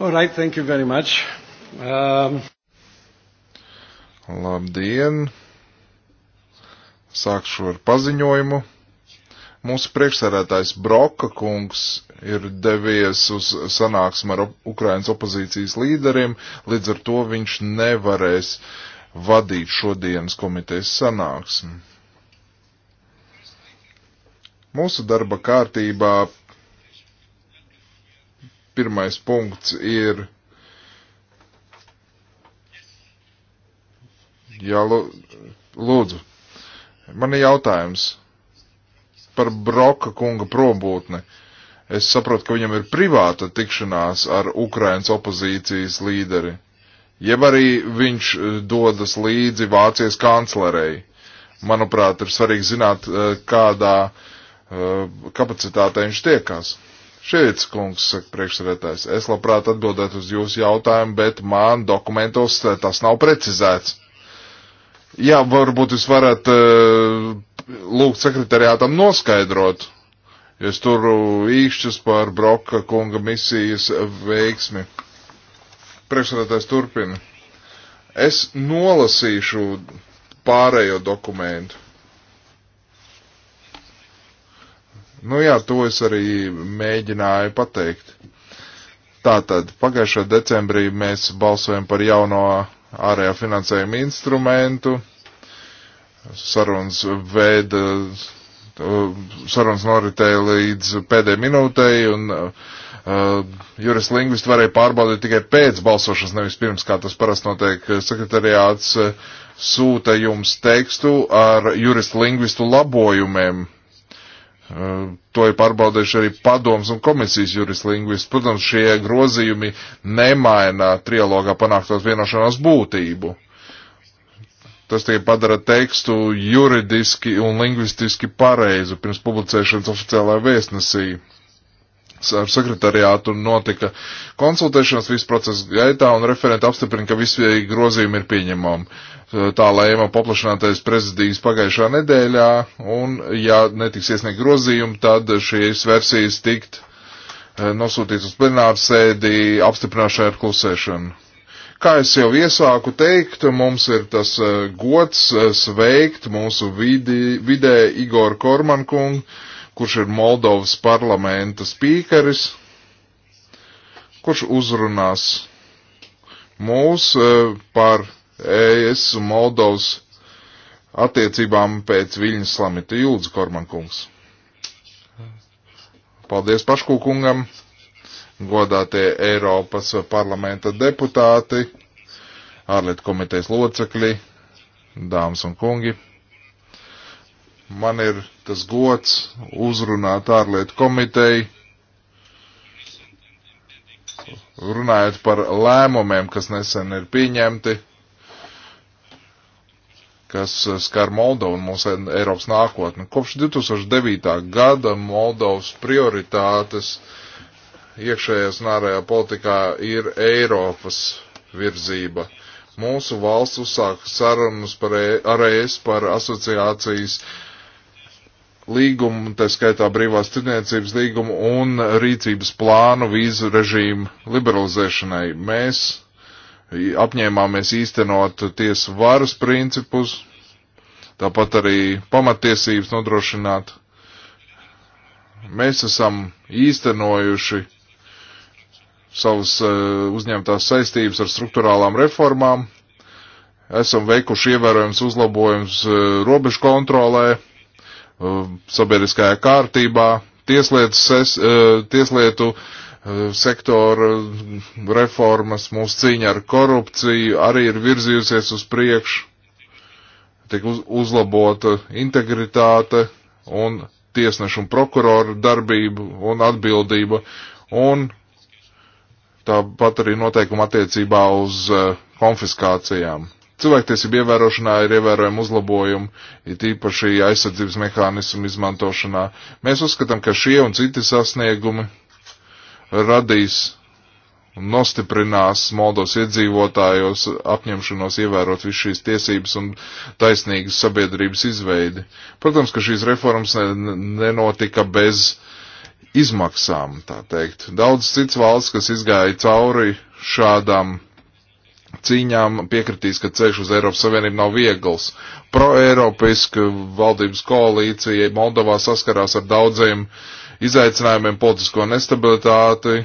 All right, thank you very much. Um... Labdien! Sākšu ar paziņojumu. Mūsu priekšsēdētājs Broka kungs ir devies uz sanāksmu ar Ukrainas opozīcijas līderiem, līdz ar to viņš nevarēs vadīt šodienas komitejas sanāksmi. Mūsu darba kārtībā Pirmais punkts ir Jā, lūdzu. Man ir jautājums par Broka kunga probūtni. Es saprotu, ka viņam ir privāta tikšanās ar Ukrainas opozīcijas līderi. Jeb arī viņš eh, dodas līdzi Vācijas kanclerei. Manuprāt, ir svarīgi zināt, eh, kādā eh, kapacitātē viņš tiekās. Šeit, kungs, saka priekšsarētājs, es labprāt atbildētu uz jūsu jautājumu, bet man dokumentos eh, tas nav precizēts. Jā, varbūt jūs varat uh, lūgt sekretariātam noskaidrot, jo es turu īkšķus par Broka kunga misijas veiksmi. Priekšsarētājs turpina. Es nolasīšu pārējo dokumentu Nu jā, to es arī mēģināju pateikt. Tātad, pagājušā decembrī mēs balsojam par jauno ārējā finansējuma instrumentu. Sarunas veida, sarunas noritēja līdz pēdējai minūtei un uh, juris lingvisti varēja pārbaudīt tikai pēc balsošanas, nevis pirms, kā tas parasti notiek. Sekretariāts sūta jums tekstu ar juris lingvistu labojumiem Uh, to ir pārbaudījuši arī padoms un komisijas jurislingvisti. Protams, šie grozījumi nemaina trilogā panāktos vienošanās būtību. Tas tikai padara tekstu juridiski un lingvistiski pareizu pirms publicēšanas oficiālajā vēstnesī ar sekretariātu notika konsultēšanas visu procesu gaitā un referenti apstiprina, ka visi grozījumi ir pieņemami. Tā lēma paplašinātais prezidijas pagājušā nedēļā un, ja netiks iesniegt grozījumi, tad šīs versijas tikt e, nosūtīts uz plenāru sēdi apstiprināšanai ar klusēšanu. Kā es jau iesāku teikt, mums ir tas e, gods e, sveikt mūsu vidi, vidē Igor Kormankungu, kurš ir Moldovas parlamenta spīkeris, kurš uzrunās mūs e, par ES un Moldovas attiecībām pēc viņas slamita Jūldz Kormankungs. Paldies paškūkungam, godātie Eiropas parlamenta deputāti, ārlietu komitejas locekļi, dāmas un kungi. Man ir tas gods uzrunāt ārlietu komiteju, runājot par lēmumiem, kas nesen ir pieņemti, kas skar Moldovu un mūsu Eiropas nākotni. Kopš 2009. gada Moldovas prioritātes iekšējās un ārējā politikā ir Eiropas virzība mūsu valsts uzsāk sarunas par, e, ar ES par asociācijas līgumu, tā skaitā brīvās tirniecības līgumu un rīcības plānu vīzu režīmu liberalizēšanai. Mēs apņēmāmies īstenot tiesu varas principus, tāpat arī pamatiesības nodrošināt. Mēs esam īstenojuši savas eh, uzņemtās saistības ar struktūrālām reformām, esam veikuši ievērojams uzlabojums eh, robežu kontrolē, Um, sabiedriskajā kārtībā, tieslietu, ses, uh, tieslietu uh, sektora um, reformas, mūsu cīņa ar korupciju arī ir virzījusies uz priekšu, tiek uz, uzlabota integritāte un tiesnešu un prokuroru darbība un atbildība, un tāpat arī noteikuma attiecībā uz uh, konfiskācijām cilvēktiesību ievērošanā ir ievērojami uzlabojumi, it īpaši aizsardzības mehānismu izmantošanā. Mēs uzskatām, ka šie un citi sasniegumi radīs un nostiprinās Moldovas iedzīvotājos apņemšanos ievērot visu šīs tiesības un taisnīgas sabiedrības izveidi. Protams, ka šīs reformas nenotika bez izmaksām, tā teikt. Daudz cits valsts, kas izgāja cauri šādām cīņām piekritīs, ka ceļš uz Eiropas Savienību nav viegls. Proeiropeiska valdības koalīcija Moldovā saskarās ar daudziem izaicinājumiem, politisko nestabilitāti,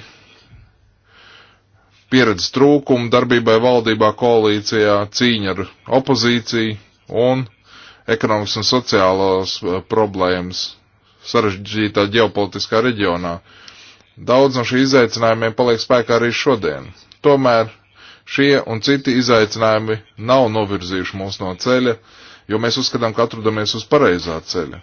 pieredzes trūkumu darbībai valdībā koalīcijā, cīņa ar opozīciju un ekonomikas un sociālās eh, problēmas sarežģītā ģeopolitiskā reģionā. Daudz no šī izaicinājumiem paliek spēkā arī šodien. Tomēr Šie un citi izaicinājumi nav novirzījuši mūs no ceļa, jo mēs uzskatām, ka atrodamies uz pareizā ceļa.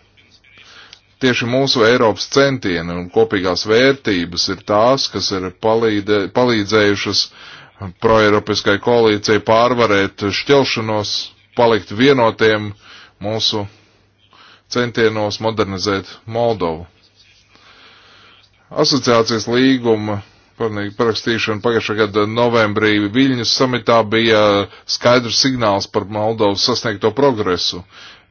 Tieši mūsu Eiropas centieni un kopīgās vērtības ir tās, kas ir palīdē, palīdzējušas proeiropiskai koalīcijai pārvarēt šķelšanos, palikt vienotiem mūsu centienos modernizēt Moldovu. Asociācijas līguma parakstīšana pagājušā gada novembrī Viļņas samitā bija skaidrs signāls par Moldovas sasniegto progresu.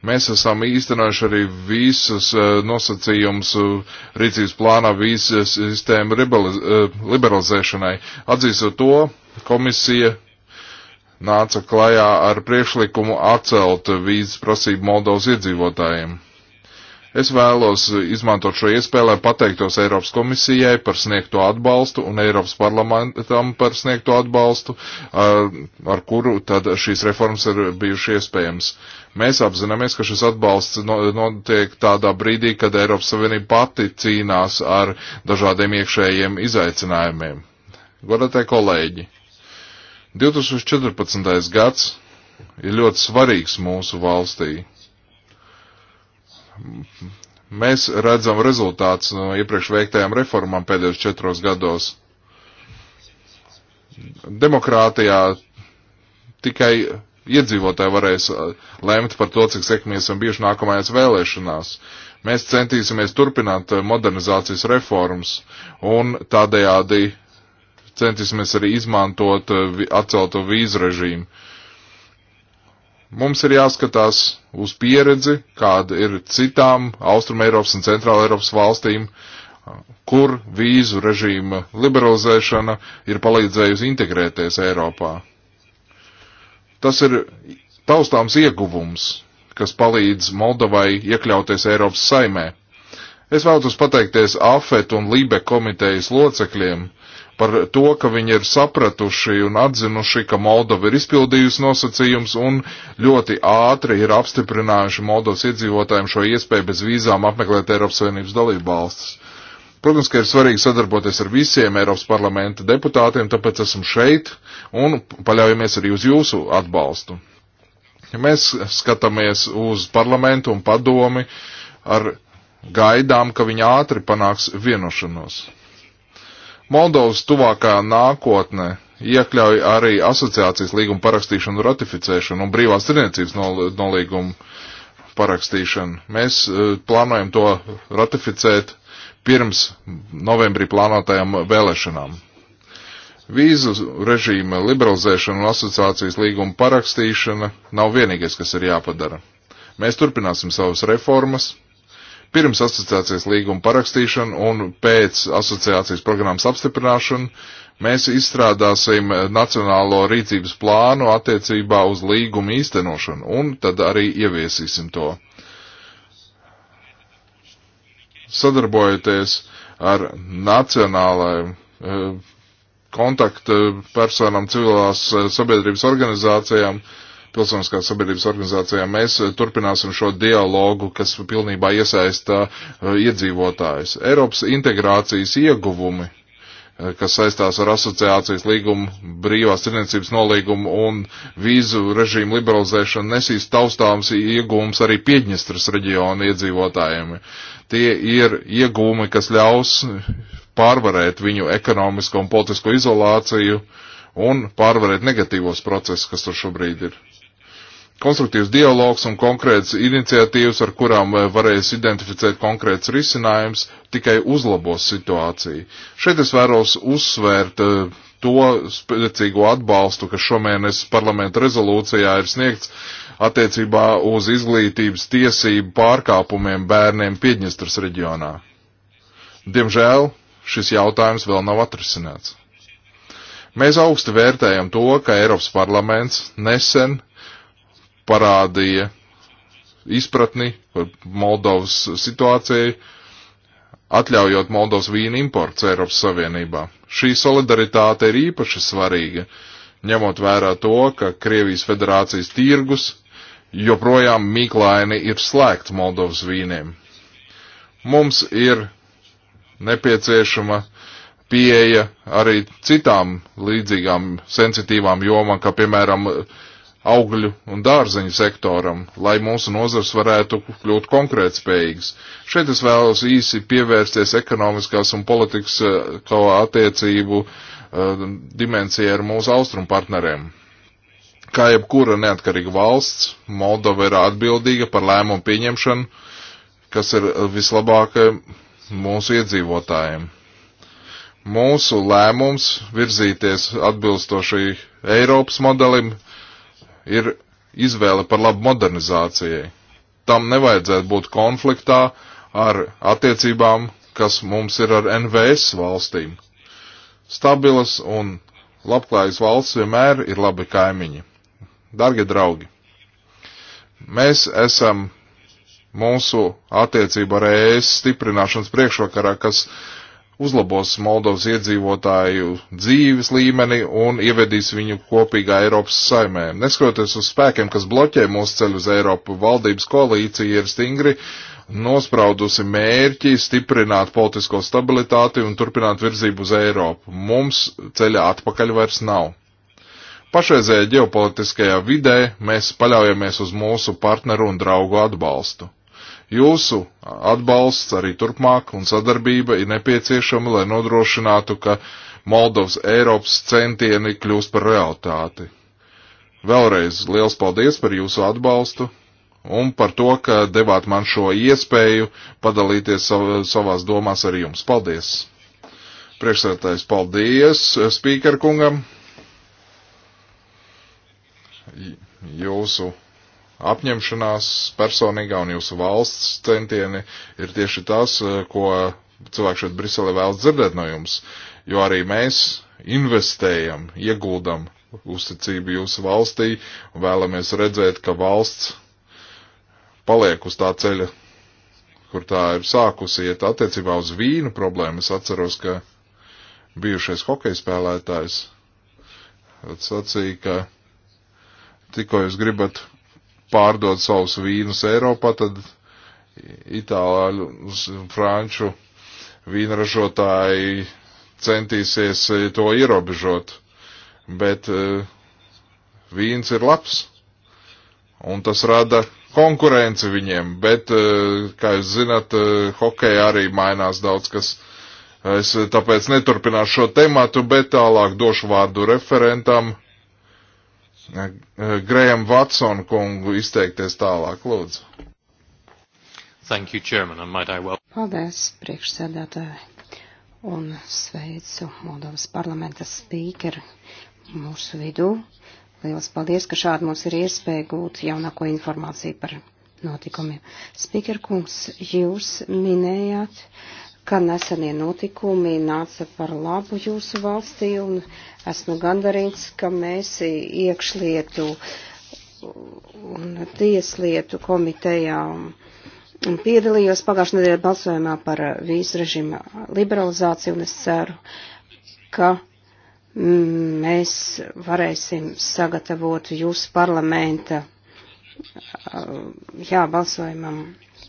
Mēs esam īstenojuši arī visus eh, nosacījumus eh, rīcības plānā vīzas sistēmu eh, liberalizēšanai. Atzīstot to, komisija nāca klajā ar priekšlikumu atcelt vīzas prasību Moldovas iedzīvotājiem. Es vēlos izmantot šo iespēju, lai pateiktos Eiropas komisijai par sniegto atbalstu un Eiropas parlamentam par sniegto atbalstu, ar kuru tad šīs reformas ir bijušas iespējams. Mēs apzināmies, ka šis atbalsts notiek tādā brīdī, kad Eiropas Savienība pati cīnās ar dažādiem iekšējiem izaicinājumiem. Godātie kolēģi, 2014. gads ir ļoti svarīgs mūsu valstī Mēs redzam rezultātus no iepriekš veiktajām reformām pēdējos četros gados. Demokrātijā tikai iedzīvotāji varēs uh, lemt par to, cik sekmīgi esam bijuši nākamajās vēlēšanās. Mēs centīsimies turpināt uh, modernizācijas reformas un tādējādi centīsimies arī izmantot uh, atcelto vīzu režīmu mums ir jāskatās uz pieredzi, kāda ir citām Austrum Eiropas un Centrāla Eiropas valstīm, kur vīzu režīma liberalizēšana ir palīdzējusi integrēties Eiropā. Tas ir taustāms ieguvums, kas palīdz Moldovai iekļauties Eiropas saimē. Es vēlos pateikties AFET un LIBE komitejas locekļiem, par to, ka viņi ir sapratuši un atzinuši, ka Moldova ir izpildījusi nosacījums un ļoti ātri ir apstiprinājuši Moldovas iedzīvotājiem šo iespēju bez vīzām apmeklēt Eiropas Savienības dalību valstis. Protams, ka ir svarīgi sadarboties ar visiem Eiropas parlamenta deputātiem, tāpēc esam šeit un paļaujamies arī uz jūsu atbalstu. Ja mēs skatāmies uz parlamentu un padomi ar gaidām, ka viņi ātri panāks vienošanos. Moldovas tuvākā nākotne iekļauj arī asociācijas līguma parakstīšanu, ratificēšanu un brīvās tirniecības nolīgumu parakstīšanu. Mēs uh, plānojam to ratificēt pirms novembrī plānotajām vēlēšanām. Vīzu režīma liberalizēšana un asociācijas līguma parakstīšana nav vienīgais, kas ir jāpadara. Mēs turpināsim savas reformas, pirms asociācijas līguma parakstīšanu un pēc asociācijas programmas apstiprināšanu mēs izstrādāsim nacionālo rīcības plānu attiecībā uz līgumu īstenošanu un tad arī ieviesīsim to. Sadarbojoties ar nacionālajiem eh, kontaktpersonām civilās eh, sabiedrības organizācijām, uh, pilsoniskās sabiedrības organizācijām, mēs eh, turpināsim šo dialogu, kas pilnībā iesaista eh, iedzīvotājus. Eiropas integrācijas ieguvumi, eh, kas saistās ar asociācijas līgumu, brīvās tirniecības nolīgumu un vīzu režīmu liberalizēšanu, nesīs taustāms ieguvums arī Piedņestras reģiona iedzīvotājiem. Tie ir ieguvumi, kas ļaus pārvarēt viņu ekonomisko un politisko izolāciju un pārvarēt negatīvos procesus, kas tur šobrīd ir konstruktīvs dialogs un konkrēts iniciatīvas, ar kurām eh, varēs identificēt konkrēts risinājums, tikai uzlabos situāciju. Šeit es vēros uzsvērt eh, to spēcīgo atbalstu, kas šomēnes parlamenta rezolūcijā ir sniegts attiecībā uz izglītības tiesību pārkāpumiem bērniem Piedņestras reģionā. Diemžēl šis jautājums vēl nav atrisināts. Mēs augstu vērtējam to, ka Eiropas parlaments nesen parādīja izpratni par Moldovas situāciju, atļaujot Moldovas vīnu imports Eiropas Savienībā. Šī solidaritāte ir īpaši svarīga, ņemot vērā to, ka Krievijas federācijas tirgus joprojām mīklaini ir slēgts Moldovas vīniem. Mums ir nepieciešama pieeja arī citām līdzīgām sensitīvām jomām, kā piemēram augļu un dārzeņu sektoram, lai mūsu nozars varētu kļūt konkurētspējīgs. Šeit es vēlos īsi pievērsties ekonomiskās un politikas eh, kā attiecību uh, dimensijai ar mūsu austrumu partneriem. Kā jebkura neatkarīga valsts, Moldova ir atbildīga par lēmumu pieņemšanu, kas ir eh, vislabākai mūsu iedzīvotājiem. Mūsu lēmums virzīties atbilstoši Eiropas modelim, uh, ir izvēle par labu modernizācijai. Tam nevajadzētu būt konfliktā ar attiecībām, kas mums ir ar NVS valstīm. Stabilas un labklājas valsts vienmēr ir labi kaimiņi. Dargie draugi, mēs esam mūsu attiecību ar ES stiprināšanas priekšvakarā, kas uh, uzlabos Moldovas iedzīvotāju dzīves līmeni un ievedīs viņu kopīgā Eiropas saimē. Neskatoties uz spēkiem, kas bloķē mūsu ceļu uz Eiropu, valdības koalīcija ir stingri nospraudusi mērķi stiprināt politisko stabilitāti un turpināt virzību uz Eiropu. Mums ceļa atpakaļ vairs nav. Pašreizējā ģeopolitiskajā vidē mēs paļaujamies uz mūsu partneru un draugu atbalstu. Jūsu atbalsts arī turpmāk un sadarbība ir nepieciešama, lai nodrošinātu, ka Moldovas Eiropas centieni kļūst par realitāti. Vēlreiz liels paldies par jūsu atbalstu un par to, ka devāt man šo iespēju padalīties sav savās domās ar jums. Paldies! Priekšsētājs, paldies spīkerkungam! Jūsu apņemšanās personīgā un jūsu valsts centieni ir tieši tas, eh, ko cilvēki šeit Briselē vēlas dzirdēt no jums, jo arī mēs investējam, ieguldam uzticību jūsu valstī un vēlamies redzēt, ka valsts paliek uz tā ceļa, kur tā ir sākusiet attiecībā uz vīnu problēmu. Es atceros, ka bijušais hokeja spēlētājs sacīja, ka tikko jūs gribat pārdod savus vīnus Eiropā, tad itāļu, franču vīnražotāji centīsies eh, to ierobežot. Bet eh, vīns ir labs, un tas rada konkurenci viņiem, bet, eh, kā jūs zinat, hokeja arī mainās daudz kas. Es tāpēc neturpināšu šo tematu, bet tālāk došu vārdu referentam. Eh, Graham Watson kungu izteikties tālāk, lūdzu. Thank you, Chairman, and might I well... Paldies, priekšsēdētāji, un sveicu Moldovas parlamenta spīkeru mūsu vidū. Lielas paldies, ka šādi mums ir iespēja gūt jaunāko informāciju par notikumiem. Spīker kungs, jūs minējāt ka nesenie notikumi nāca par labu jūsu valstī un esmu gandarīts, ka mēs iekšlietu un tieslietu komitejā un piedalījos pagājušajā nedēļā balsojumā par vīzu režīmu liberalizāciju un es ceru, ka mm, mēs varēsim sagatavot jūsu parlamenta jā, balsojumam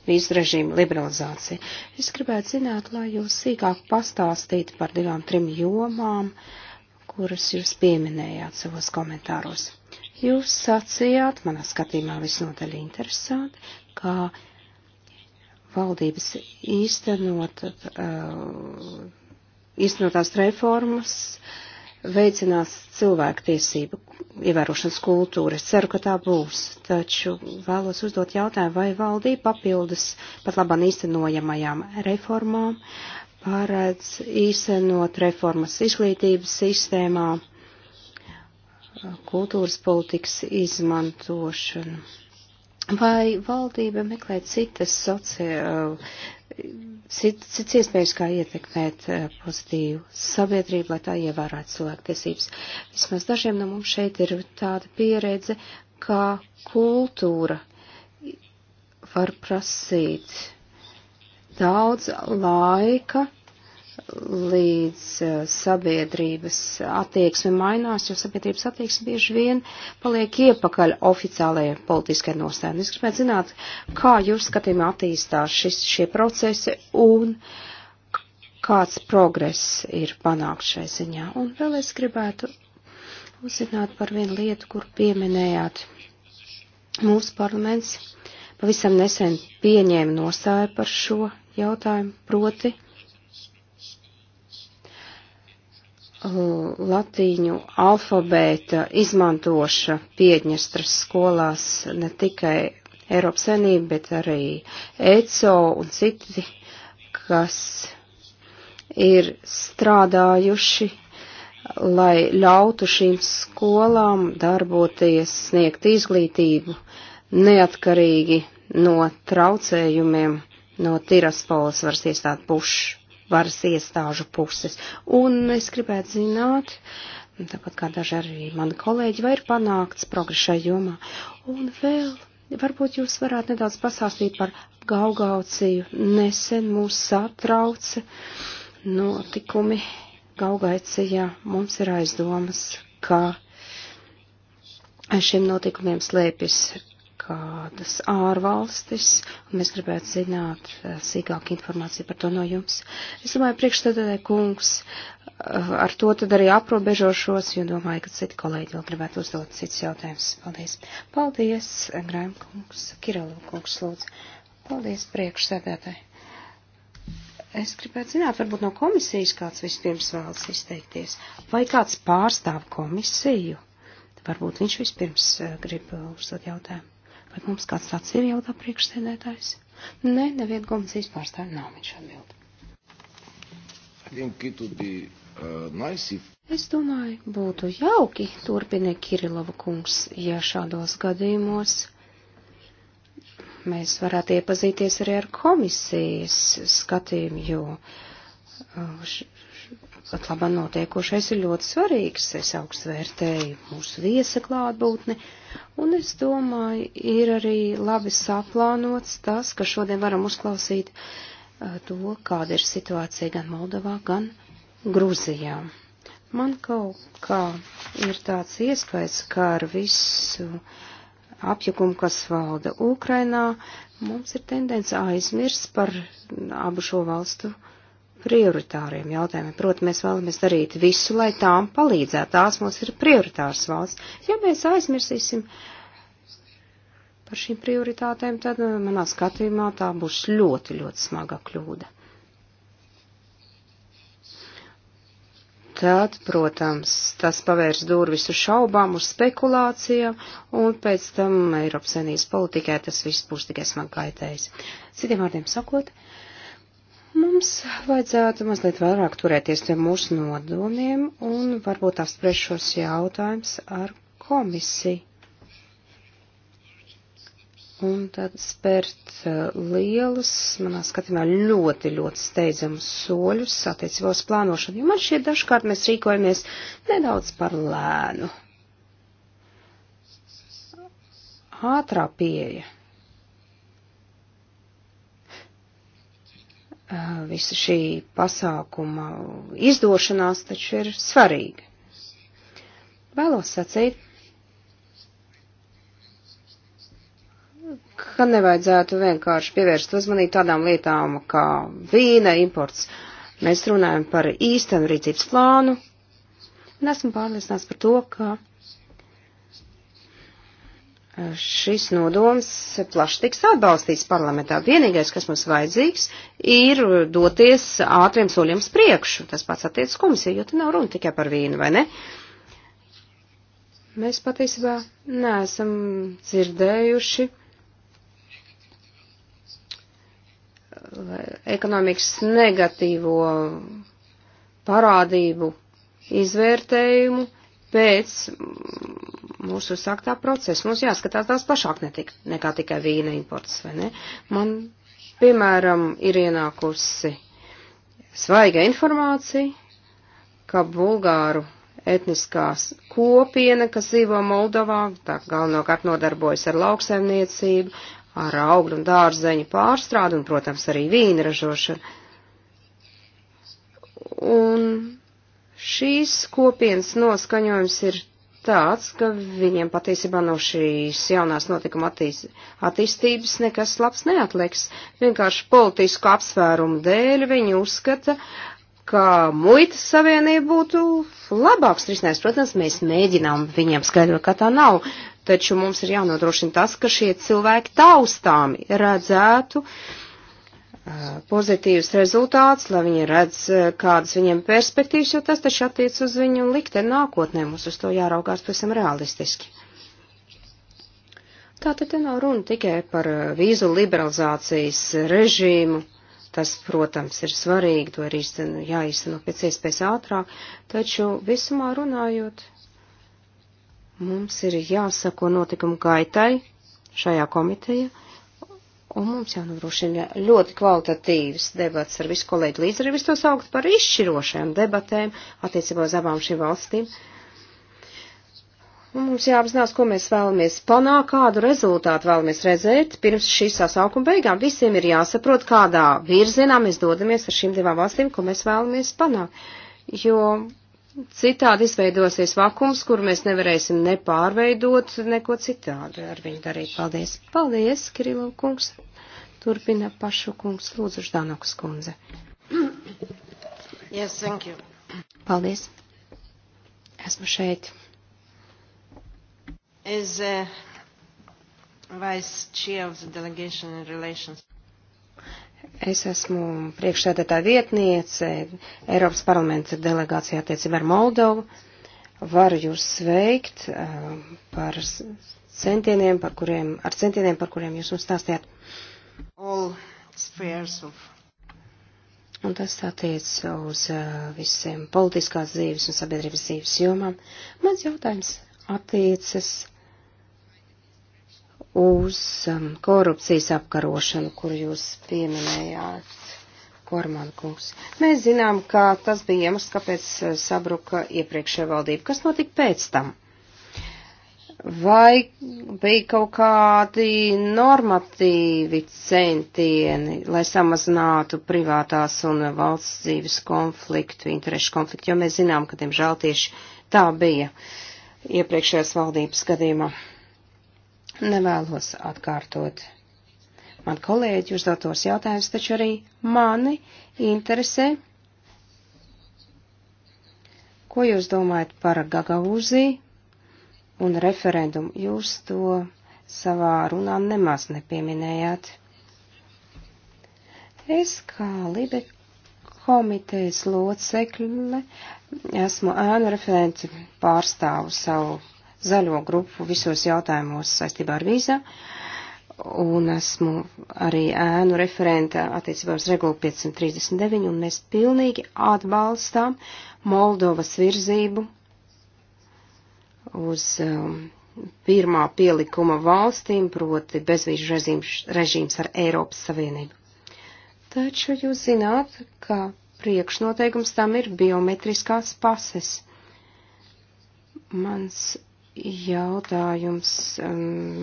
vīzu režīmu liberalizāciju. Es gribētu zināt, lai jūs sīkāk pastāstītu par divām, trim jomām, kuras jūs pieminējāt savos komentāros. Jūs sacījāt, manā skatījumā visnotaļ interesanti, kā valdības īstenot, uh, īstenotās reformas uh, veicinās cilvēktiesību ievērošanas kultūru. Es ceru, ka tā būs, taču vēlos uzdot jautājumu, vai valdība papildus pat labam īstenojamajām reformām pārēdz īstenot reformas izglītības sistēmā, kultūras politikas izmantošanu. Vai valdība meklē citas sociālas cits iespējas, kā ietekmēt eh, pozitīvu sabiedrību, lai tā ievērētu cilvēktiesības. Vismaz dažiem no mums šeit ir tāda pieredze, kā kultūra var prasīt daudz laika līdz eh, sabiedrības attieksme mainās, jo sabiedrības attieksme bieži vien paliek iepakaļ oficiālajai politiskai nostājai. Es gribētu zināt, kā jūs skatījumā attīstās šis, šie procesi un kāds progress ir panākts šai ziņā. Un vēl es gribētu uzzināt par vienu lietu, kur pieminējāt mūsu parlaments pavisam nesen pieņēma nostāju par šo jautājumu proti Uh, latīņu alfabēta izmantoša Piedņestras skolās ne tikai Eiropas Savienība, bet arī ECO un citi, kas ir strādājuši, lai ļautu šīm skolām darboties, sniegt izglītību neatkarīgi no traucējumiem no Tiraspolas varas iestādi pušu varas iestāžu puses. Un es gribētu zināt, tāpat kā daži arī mani kolēģi, vai ir panākts progress šajā jomā. Un vēl, varbūt jūs varētu nedaudz pasāstīt par Gaugauciju. Nesen mūs satrauca notikumi Gaugaicijā. Mums ir aizdomas, ka aiz šiem notikumiem slēpjas kādas ārvalstis, un mēs gribētu zināt eh, sīkāku informāciju par to no jums. Es domāju, priekšstādātāji kungs, eh, ar to tad arī aprobežošos, jo domāju, ka citi kolēģi vēl gribētu uzdot cits jautājums. Paldies. Paldies, Graim kungs, Kirilu kungs, lūdzu. Paldies, priekšstādātāji. Es gribētu zināt, varbūt no komisijas kāds vispirms vēlas izteikties. Vai kāds pārstāv komisiju? Varbūt viņš vispirms eh, grib uzdot jautājumu. Bet mums kāds tāds ir jautā priekšsēdētājs? Nē, ne, neviena komisijas pārstāvja nav viņš atbild. Be, uh, nice if... Es domāju, būtu jauki, turpina Kirilova kungs, ja šādos gadījumos mēs varētu iepazīties arī ar komisijas skatījumu, jo uh, pat labā notiekošais ir ļoti svarīgs. Es augstu vērtēju mūsu viesa klātbūtni, un es domāju, ir arī labi saplānots tas, ka šodien varam uzklausīt eh, to, kāda ir situācija gan Moldovā, gan Gruzijā. Man kaut kā ir tāds iespējas, ka ar visu apjukumu, kas valda Ukrainā, mums ir tendence aizmirst par abu šo valstu uh, prioritāriem jautājumiem. Protams, mēs vēlamies darīt visu, lai tām palīdzētu. Tās mums ir prioritārs valsts. Ja mēs aizmirsīsim par šīm prioritātēm, tad nu, manā skatījumā tā būs ļoti, ļoti smaga kļūda. Tad, protams, tas pavērs durvis uz šaubām, uz spekulācijām, un pēc tam Eiropas senības politikai tas viss būs tikai smagi kaitējis. Citiem vārdiem sakot, uh, Mums vajadzētu mazliet vairāk turēties pie mūsu nodomiem un varbūt apspriest šos jautājumus ar komisiju. Un tad spērt uh, lielus, manā skatījumā, ļoti, ļoti steidzamus soļus attiecībā uz plānošanu, jo man šķiet dažkārt mēs rīkojamies nedaudz par lēnu. Ātrā pieeja Eh, visa šī pasākuma izdošanās taču ir svarīga. Vēlos sacīt, ka nevajadzētu vienkārši pievērst uzmanību tādām lietām kā vīna imports. Mēs runājam par īstenu rīcības plānu, un esmu pārliecināts par to, ka šis nodoms plaši tiks atbalstīts parlamentā. Vienīgais, kas mums vajadzīgs, ir doties ātriem soļiem priekšu. Tas pats attiec komisija, jo te nav runa tikai par vīnu, vai ne? Mēs patiesībā neesam dzirdējuši ekonomikas negatīvo parādību izvērtējumu pēc mūsu sāktā procesa. Mums jāskatās tās plašāk netik, nekā tikai vīna imports, vai ne? Man, piemēram, ir ienākusi svaiga informācija, ka bulgāru etniskās kopiena, kas dzīvo Moldovā, tā galvenokārt nodarbojas ar lauksaimniecību, ar augļu un dārzeņu pārstrādu un, protams, arī vīna ražošanu. Un Šīs kopienas noskaņojums ir tāds, ka viņiem patiesībā no šīs jaunās notikuma attīst, attīstības nekas labs neatliks. Vienkārši politisku apsvērumu dēļ viņi uzskata, ka muitas savienība būtu labāks risinājums. Protams, mēs mēģinām viņiem skaidrot, ka tā nav, taču mums ir jānodrošina tas, ka šie cilvēki taustāmi redzētu, uh, pozitīvs rezultāts, lai viņi redz, kādas viņiem perspektīvas, jo tas taču attiec uz viņu likteni nākotnē. Mums uz to jāraugās pavisam realistiski. Tā tad te nav runa tikai par vīzu liberalizācijas režīmu. Tas, protams, ir svarīgi, to ir īstenu, jāīsteno pēc iespējas ātrāk, taču visumā runājot, mums ir jāsako notikumu gaitai šajā komiteja Un mums jau nodrošina ļoti kvalitatīvas debatas ar visu kolēģi līdz arī visu to saukt par izšķirošajām debatēm attiecībā uz abām šīm valstīm. Un mums jāapzinās, ko mēs vēlamies panākt, kādu rezultātu vēlamies redzēt pirms šīs sasaukuma beigām. Visiem ir jāsaprot, kādā virzienā mēs dodamies ar šīm divām valstīm, ko mēs vēlamies panākt. Jo Citādi izveidosies vakums, kur mēs nevarēsim nepārveidot neko citādi ar viņu darīt. Paldies! Paldies, Kirilov kungs! Turpina pašu kungs, lūdzu, Ždanoks kundze. Yes, thank you. Paldies! Esmu šeit. Is, uh, vice chair of the delegation in relations. Es esmu priekšsēdētāja vietniece Eiropas parlamenta delegācijā attiecībā ar Moldovu. Varu jūs sveikt uh, par centieniem, par kuriem, ar centieniem, par kuriem jūs mums stāstījāt. Of... Un tas attiec uz uh, visiem politiskās dzīves un sabiedrības dzīves jomām. Mans jautājums attiecas uz um, korupcijas apkarošanu, kur jūs pieminējāt. Kormana kungs. Mēs zinām, ka tas bija iemesls, kāpēc uh, sabruka iepriekšējā valdība. Kas notika pēc tam? Vai bija kaut kādi normatīvi centieni, lai samazinātu privātās un valsts dzīves konfliktu, interešu konfliktu, jo mēs zinām, ka, diemžēl, tieši tā bija iepriekšējās valdības gadījumā nevēlos atkārtot man kolēģi uzdotos jautājumus, taču arī mani interesē, ko jūs domājat par Gagauzī un referendumu. Jūs to savā runā nemaz nepieminējāt. Es kā Libe komitejas locekļe esmu ēnu referenci pārstāvu savu zaļo grupu visos jautājumos saistībā ar vīzā. Un esmu arī ēnu referenta attiecībā uz regulu 539, un mēs pilnīgi atbalstām Moldovas virzību uz um, pirmā pielikuma valstīm, proti bezvīžu režīms, režīms ar Eiropas Savienību. Taču jūs zināt, ka priekšnoteikums tam ir biometriskās pases. Mans jautājums. Um,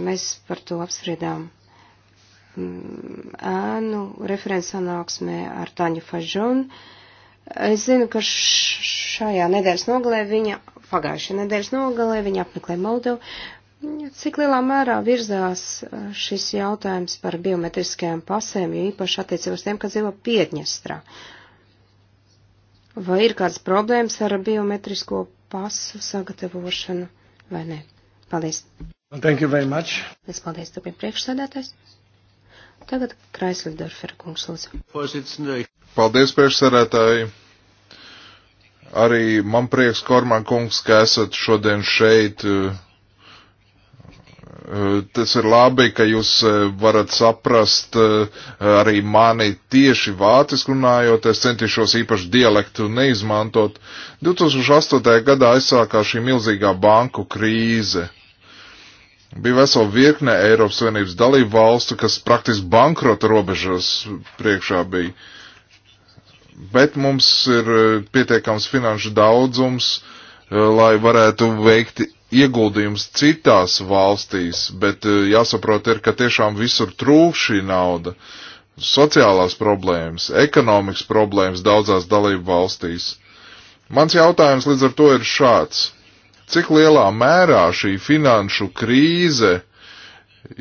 mēs par to apspriedām um, ēnu referents sanāksmē ar Taņu Fažonu. Es zinu, ka šajā nedēļas nogalē viņa, pagājušajā nedēļas nogalē viņa apmeklē Moldovu. Cik lielā mērā virzās uh, šis jautājums par biometriskajām pasēm, jo īpaši attiecībā uz tiem, kas dzīvo Piedņestrā? Vai ir kādas problēmas ar biometrisko pasu sagatavošanu? vai nē. Paldies. Thank you very much. Es paldies, tu biji priekšsēdētājs. Tagad Kraislidorfera kungs lūdzu. Paldies, priekšsēdētāji. Arī man prieks, Korman kungs, ka esat šodien šeit. Uh, Eh, tas ir labi, ka jūs eh, varat saprast eh, arī mani tieši vāciski runājot, es centīšos īpaši dialektu neizmantot. 2008. gadā aizsākās šī milzīgā banku krīze. Bija vesela virkne Eiropas Savienības dalību valstu, kas praktiski bankrota robežas priekšā bija. Bet mums ir pietiekams finanšu daudzums, lai varētu veikt ieguldījums citās valstīs, bet eh, jāsaprot ir, ka tiešām visur trūk šī nauda. Sociālās problēmas, ekonomikas problēmas daudzās dalību valstīs. Mans jautājums līdz ar to ir šāds. Cik lielā mērā šī finanšu krīze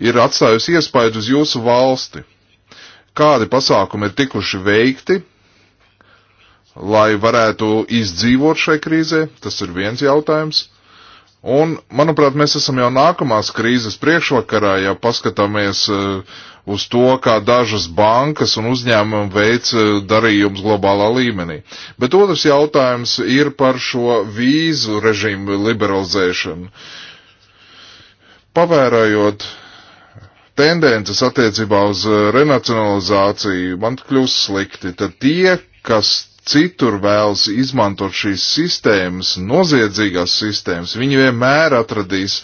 ir atstājusi iespaidu uz jūsu valsti? Kādi pasākumi ir tikuši veikti, lai varētu izdzīvot šai krīzē? Tas ir viens jautājums. Un, manuprāt, mēs esam jau nākamās krīzes priekšvakarā, ja paskatāmies eh, uz to, kā dažas bankas un uzņēmumi veic eh, darījums globālā līmenī. Bet otrs jautājums ir par šo vīzu režīmu liberalizēšanu. Pavērājot tendences attiecībā uz renacionalizāciju, man kļūst slikti, tad tie, kas citur vēlas izmantot šīs sistēmas, noziedzīgās sistēmas, viņi vienmēr atradīs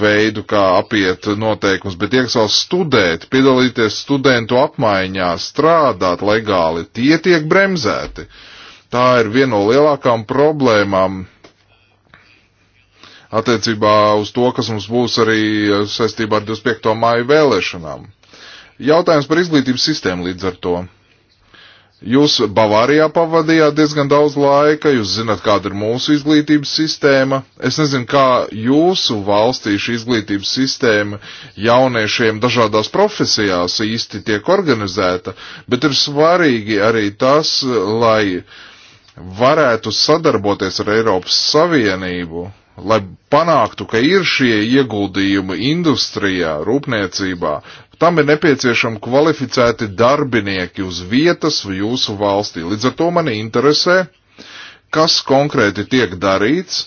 veidu, kā apiet noteikums, bet tie, kas vēl studēt, piedalīties studentu apmaiņā, strādāt legāli, tie tiek bremzēti. Tā ir viena no lielākām problēmām attiecībā uz to, kas mums būs arī saistībā ar 25. māju vēlēšanām. Jautājums par izglītības sistēmu līdz ar to Jūs Bavārijā pavadījāt diezgan daudz laika, jūs zināt, kāda ir mūsu izglītības sistēma. Es nezinu, kā jūsu valstī šī izglītības sistēma jauniešiem dažādās profesijās īsti tiek organizēta, bet ir svarīgi arī tas, lai varētu sadarboties ar Eiropas Savienību, lai panāktu, ka ir šie ieguldījumi industrijā, rūpniecībā, Tam ir nepieciešami kvalificēti darbinieki uz vietas jūsu valstī. Līdz ar to mani interesē, kas konkrēti tiek darīts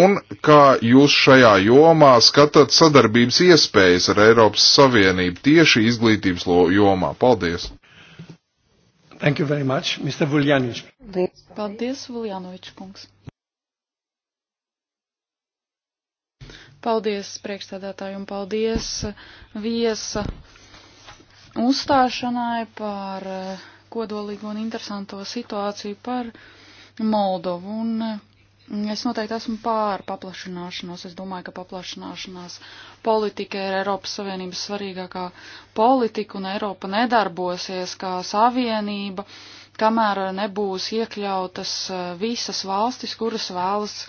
un kā jūs šajā jomā skatāt sadarbības iespējas ar Eiropas Savienību tieši izglītības jomā. Paldies! Thank you very much, Mr. Vuljanič. Paldies, Vuljanovič kungs. Paldies priekšstādātāju un paldies viesa uzstāšanai par eh, kodolīgu un interesanto situāciju par Moldovu. Un eh, es noteikti esmu pār paplašināšanos. Es domāju, ka paplašināšanās politika ir Eiropas Savienības svarīgākā politika, un Eiropa nedarbosies kā savienība, kamēr nebūs iekļautas eh, visas valstis, kuras vēlas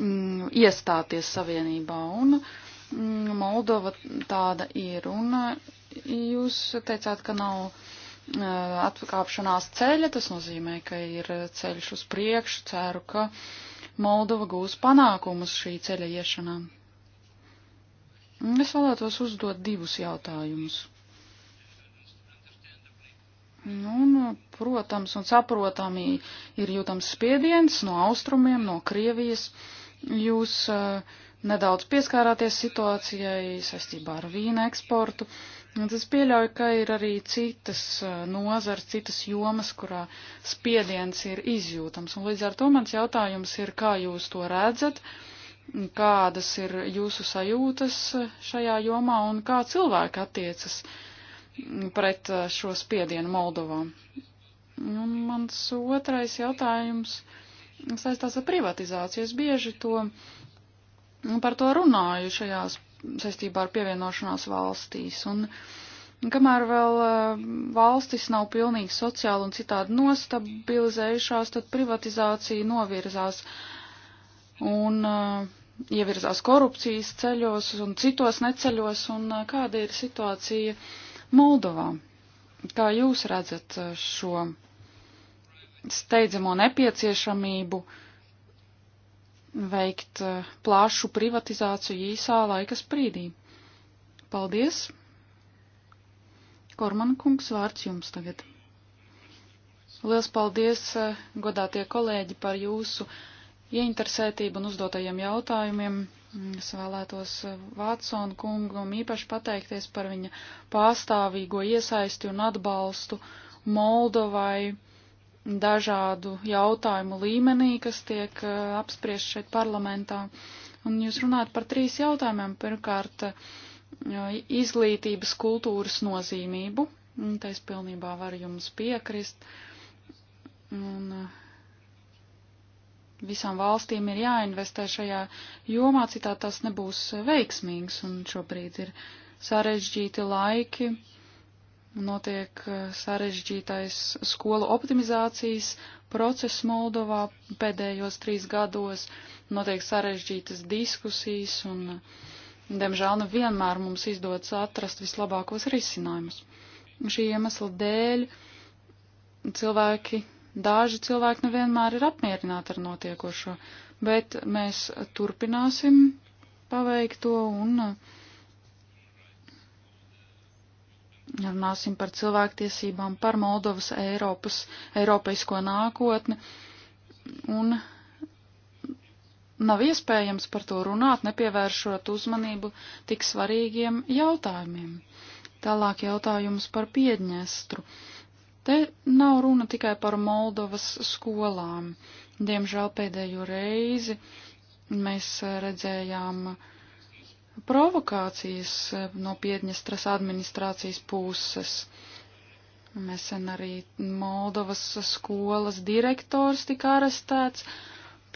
mm, iestāties savienībā. Un mm, Moldova tāda ir. Un jūs teicāt, ka nav mm, atkāpšanās ceļa, tas nozīmē, ka ir ceļš uz priekšu. Ceru, ka Moldova gūs panākumus šī ceļa iešanā. Es vēlētos uzdot divus jautājumus. Nu, un, protams, un saprotami ir jūtams spiediens no austrumiem, no Krievijas. Uh, Jūs eh, nedaudz pieskārāties situācijai saistībā ar vīna eksportu. Es pieļauju, ka ir arī citas eh, nozars, citas jomas, kurā spiediens ir izjūtams. Un līdz ar to mans jautājums ir, kā jūs to redzat, kādas ir jūsu sajūtas eh, šajā jomā un kā cilvēki attiecas mm, pret šo spiedienu Moldovā. Un mans otrais jautājums ir saistās ar privatizāciju. Es bieži to, mm, par to runāju šajās saistībā ar pievienošanās valstīs. Un, Kamēr vēl eh, valstis nav pilnīgi sociāli un citādi nostabilizējušās, tad privatizācija novirzās un uh, ievirzās korupcijas ceļos un citos neceļos. Un uh, kāda ir situācija Moldovā? Kā jūs redzat šo steidzamo nepieciešamību veikt eh, plašu privatizāciju īsā laika sprīdī. Paldies! Kormana kungs, vārds jums tagad. Lielas paldies, eh, godātie kolēģi, par jūsu ieinteresētību un uzdotajiem jautājumiem. Mm, es vēlētos eh, Vātsonu kungam īpaši pateikties par viņa pārstāvīgo iesaisti un atbalstu Moldovai dažādu jautājumu līmenī, kas tiek eh, apspriest šeit parlamentā. Un jūs runājat par trīs jautājumiem. Pirmkārt, eh, izglītības kultūras nozīmību. Un te es pilnībā varu jums piekrist. Un eh, visām valstīm ir jāinvestē šajā jomā, citādi tas nebūs veiksmīgs. Un šobrīd ir sarežģīti laiki notiek eh, sarežģītais skolu optimizācijas process Moldovā pēdējos trīs gados, notiek sarežģītas diskusijas un, diemžēl, nu vienmēr mums izdodas atrast vislabākos risinājumus. Šī iemesla dēļ cilvēki, daži cilvēki nevienmēr nu ir apmierināti ar notiekošo, bet mēs turpināsim paveikto un uh, runāsim par cilvēktiesībām, par Moldovas Eiropas, Eiropaisko nākotni. Un nav iespējams par to runāt, nepievēršot uzmanību tik svarīgiem jautājumiem. Tālāk jautājums par Piedņestru. Te nav runa tikai par Moldovas skolām. Diemžēl pēdējo reizi mēs redzējām uh, provokācijas eh, no Piedņestras administrācijas puses. Nesen arī Moldovas skolas direktors tika arestēts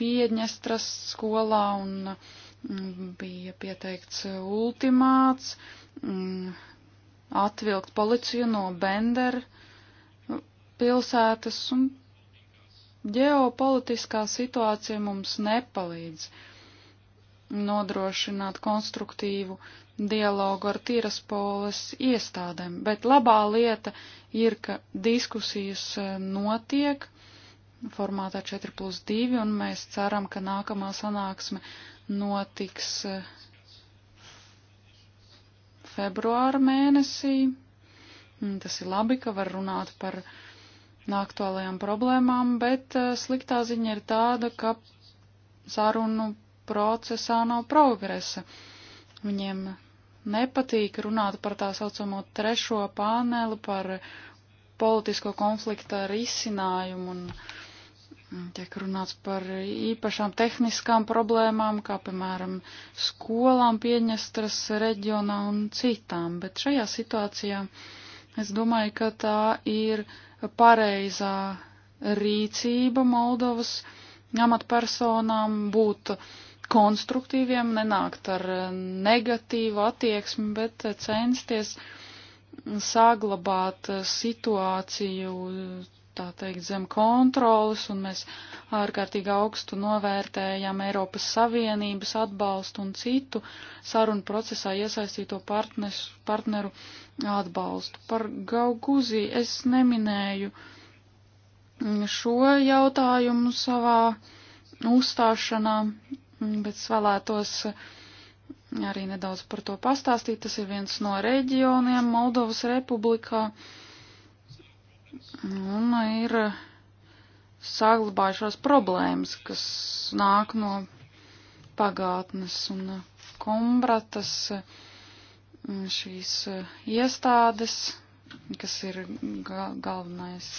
Piedņestras skolā un mm, bija pieteikts ultimāts mm, atvilkt policiju no Bender pilsētas un ģeopolitiskā situācija mums nepalīdz. Uh, nodrošināt konstruktīvu dialogu ar Tiraspoles iestādēm, bet labā lieta ir, ka diskusijas e, notiek formātā 4 plus 2, un mēs ceram, ka nākamā sanāksme notiks e, februāra mēnesī. Tas ir labi, ka var runāt par aktuālajām problēmām, bet e, sliktā ziņa ir tāda, ka sarunu procesā nav progresa. Viņiem nepatīk runāt par tā saucamo trešo pāneli, par politisko konflikta risinājumu un tiek runāts par īpašām tehniskām problēmām, kā piemēram skolām Pieņestras reģionā un citām. Bet šajā situācijā es domāju, ka tā ir pareizā rīcība Moldovas amatpersonām būt konstruktīviem, nenākt ar eh, negatīvu attieksmi, bet eh, censties saglabāt eh, situāciju, tā teikt, zem kontrolas, un mēs ārkārtīgi augstu novērtējam Eiropas Savienības atbalstu un citu sarunu procesā iesaistīto partnes, partneru atbalstu. Par Gauguzī es neminēju mm, šo jautājumu savā uzstāšanā bet es vēlētos arī nedaudz par to pastāstīt. Tas ir viens no reģioniem Moldovas republikā un ir saglabājušās problēmas, kas nāk no pagātnes un kombratas šīs iestādes, kas ir ga galvenais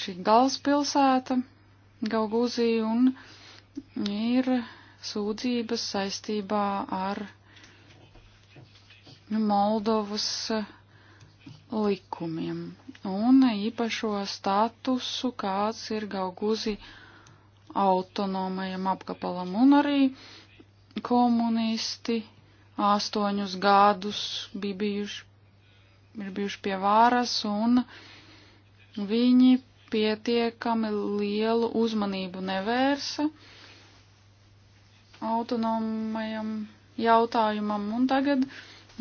šī galvaspilsēta Gaugūzija un uh, ir sūdzības saistībā ar Moldovas likumiem un īpašo statusu, kāds ir Gauguzi autonomajam apkapalam un arī komunisti astoņus gadus bija bijuši, ir bijuši pie vāras un viņi pietiekami lielu uzmanību nevērsa autonomajam jautājumam. Un tagad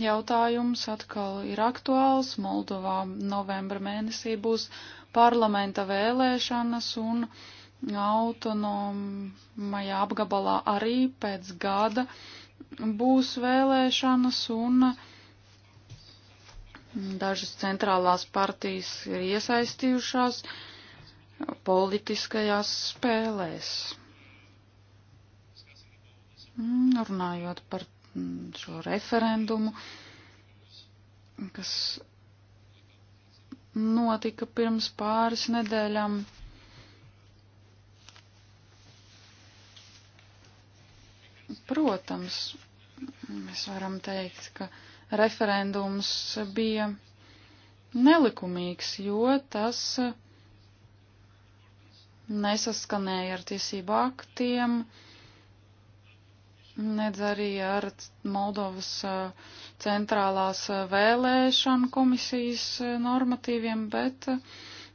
jautājums atkal ir aktuāls. Moldovā novembra mēnesī būs parlamenta vēlēšanas un autonomajā apgabalā arī pēc gada būs vēlēšanas un dažas centrālās partijas ir iesaistījušās politiskajās spēlēs. Mm, runājot par mm, šo referendumu, kas notika pirms pāris nedēļām. Protams, mēs varam teikt, ka referendums bija nelikumīgs, jo tas nesaskanēja ar tiesību aktiem, uh, nedz arī ar Moldovas eh, centrālās eh, vēlēšanu komisijas eh, normatīviem, bet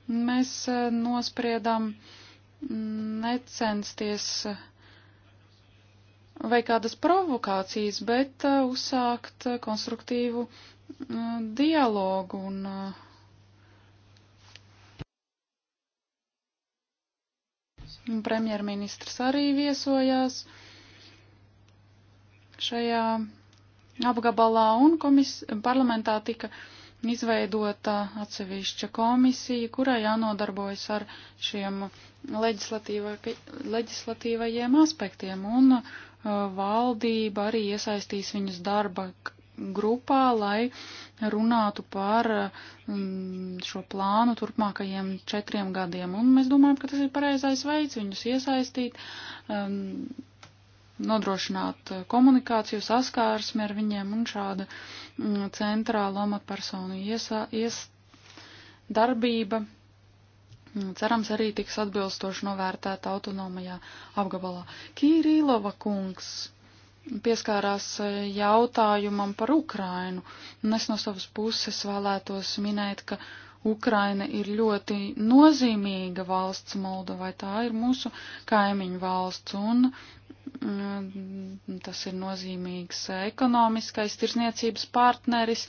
mēs nospriedām mm, necensties vai kādas provokācijas, bet uzsākt konstruktīvu mm, dialogu un premjerministrs arī viesojās. Uh, šajā apgabalā un komis, parlamentā tika izveidota atsevišķa komisija, kurai jānodarbojas ar šiem leģislatīva, leģislatīvajiem aspektiem, un uh, valdība arī iesaistīs viņus darba grupā, lai runātu par mm, šo plānu turpmākajiem četriem gadiem. Un mēs domājam, ka tas ir pareizais veids viņus iesaistīt, um, nodrošināt eh, komunikāciju, saskārsmi ar viņiem un šāda mm, centrāla amatpersonu iesa, ies darbība. Mm, cerams, arī tiks atbilstoši novērtēta autonomajā apgabalā. Kīrīlova kungs pieskārās eh, jautājumam par Ukrainu, un es no savas puses vēlētos minēt, ka Ukraina ir ļoti nozīmīga valsts Moldovai, tā ir mūsu kaimiņu valsts, un Mm, tas ir nozīmīgs ekonomiskais tirzniecības partneris,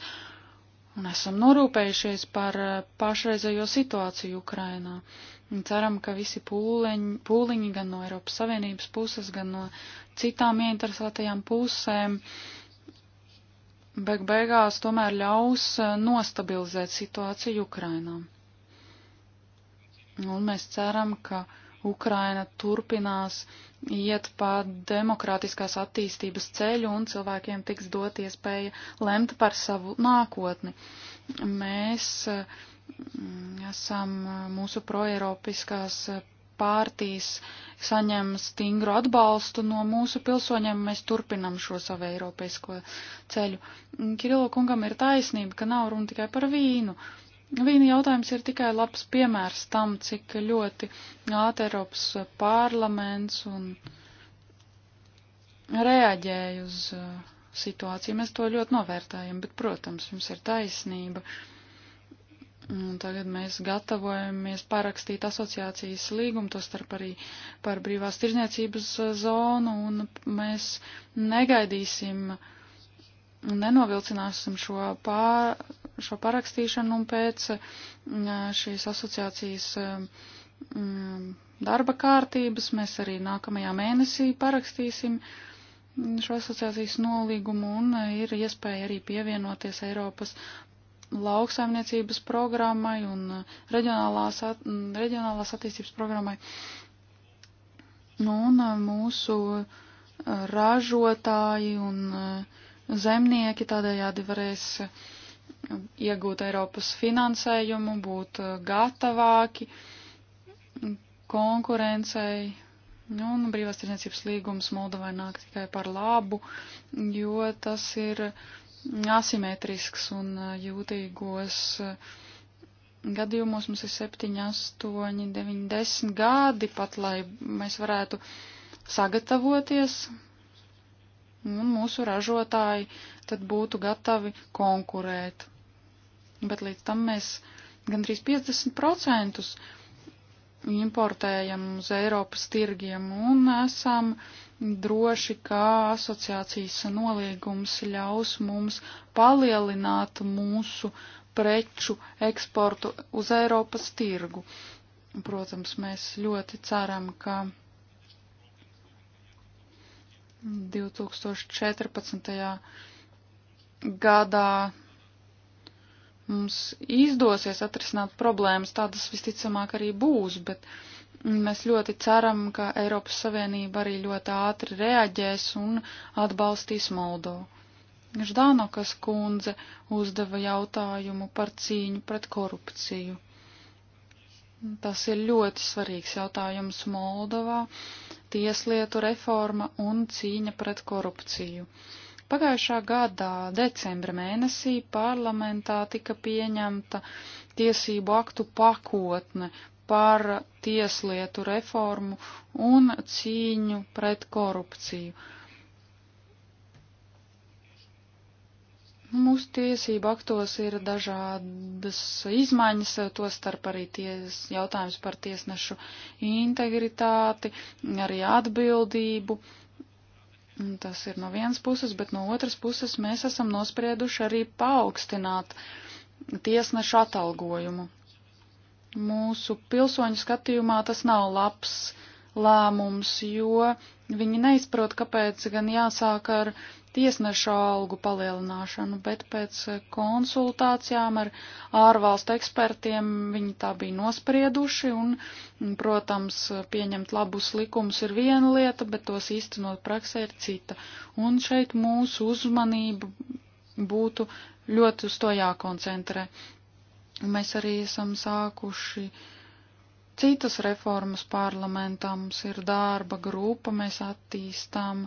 un esam norūpējušies par eh, pašreizējo situāciju Ukrainā. Un ceram, ka visi pūliņi, pūliņi gan no Eiropas Savienības puses, gan no citām ieinteresētajām pusēm beig beigās tomēr ļaus eh, nostabilizēt situāciju Ukrainā. Un mēs ceram, ka Ukraina turpinās iet pa demokrātiskās attīstības ceļu un cilvēkiem tiks dot iespēja lemt par savu nākotni. Mēs mm, esam mm, mūsu proeiropiskās pārtīs saņem stingru atbalstu no mūsu pilsoņiem, mēs turpinam šo savu eiropeisko ceļu. Kirilo kungam ir taisnība, ka nav runa tikai par vīnu. Uh, Vīna jautājums ir tikai labs piemērs tam, cik ļoti ātri Eiropas parlaments un reaģēja uz uh, situāciju. Mēs to ļoti novērtējam, bet, protams, jums ir taisnība. Un tagad mēs gatavojamies parakstīt asociācijas līgumu, to starp arī par brīvās tirzniecības uh, zonu, un mēs negaidīsim uh, nenovilcināsim šo, pā, šo parakstīšanu un pēc mm, šīs asociācijas mm, darba kārtības mēs arī nākamajā mēnesī parakstīsim mm, šo asociācijas nolīgumu un ir iespēja arī pievienoties Eiropas lauksaimniecības programmai un reģionālās, at, reģionālās attīstības programmai. Nu, un mūsu ražotāji un uh, zemnieki tādējādi varēs um, iegūt Eiropas finansējumu, būt uh, gatavāki konkurencei. Nu, un brīvās tirdzniecības līgums Moldovai nāk tikai par labu, jo tas ir asimetrisks un uh, jūtīgos uh, gadījumos mums ir 7, 8, 9, 10 gadi pat, lai mēs varētu sagatavoties un nu, mūsu ražotāji tad būtu gatavi konkurēt. Bet līdz tam mēs gandrīz 50% importējam uz Eiropas tirgiem un esam droši, ka asociācijas nolīgums ļaus mums palielināt mūsu preču eksportu uz Eiropas tirgu. Protams, mēs ļoti ceram, ka 2014. gadā mums izdosies atrisināt problēmas, tādas visticamāk arī būs, bet mēs ļoti ceram, ka Eiropas Savienība arī ļoti ātri reaģēs un atbalstīs Moldovu. Ždānokas kundze uzdeva jautājumu par cīņu pret korupciju. Tas ir ļoti svarīgs jautājums Moldovā. Uh, tieslietu reforma un cīņa pret korupciju. Pagājušā gadā decembra mēnesī parlamentā tika pieņemta tiesību aktu pakotne par tieslietu reformu un cīņu pret korupciju. Mūsu tiesību aktos ir dažādas izmaiņas, to starp arī ties, jautājums par tiesnešu integritāti, arī atbildību. Tas ir no vienas puses, bet no otras puses mēs esam nosprieduši arī paaugstināt tiesnešu atalgojumu. Mūsu pilsoņu skatījumā tas nav labs lēmums, jo viņi neizprot, kāpēc gan jāsāk ar tiesnešu algu palielināšanu, bet pēc konsultācijām ar ārvalstu ekspertiem viņi tā bija nosprieduši un, protams, pieņemt labus likumus ir viena lieta, bet tos īstenot praksē ir cita. Un šeit mūsu uzmanība būtu ļoti uz to jākoncentrē. Mēs arī esam sākuši uh, citas reformas parlamentā. Mums ir darba grupa, mēs attīstām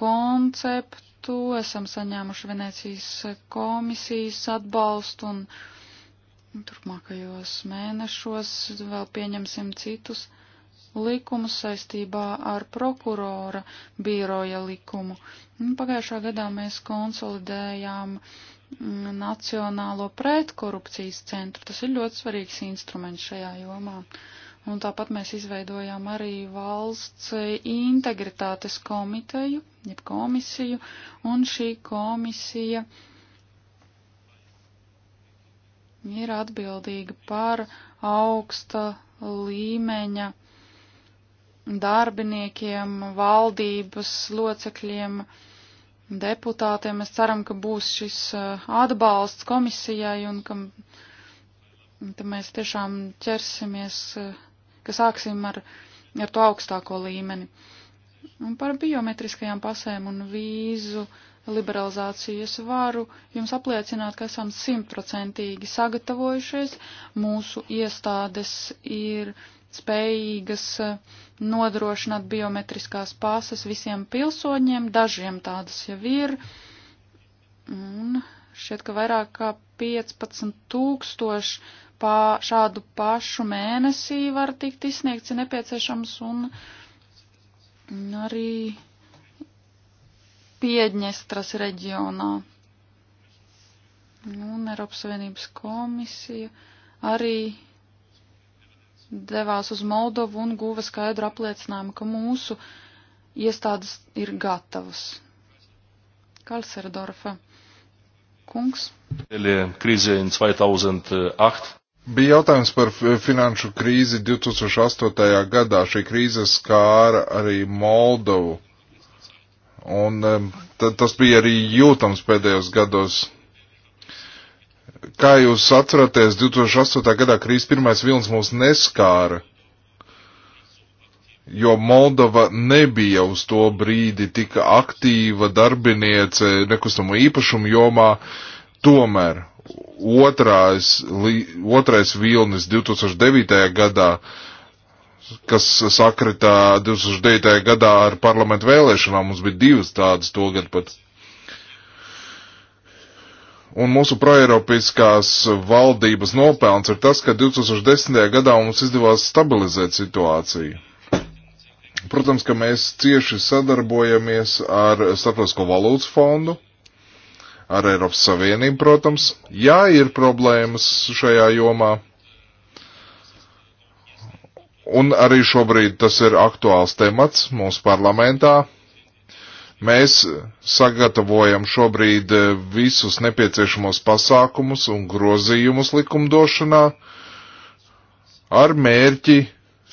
konceptu, esam saņēmuši Venecijas komisijas atbalstu un turpmākajos mēnešos vēl pieņemsim citus likumus saistībā ar prokurora bīroja likumu. Pagājušā gadā mēs konsolidējām Nacionālo pretkorupcijas centru. Tas ir ļoti svarīgs instruments šajā jomā. Un tāpat mēs izveidojām arī valsts integritātes komiteju, jeb komisiju, un šī komisija ir atbildīga par augsta līmeņa darbiniekiem, valdības locekļiem, uh, deputātiem. Mēs ceram, ka būs šis uh, atbalsts komisijai un ka mēs tiešām ķersimies, uh, ka sāksim ar, ar to augstāko līmeni. Un par biometriskajām pasēm un vīzu liberalizāciju es varu jums apliecināt, ka esam simtprocentīgi sagatavojušies. Mūsu iestādes ir spējīgas eh, nodrošināt biometriskās pases visiem pilsoņiem, dažiem tādas jau ir. Un šķiet, ka vairāk kā 15 tūkstoši pā, šādu pašu mēnesī var tikt izsniegts, ja nepieciešams, un arī Piedņestras reģionā. Un Eiropas Savienības komisija arī devās uz Moldovu un guva skaidru apliecinājumu, ka mūsu iestādes ir gatavas. Kalserdorfa kungs. Krīze 2008. Bija jautājums par finanšu krīzi 2008. gadā. Šī krīze skāra arī Moldovu. Un tas bija arī jūtams pēdējos gados Kā jūs atceraties, 2008. gadā krīzes pirmais vilnis mūs neskāra, jo Moldova nebija uz to brīdi tik aktīva darbiniece nekustamo īpašumu jomā. Tomēr otrās, otrais vilnis 2009. gadā kas sakritā 2009. gadā ar parlamentu vēlēšanām. Mums bija divas tādas togad pat. Un mūsu proeiropiskās valdības nopelns ir tas, ka 2010. gadā mums izdevās stabilizēt situāciju. Protams, ka mēs cieši sadarbojamies ar Starptautisko valūtas fondu, ar Eiropas Savienību, protams. Jā, ir problēmas šajā jomā. Un arī šobrīd tas ir aktuāls temats mūsu parlamentā Mēs sagatavojam šobrīd eh, visus nepieciešamos pasākumus un grozījumus likumdošanā ar mērķi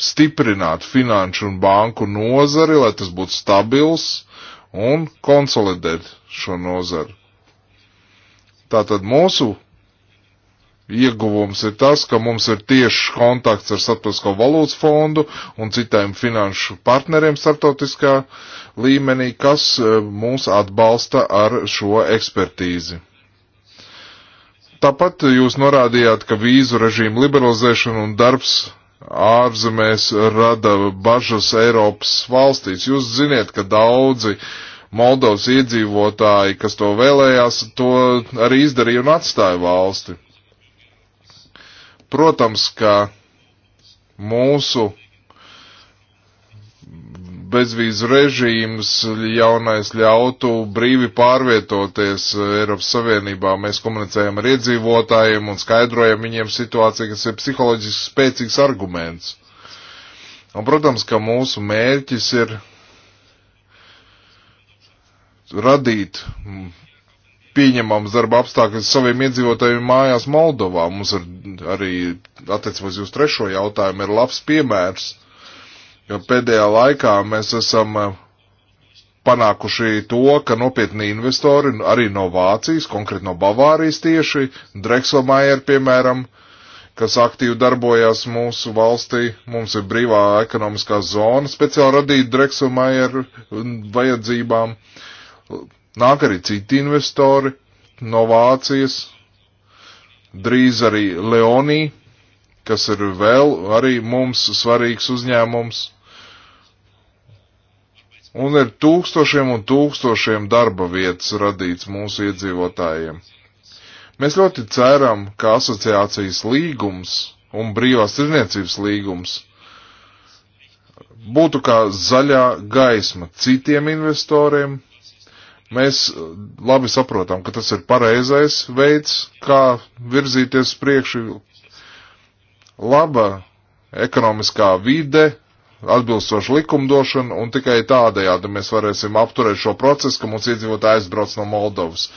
stiprināt finanšu un banku nozari, lai tas būtu stabils un konsolidēt šo nozari. Tātad mūsu Ieguvums ir tas, ka mums ir tieši kontakts ar Startautisko valūtas fondu un citiem finanšu partneriem startautiskā līmenī, kas e, mūs atbalsta ar šo ekspertīzi. Tāpat jūs norādījāt, ka vīzu režīmu liberalizēšana un darbs ārzemēs rada bažas Eiropas valstīs. Jūs ziniet, ka daudzi Moldovas iedzīvotāji, kas to vēlējās, to arī izdarīja un atstāja valsti. Protams, ka mūsu bezvīzu režīms jaunais ļautu brīvi pārvietoties Eiropas Savienībā. Mēs komunicējam ar iedzīvotājiem un skaidrojam viņiem situāciju, kas ir psiholoģiski spēcīgs arguments. Un, protams, ka mūsu mērķis ir radīt pieņemams darba apstākļus saviem iedzīvotājiem mājās Moldovā. Mums ir arī, attiecībos uz trešo jautājumu, ir labs piemērs, jo pēdējā laikā mēs esam eh, panākuši to, ka nopietni investori arī no Vācijas, konkrēti no Bavārijas tieši, Drexelmaier, piemēram, kas aktīvi darbojās mūsu valstī. Mums ir brīvā ekonomiskā zona speciāli radīta Drexelmaier mm, vajadzībām Nāk arī citi investori no Vācijas, drīz arī Leonī, kas ir vēl arī mums svarīgs uzņēmums. Un ir tūkstošiem un tūkstošiem darba vietas radīts mūsu iedzīvotājiem. Mēs ļoti ceram, ka asociācijas līgums un brīvās tirniecības līgums būtu kā zaļā gaisma citiem investoriem Mēs uh, labi saprotam, ka tas ir pareizais veids, kā virzīties priekšu. Laba ekonomiskā vide, atbilstoši likumdošana, un tikai tādējādi mēs varēsim apturēt šo procesu, ka mūsu iedzīvotāji aizbrauc no Moldovas.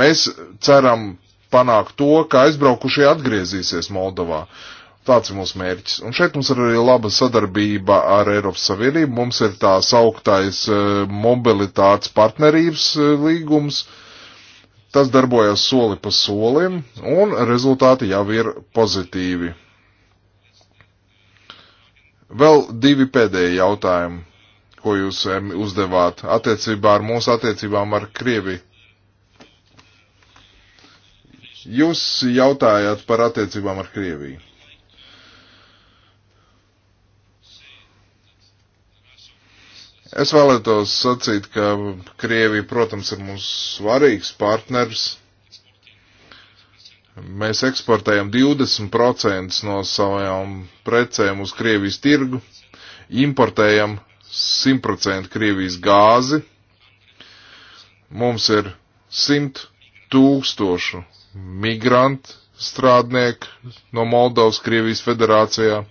Mēs ceram panākt to, ka aizbraukušie atgriezīsies Moldovā. Uh, Tāds ir mūsu mērķis. Un šeit mums ir arī laba sadarbība ar Eiropas Savienību. Mums ir tā sauktais e, mobilitātes partnerības e, līgums. Tas darbojas soli pa solim, un rezultāti jau ir pozitīvi. Vēl divi pēdējie jautājumi, ko jūs uzdevāt attiecībā ar mūsu attiecībām ar Krieviju. Jūs jautājāt par attiecībām ar Krieviju. Es vēlētos sacīt, ka Krievija, protams, ir mums svarīgs partners. Mēs eksportējam 20% no savām precēm uz Krievijas tirgu, importējam 100% Krievijas gāzi. Mums ir 100 tūkstošu migrantu strādnieku no Moldovas Krievijas federācijā.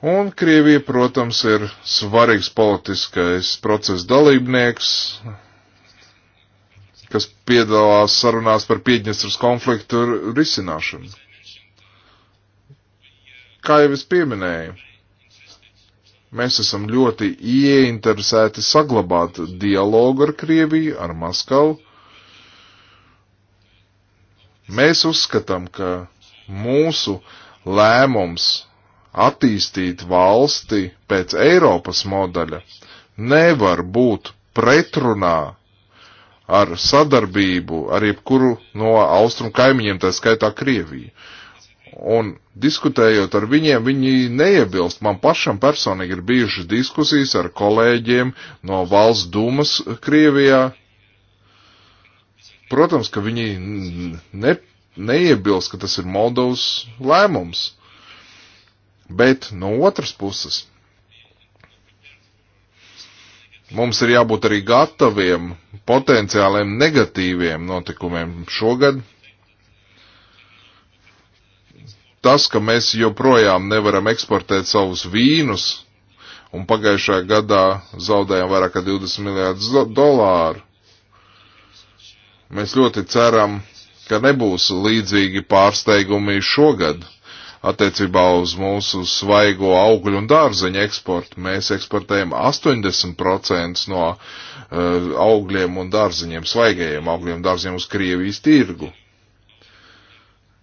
Un Krievija, protams, ir svarīgs politiskais procesa dalībnieks, kas piedalās sarunās par Piedņestras konfliktu risināšanu. Kā jau es pieminēju, mēs esam ļoti ieinteresēti saglabāt dialogu ar Krieviju, ar Maskavu. Mēs uzskatām, ka mūsu lēmums attīstīt valsti pēc Eiropas modeļa nevar būt pretrunā ar sadarbību ar jebkuru no austrumu kaimiņiem, tā skaitā Krieviju. Un diskutējot ar viņiem, viņi neiebilst. Man pašam personīgi ir bijušas diskusijas ar kolēģiem no valsts dūmas Krievijā. Protams, ka viņi ne, neiebilst, ka tas ir Moldovas lēmums Bet no otras puses mums ir jābūt arī gataviem potenciāliem negatīviem notikumiem šogad. Tas, ka mēs joprojām nevaram eksportēt savus vīnus, un pagājušajā gadā zaudējām vairāk kā 20 miljārdus dolāru, mēs ļoti ceram, ka nebūs līdzīgi pārsteigumi šogad attiecībā uz mūsu svaigo augļu un dārzeņu eksportu. Mēs eksportējam 80% no uh, augļiem un dārzeņiem, svaigajiem augļiem un dārzeņiem uz Krievijas tirgu.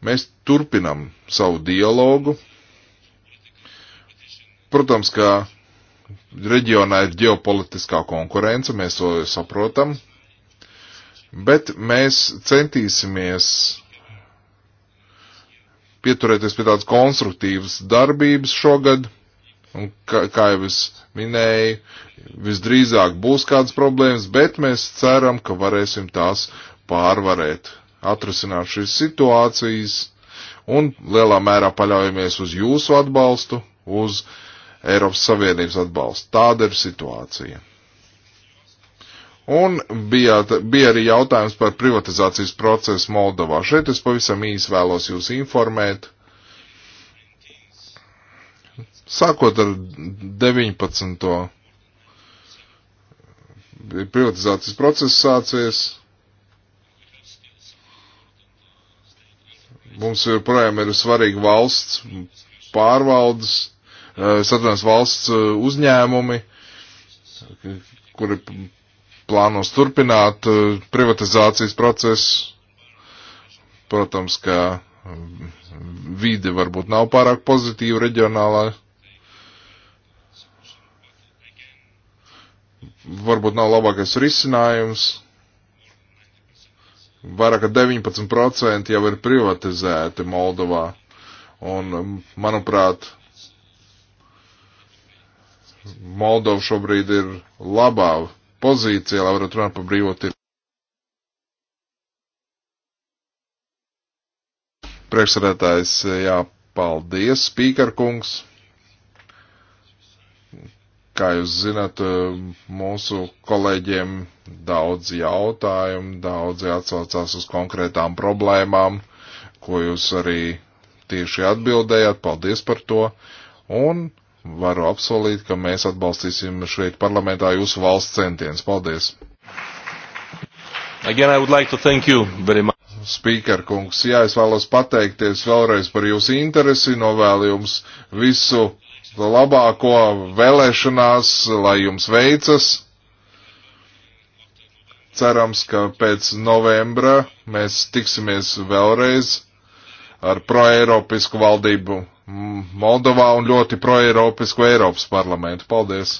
Mēs turpinam savu dialogu. Protams, ka reģionā ir ģeopolitiskā konkurence, mēs to saprotam, bet mēs centīsimies pieturēties pie tādas konstruktīvas darbības šogad. Un, kā, kā jau es minēju, visdrīzāk būs kādas problēmas, bet mēs ceram, ka varēsim tās pārvarēt, atrisināt šīs situācijas un lielā mērā paļaujamies uz jūsu atbalstu, uz Eiropas Savienības atbalstu. Tāda ir situācija. Un bija, bija arī jautājums par privatizācijas procesu Moldovā. Šeit es pavisam īsi vēlos jūs informēt. Sākot ar 19. privatizācijas procesu sācies. Mums joprojām ir svarīgi valsts pārvaldes, eh, satvenas valsts eh, uzņēmumi, kuri plānos turpināt eh, privatizācijas procesu. Protams, ka mm, vide varbūt nav pārāk pozitīva reģionālā. Varbūt nav labākais risinājums. Vairāk kā 19% jau ir privatizēti Moldovā. Un, mm, manuprāt, Moldova šobrīd ir labā pozīcija, lai varētu runāt par brīvo tirgu. Priekšsarētājs, jā, paldies, spīkarkungs. Kā jūs zinat, mūsu kolēģiem daudz jautājumu, daudzi atsaucās uz konkrētām problēmām, ko jūs arī tieši atbildējāt. Paldies par to. Un varu apsolīt, ka mēs atbalstīsim šeit parlamentā jūsu valsts centienus. Paldies! Again, I would like to thank you very much. Speaker kungs, jā, es vēlos pateikties vēlreiz par jūsu interesi, novēlu jums visu labāko vēlēšanās, lai jums veicas. Cerams, ka pēc novembra mēs tiksimies vēlreiz ar proeiropisku valdību Moldovā un ļoti proeiropisku Eiropas parlamentu. Paldies!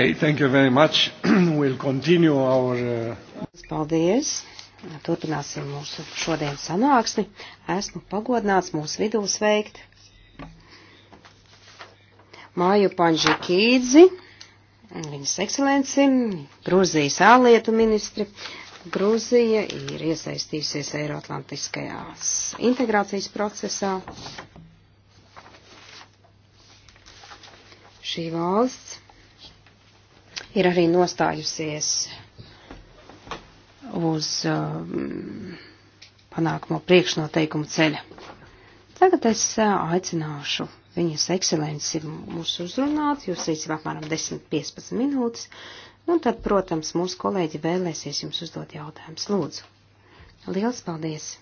Okay, thank you very much. we'll continue our. Uh... Paldies. Turpināsim mūsu šodienas sanāksmi. Esmu pagodināts mūsu vidū sveikt Māju Panži Kīdzi, viņas ekscelenci, Grūzijas ārlietu ministri. Grūzija ir iesaistījusies Eiroatlantiskajās integrācijas procesā. Šī valsts ir arī nostājusies uz um, panākumu priekšnoteikumu ceļa. Tagad es uh, aicināšu viņas ekscelenci mūs uzrunāt, jūs rīcība apmēram 10-15 minūtes, un nu, tad, protams, mūsu kolēģi vēlēsies jums uzdot jautājumus. Lūdzu! Liels paldies!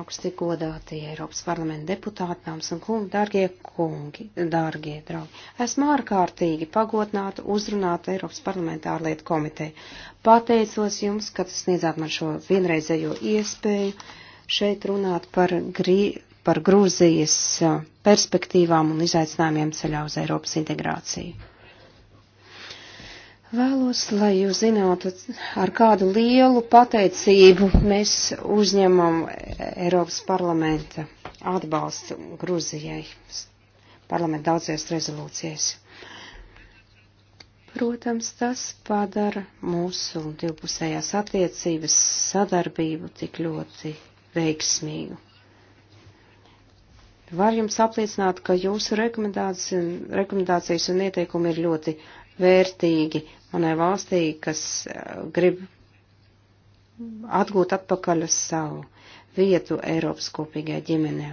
augsti godātie Eiropas parlamenta deputāti, dāmas un kungi, dārgie kungi, dārgie draugi. Esmu ārkārtīgi pagodināta uzrunāt Eiropas parlamenta ārlietu komiteju. Pateicos jums, ka sniedzāt man šo vienreizējo iespēju šeit runāt par, grī, par Grūzijas perspektīvām un izaicinājumiem ceļā uz Eiropas integrāciju. Vēlos, lai jūs zinātu, ar kādu lielu pateicību mēs uzņemam Eiropas parlamenta atbalstu Gruzijai parlamenta daudzies rezolūcijas. Protams, tas padara mūsu divpusējās attiecības sadarbību tik ļoti veiksmīgu. Var jums apliecināt, ka jūsu rekomendācijas un ieteikumi ir ļoti vērtīgi manai valstī, kas eh, grib atgūt atpakaļ savu vietu Eiropas kopīgajā ģimenē.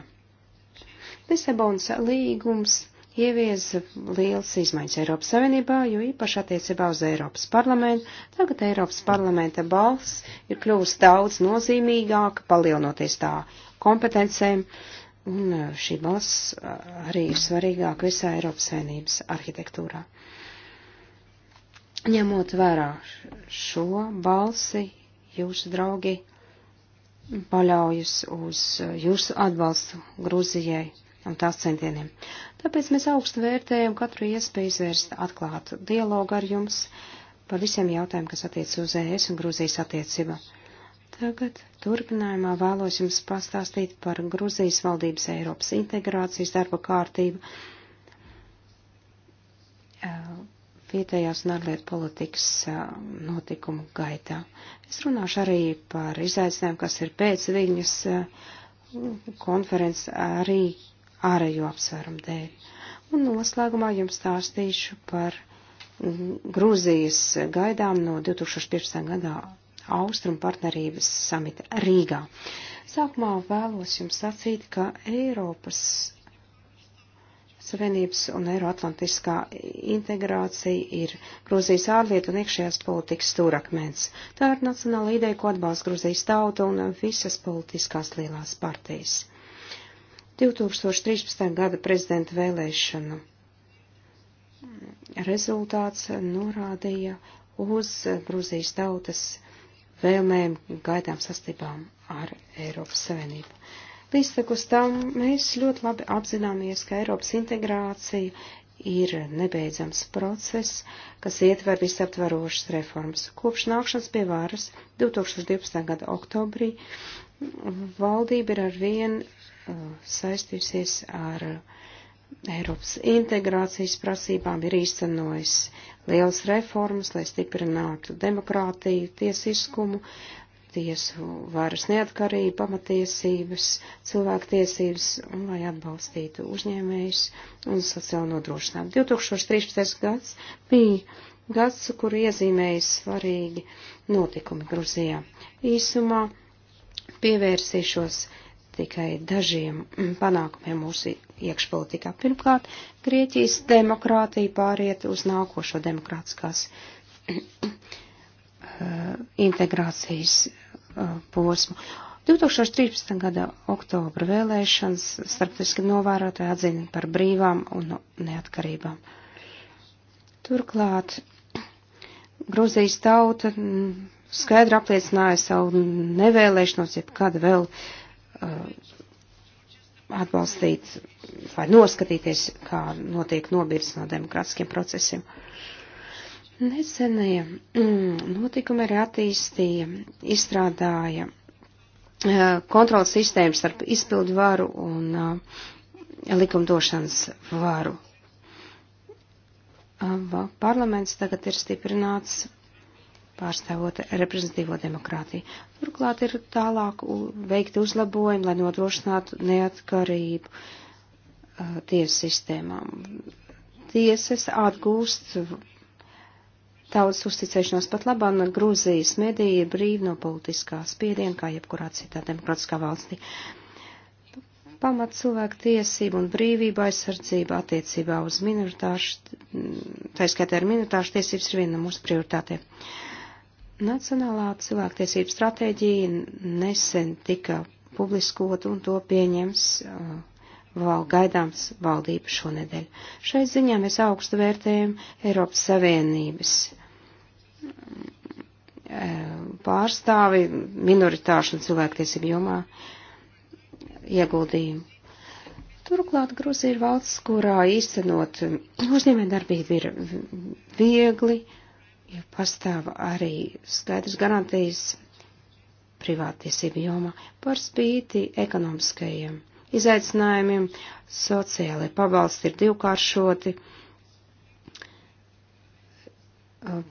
Lisabonas līgums ieviesa liels izmaiņas Eiropas Savienībā, jo īpaši attiecībā uz Eiropas parlamentu. Tagad Eiropas parlamenta balss ir kļuvusi daudz nozīmīgāka, palielinoties tā kompetencēm, un eh, šī balss eh, arī ir svarīgāka visā Eiropas Savienības arhitektūrā. Ņemot vērā šo balsi, jūsu draugi paļaujas uz jūsu atbalstu Grūzijai un tās centieniem. Tāpēc mēs augstu vērtējam katru iespēju izvērst atklātu dialogu ar jums par visiem jautājumiem, kas attiec uz ES un Grūzijas attiecību. Tagad turpinājumā vēlos jums pastāstīt par Gruzijas valdības Eiropas integrācijas darba kārtību, vietējās un ārlietu politikas notikumu gaitā. Es runāšu arī par izaicinājumu, kas ir pēc viņas konferences arī ārējo apsvērumu dēļ. Un noslēgumā jums stāstīšu par Grūzijas gaidām no 2015. gadā Austrum partnerības samita Rīgā. Sākumā vēlos jums sacīt, ka Eiropas Savienības un Eiroatlantiskā integrācija ir Grūzijas ārlietu un iekšējās politikas stūrakmens. Tā ir nacionāla ideja, ko atbalsta Grūzijas tauta un visas politiskās lielās partijas. 2013. gada prezidenta vēlēšanu rezultāts norādīja uz Grūzijas tautas vēlmēm gaidām sastībām ar Eiropas Savienību. Līdztekus tam mēs ļoti labi apzināmies, ka Eiropas integrācija ir nebeidzams process, kas ietver visaptvarošas reformas. Kopš nākšanas pie varas 2012. gada oktobrī valdība ir arvien uh, saistījusies ar uh, Eiropas integrācijas prasībām ir īstenojis liels reformas, lai stiprinātu demokrātiju, tiesiskumu, tiesu varas neatkarību, pamatiesības, cilvēktiesības un lai atbalstītu uzņēmējus un sociālo nodrošinājumu. 2013. gads bija gads, kur iezīmēja svarīgi notikumi Gruzijā. Īsumā pievērsīšos tikai dažiem panākumiem mūsu iekšpolitikā. Pirmkārt, Grieķijas demokrātija pāriet uz nākošo demokrātiskās eh, integrācijas Uh, posmu. 2013. gada oktobra vēlēšanas starptautiski novērotāji atzina par brīvām un neatkarībām. Turklāt Gruzijas tauta mm, skaidri apliecināja savu nevēlēšanos, jeb kādu vēl uh, atbalstīt vai noskatīties, kā notiek nobirs no demokrātiskiem procesiem. Uh, Nesenie mm, notikumi arī attīstīja, izstrādāja eh, kontrolas sistēmas starp izpildu varu un eh, likumdošanas varu. Eh, parlaments tagad ir stiprināts pārstāvot reprezentīvo demokrātiju. Turklāt ir tālāk veikti uzlabojumi, lai nodrošinātu neatkarību tiesu sistēmām. Tiesas atgūst tautas uzticēšanos pat labam Grūzijas medija ir brīva no politiskā spiediena, kā jebkurā citā demokrātiskā valstī. Pamat cilvēku tiesību un brīvību aizsardzība attiecībā uz minoritāšu, taiskaitā ar minoritāšu tiesības ir viena no mūsu prioritātiem. Nacionālā cilvēktiesība stratēģija nesen tika publiskot un to pieņems uh, vēl gaidāms valdība šonedēļ. Šai ziņā mēs augstu vērtējam Eiropas Savienības eh, pārstāvi minoritāšu un cilvēktiesību jomā ieguldījumu. Turklāt Grūzija ir valsts, kurā īstenot uzņēmē darbību ir viegli, jo pastāv arī skaidrs garantijas privātiesību jomā par spīti ekonomiskajiem izaicinājumiem. Sociālai pabalsti ir divkāršoti,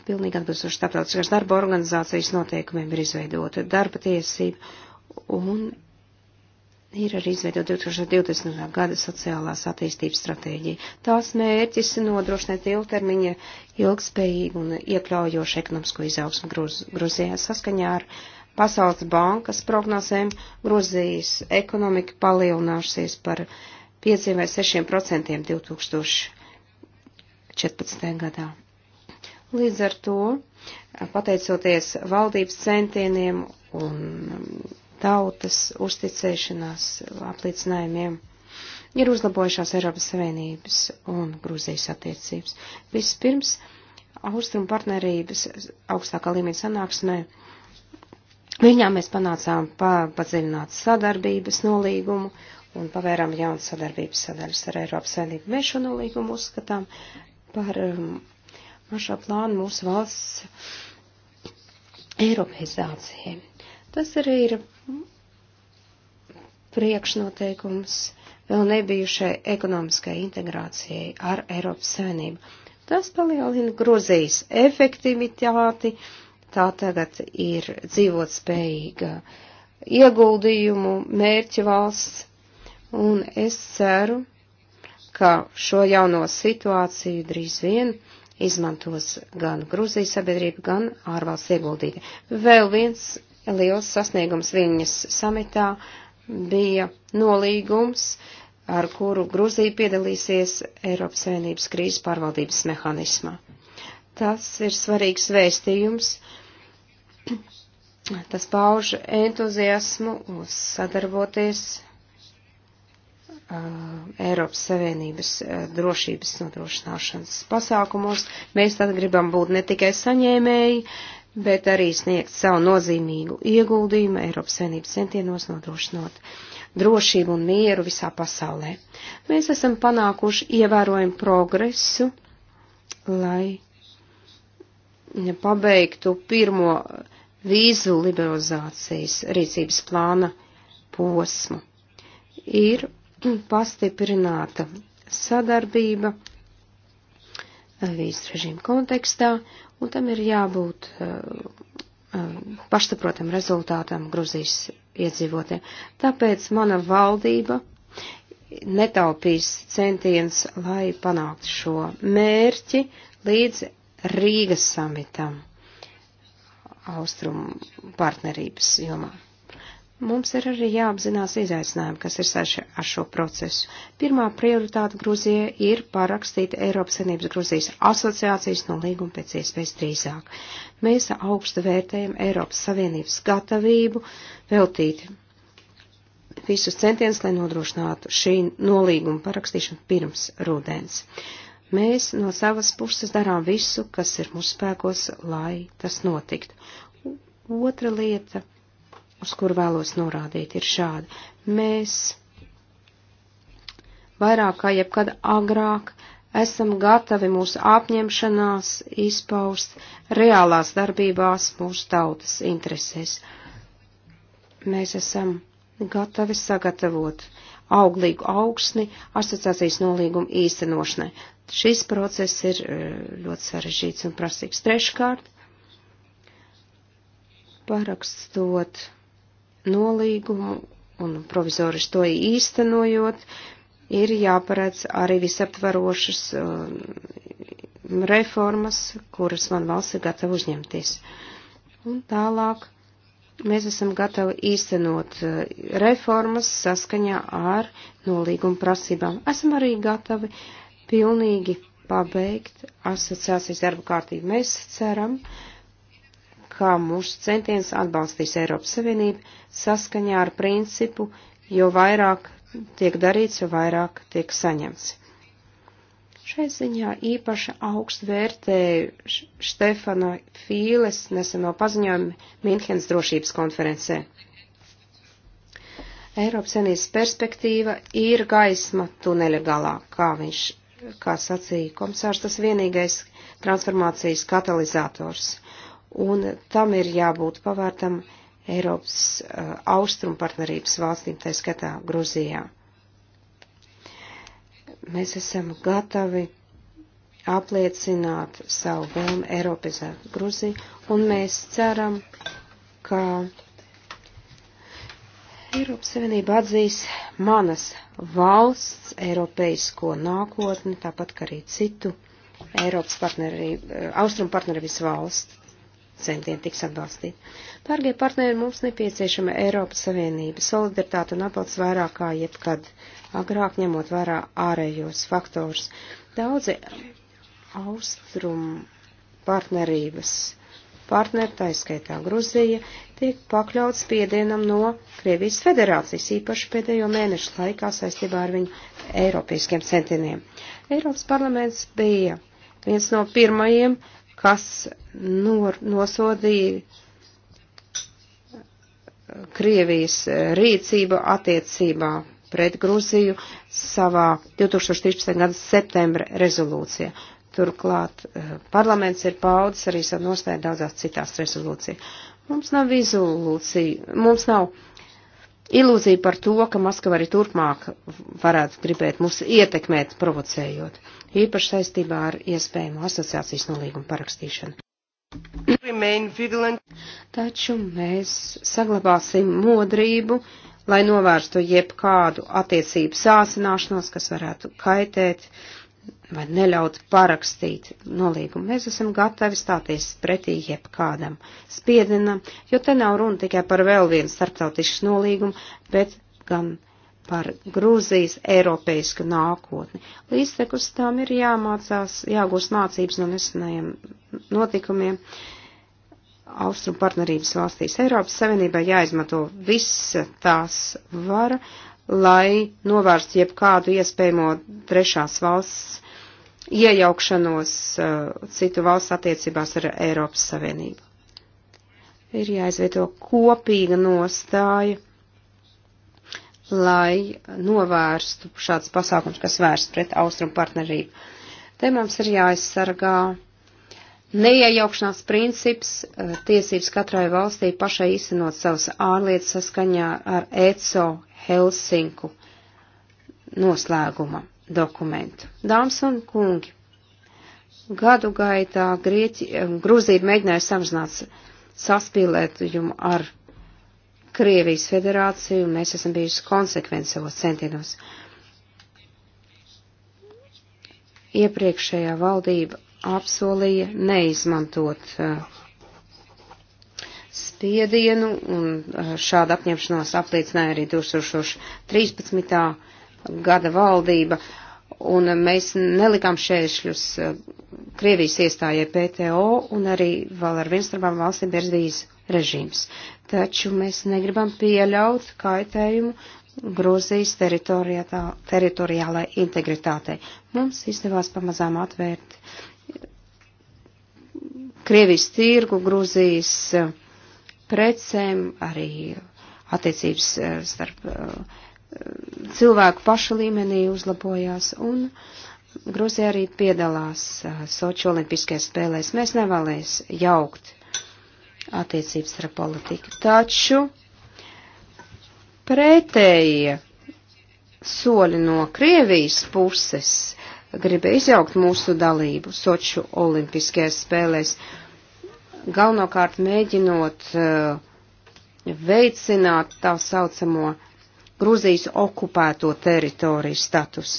pilnīgi atbilstoši starptautiskās darba organizācijas noteikumiem ir izveidota darba tiesība un ir arī izveidota 2020. gada sociālās attīstības stratēģija. Tās mērķis ir nodrošināt ilgtermiņa ilgspējīgu un iekļaujošu ekonomisko izaugsmu Gruzijā saskaņā ar uh, Pasaules bankas prognozēm Gruzijas ekonomika palielināsies par 5 vai 6 procentiem 2014. gadā. Līdz ar to, pateicoties valdības centieniem un tautas uzticēšanās apliecinājumiem, ir uzlabojušās Eiropas Savienības un Grūzijas attiecības. Vispirms, austrumu partnerības augstākā līmeņa sanāksmē Viņām mēs panācām pa, padziļināt sadarbības nolīgumu un pavērām jaunu sadarbības sadaļas ar Eiropas Savienību. Mēs šo nolīgumu uzskatām par um, mašā plānu mūsu valsts Eiropeizācijai. Tas arī ir priekšnoteikums vēl nebijušai ekonomiskai integrācijai ar Eiropas Savienību. Tas palielina Gruzijas efektivitāti. Uh, tā tagad ir dzīvot spējīga ieguldījumu mērķa valsts, un es ceru, ka šo jauno situāciju drīz vien izmantos gan Grūzijas sabiedrība, gan ārvalsts ieguldīti. Vēl viens liels sasniegums viņas samitā bija nolīgums, ar kuru Grūzija piedalīsies Eiropas Savienības krīzes pārvaldības mehānismā. Tas ir svarīgs vēstījums Tas pauž entuziasmu sadarboties Uh, Eiropas Savienības uh, drošības nodrošināšanas pasākumos. Mēs tad gribam būt ne tikai saņēmēji, bet arī sniegt savu nozīmīgu ieguldījumu Eiropas Savienības centienos nodrošinot drošību un mieru visā pasaulē. Mēs esam panākuši ievērojumu progresu, lai pabeigtu pirmo uh, vīzu liberalizācijas rīcības plāna posmu. Ir pastiprināta sadarbība vīzu režīmu kontekstā, un tam ir jābūt eh, eh, pašsaprotam rezultātam Gruzijas iedzīvotiem. Tāpēc mana valdība netaupīs centiens, lai panāktu šo mērķi līdz Rīgas samitam austrumu partnerības jomā. Mums ir arī jāapzinās izaicinājumi, kas ir saši ar šo procesu. Pirmā prioritāte Grūzijai ir parakstīt Eiropas Savienības Grūzijas asociācijas no līguma pēc iespējas drīzāk. Mēs augstu vērtējam Eiropas Savienības gatavību veltīt visus centienus, lai nodrošinātu šī nolīguma parakstīšanu pirms rudens. Uh, Mēs no savas puses darām visu, kas ir mūsu spēkos, lai tas notiktu. Otra lieta, uz kur vēlos norādīt, ir šāda. Mēs vairāk kā jebkad agrāk esam gatavi mūsu apņemšanās izpaust reālās darbībās mūsu tautas interesēs. Mēs esam gatavi sagatavot auglīgu augsni asociācijas nolīgumu īstenošanai šis process ir eh, ļoti sarežģīts un prasīgs. Treškārt, parakstot nolīgumu un provizoriski to īstenojot, ir jāparedz arī visaptvarošas um, reformas, kuras man valsts ir gatava uzņemties. Un tālāk mēs esam gatavi īstenot uh, reformas saskaņā ar nolīgumu prasībām. Esam arī gatavi uh, pilnīgi pabeigt asociācijas darba kārtību. Mēs ceram, kā mūsu centiens atbalstīs Eiropas Savienību saskaņā ar principu, jo vairāk tiek darīts, jo vairāk tiek saņemts. Šai ziņā īpaši augstu vērtēju Štefana Fīles neseno paziņojumu Minhenes drošības konferencē. Eiropas senīs perspektīva ir gaisma tuneļa galā, kā viņš kā sacīja komisārs, tas vienīgais transformācijas katalizators. Un tam ir jābūt pavērtam Eiropas uh, austrumpartnerības valstīm, tā skatā Gruzijā. Mēs esam gatavi apliecināt savu vēlmu Eiropizēt Gruziju, un mēs ceram, ka Eiropas Savienība atzīs manas valsts eiropeisko nākotni, tāpat kā arī citu Eiropas partneri, eh, austrumu partnerības valsts centieni tiks atbalstīti. Dārgie partneri, mums nepieciešama Eiropas Savienība solidaritāte un atbalsts vairāk kā jebkad, agrāk ņemot vērā ārējos faktors. Daudzi austrumu partnerības partneri, tā izskaitā Gruzija, tiek pakļauts spiedienam no Krievijas federācijas, īpaši pēdējo mēnešu laikā saistībā ar viņu eiropieskiem centieniem. Eiropas parlaments bija viens no pirmajiem, kas nor, nosodīja Krievijas rīcību attiecībā pret Gruziju savā 2013. gada septembra rezolūcijā. Turklāt eh, parlaments ir paudzis arī savu nostāju daudzās citās rezolūcijās. Mums nav izolūcija, mums nav ilūzija par to, ka Maskava arī turpmāk varētu gribēt mūs ietekmēt, provocējot, īpaši saistībā ar iespējamu asociācijas nolīgumu parakstīšanu. Taču mēs saglabāsim modrību, lai novērstu jebkādu attiecību sāsināšanos, kas varētu kaitēt uh, vai neļaut parakstīt nolīgumu. Mēs esam gatavi stāties pretī jebkādam spiedienam, jo te nav runa tikai par vēl vienu starptautisku nolīgumu, bet gan par Grūzijas eiropeisku nākotni. Līdztekus tam ir jāmācās, jāgūst mācības no nesenajiem notikumiem. Austrum partnerības valstīs Eiropas Savienībā jāizmanto visa tās vara, lai novērstu jebkādu iespējamo trešās valsts iejaukšanos uh, citu valsts attiecībās ar Eiropas Savienību. Ir jāizvieto kopīga nostāja, lai novērstu šāds pasākums, kas vērsts pret austrumu partnerību. Te mums ir jāaizsargā neiejaukšanās princips, uh, tiesības katrai valstī pašai īstenot savas ārlietas saskaņā ar ECO Helsinku noslēgumam dokumentu. Dāmas un kungi, gadu gaitā Grieķi, eh, Gruzija mēģināja samazināt saspīlētumu ar Krievijas federāciju, un mēs esam bijuši konsekventi savos centienos. Iepriekšējā valdība apsolīja neizmantot uh, spiedienu, un eh, šādu apņemšanos apliecināja arī 2013 gada valdība, un mēs nelikām šēršļus eh, Krievijas iestājai PTO, un arī vēl ar vienstarbām valstīm bezvīzu režīms. Taču mēs negribam pieļaut kaitējumu Grūzijas teritoriālai integritātei. Mums izdevās pamazām atvērt Krievijas tirgu, Grūzijas eh, precēm, arī attiecības eh, starp uh, cilvēku pašu līmenī uzlabojās un Gruzija arī piedalās Soči olimpiskajās spēlēs. Mēs nevēlēs jaukt attiecības ar politiku, taču pretējie soļi no Krievijas puses gribēja izjaukt mūsu dalību Soču olimpiskajās spēlēs, galvenokārt mēģinot uh, veicināt tā saucamo uh, Gruzijas okupēto teritoriju status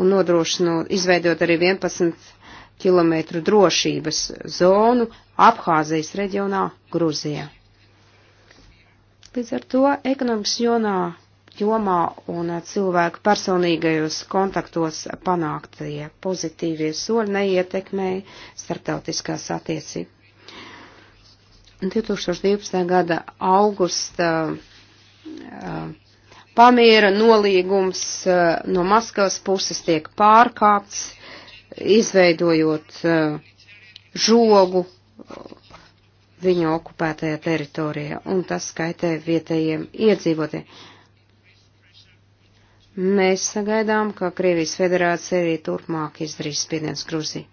un nodrošinot, izveidot arī 11 km drošības zonu Abhāzijas reģionā Gruzijā. Līdz ar to ekonomikas jonā, jomā un cilvēku personīgajos kontaktos panāktie pozitīvie soļi neietekmēja starptautiskās attiecības. 2012. gada augusta uh, pamiera nolīgums uh, no Maskavas puses tiek pārkāpts, izveidojot uh, žogu uh, viņa okupētajā teritorijā, un tas skaitē vietējiem iedzīvotiem. Mēs sagaidām, ka Krievijas federācija arī turpmāk izdarīs spiediens Gruziju.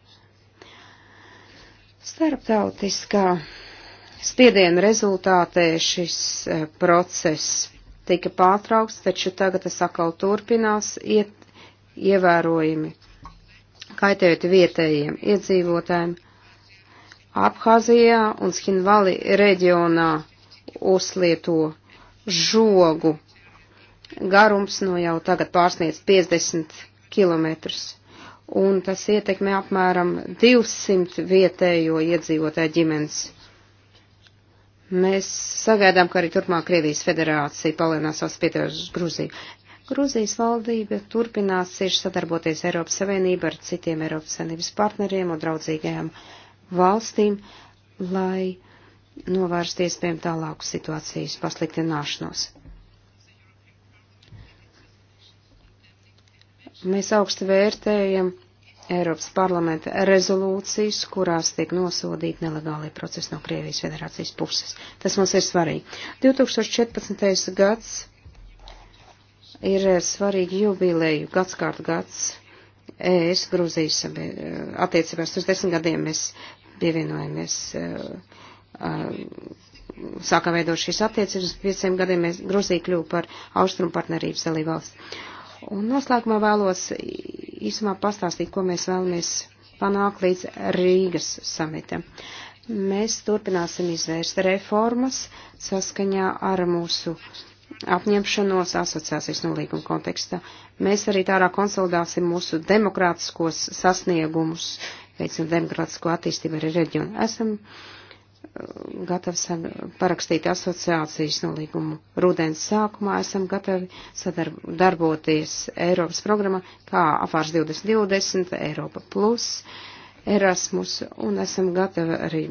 Starptautiskā spiediena rezultātē šis eh, process tika pārtraukts, taču tagad tas atkal turpinās iet ievērojami, kaitējot vietējiem iedzīvotājiem. Abhāzijā un Skinvali reģionā uzlieto žogu garums no jau tagad pārsniedz 50 km, un tas ietekmē apmēram 200 vietējo iedzīvotāju ģimenes. Mēs sagaidām, ka arī turpmāk Krievijas federācija palielinās savus pieteikumus Gruziju. Gruzijas valdība turpinās cieši sadarboties Eiropas Savienība ar citiem Eiropas Savienības partneriem un draudzīgajām valstīm, lai novērst iespējami tālāku situācijas pasliktināšanos. Mēs augstu vērtējam Eiropas parlamenta rezolūcijas, kurās tiek nosodīti nelegālie procesi no Krievijas federācijas puses. Tas mums ir svarīgi. 2014. gads ir svarīgi jubilēju gadskārt gads. Es Gruzijas eh, attiecībās uz desmit gadiem mēs pievienojamies, eh, eh, sākam veidot šīs attiecības, pieciem gadiem mēs Gruzija kļūpa par austrumu partnerības dalībvalsts. Un noslēgumā vēlos īsumā pastāstīt, ko mēs vēlamies panākt līdz Rīgas samitam. Mēs turpināsim izvērst reformas saskaņā ar mūsu apņemšanos asociācijas nolīguma kontekstā. Mēs arī tādā konsolidāsim mūsu demokrātiskos sasniegumus, veicam demokrātisko attīstību arī reģionu. Esam uh, gatavs parakstīt asociācijas nolīgumu. Rūdens sākumā esam gatavi sadarboties Eiropas programma kā Afārs 2020, Eiropa Plus, Erasmus un esam gatavi arī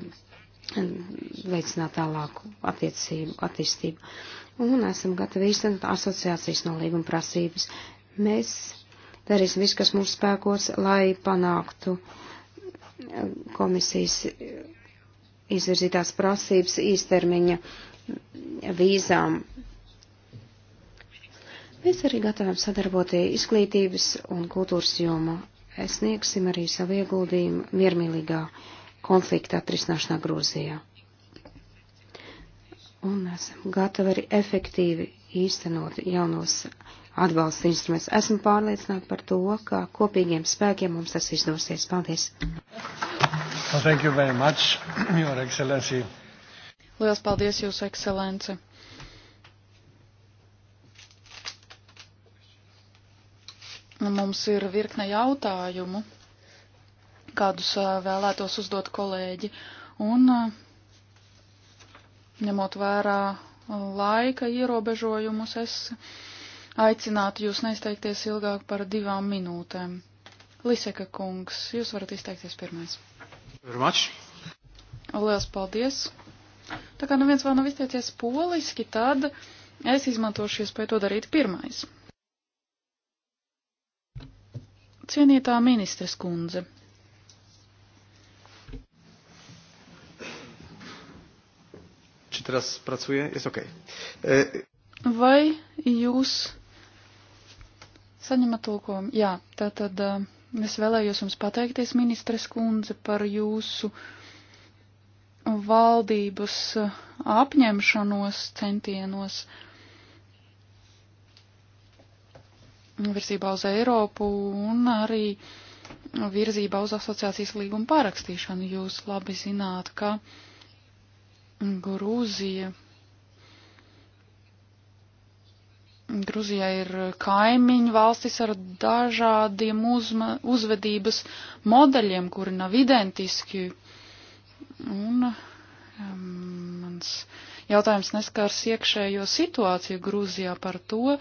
veicināt tālāku attiecību, attīstību. Un esam gatavi īstenot asociācijas nolīguma prasības. Mēs darīsim visu, kas mūsu spēkos, lai panāktu komisijas izvirzītās prasības īstermiņa vīzām. Mēs arī gatavam sadarboties izglītības un kultūras jomā. Es sniegsim arī savu ieguldījumu miermīlīgā konflikta atrisināšanā Grūzijā. Un esam gatavi arī efektīvi īstenot jaunos atbalsta instruments. Esmu pārliecināta par to, ka kopīgiem spēkiem mums tas izdosies. Paldies! Well, thank you very much, Your Excellency. Lielas paldies, Jūsu ekscelence. Nu, mums ir virkne jautājumu, kādus vēlētos uzdot kolēģi, un ņemot vērā laika ierobežojumus, es aicinātu jūs neizteikties ilgāk par divām minūtēm. Liseka kungs, jūs varat izteikties pirmais. Lielas paldies! Tā kā neviens vēl nav izteicies poliski, tad es izmantošu iespēju to darīt pirmais. Cienītā ministres kundze. teraz pracuję? Jest ok. E... Vai jūs saņemat tulkojumu? Jā, tātad. Uh, Es vēlējos jums pateikties, ministres kundze, par jūsu valdības uh, apņemšanos centienos virzībā uz Eiropu un arī virzībā uz asociācijas līgumu pārakstīšanu. Jūs labi zināt, ka Grūzija Gruzijai ir kaimiņu valstis ar dažādiem uzma, uzvedības modeļiem, kuri nav identiski. Un mans jautājums neskars iekšējo situāciju Grūzijā par to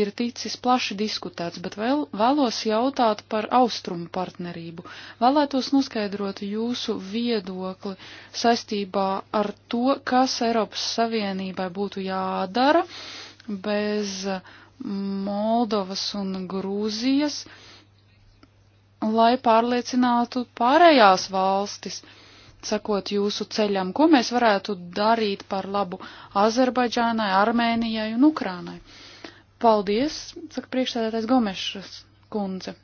ir ticis plaši diskutēts, bet vēl, vēlos jautāt par austrumu partnerību. Vēlētos noskaidrot jūsu viedokli saistībā ar to, kas Eiropas Savienībai būtu jādara bez Moldovas un Grūzijas, lai pārliecinātu pārējās valstis, sakot jūsu ceļam, ko mēs varētu darīt par labu Azerbaidžānai, Armēnijai un Ukrānai. Paldies, saka priekšsēdētais Gomešas kundze.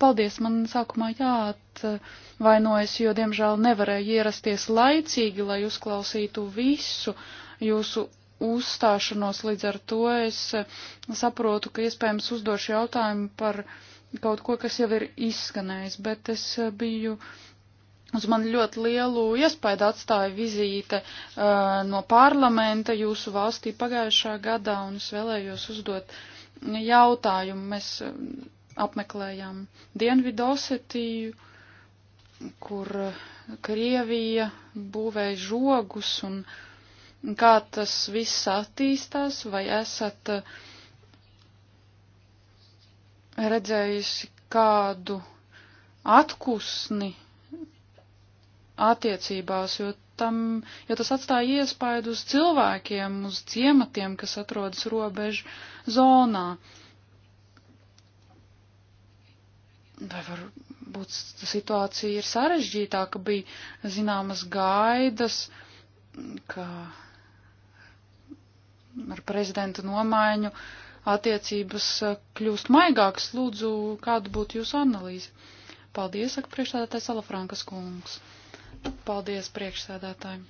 Paldies, man sākumā jāatvainojas, jo, diemžēl, nevarēju ierasties laicīgi, lai uzklausītu visu jūsu uzstāšanos, līdz ar to es eh, saprotu, ka iespējams uzdošu jautājumu par kaut ko, kas jau ir izskanējis, bet es eh, biju. Uz mani ļoti lielu iespaidu atstāja vizīte uh, no parlamenta jūsu valstī pagājušā gadā, un es vēlējos uzdot jautājumu. Mēs uh, apmeklējām Dienvidu Osetiju, kur Krievija būvēja žogus un uh, kā tas viss attīstās, vai esat eh, redzējusi kādu atkusni attiecībās, jo, tam, jo tas atstāja iespaidu uz cilvēkiem, uz ciematiem, kas atrodas robežu zonā. Vai varbūt situācija ir sarežģītāka, bija zināmas gaidas, ka ar prezidentu nomaiņu attiecības eh, kļūst maigākas. Lūdzu, kāda būtu jūsu analīze? Paldies, saka priekšsēdētājs Alafrankas kungs. Paldies, priekšsēdētāji.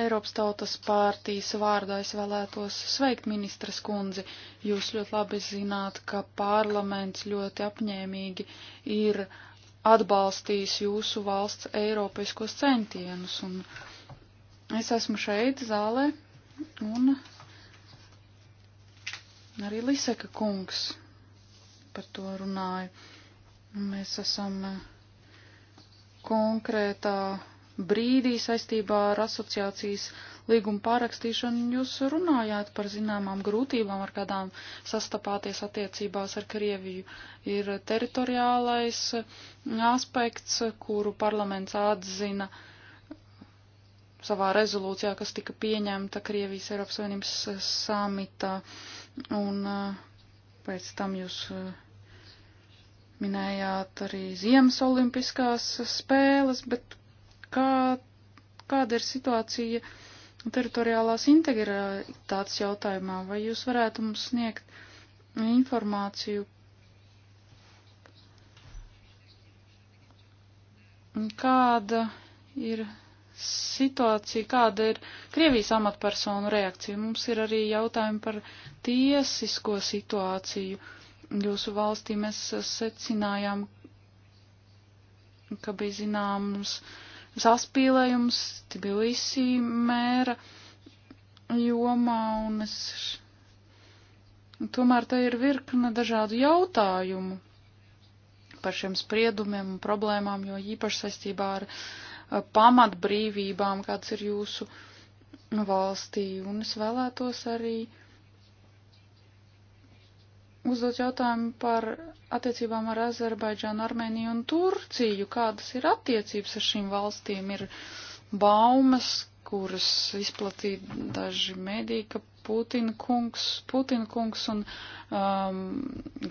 Eiropas Tautas pārtīs vārdā es vēlētos sveikt ministras kundzi. Jūs ļoti labi zināt, ka parlaments ļoti apņēmīgi ir atbalstījis jūsu valsts Eiropiskos centienus un Es esmu šeit zālē un arī Liseka kungs par to runāja. Mēs esam konkrētā brīdī saistībā ar asociācijas līgumu pārakstīšanu. Jūs runājāt par zināmām grūtībām, ar kādām sastapāties attiecībās ar Krieviju. Ir teritoriālais aspekts, kuru parlaments atzina uh, savā rezolūcijā, kas tika pieņemta Krievijas Eiropas Savienības eh, samitā, un eh, pēc tam jūs eh, minējāt arī Ziemas olimpiskās spēles, bet kā, kāda ir situācija teritoriālās integritātes jautājumā? Vai jūs varētu mums sniegt informāciju? Kāda ir situācija, kāda ir Krievijas amatpersonu reakcija. Mums ir arī jautājumi par tiesisko situāciju. Jūsu valstī mēs secinājām, ka bija zināms saspīlējums Tbilisī mēra jomā, un es tomēr te ir virkne dažādu jautājumu par šiem spriedumiem un problēmām, jo īpaši saistībā ar uh, pamatbrīvībām, kāds ir jūsu valstī. Un es vēlētos arī uzdot jautājumu par attiecībām ar Azerbaidžānu, Armēniju un Turciju. Kādas ir attiecības ar šīm valstīm? Ir baumas, kuras izplatīja daži mediji, ka Putina kungs, Putina kungs un um,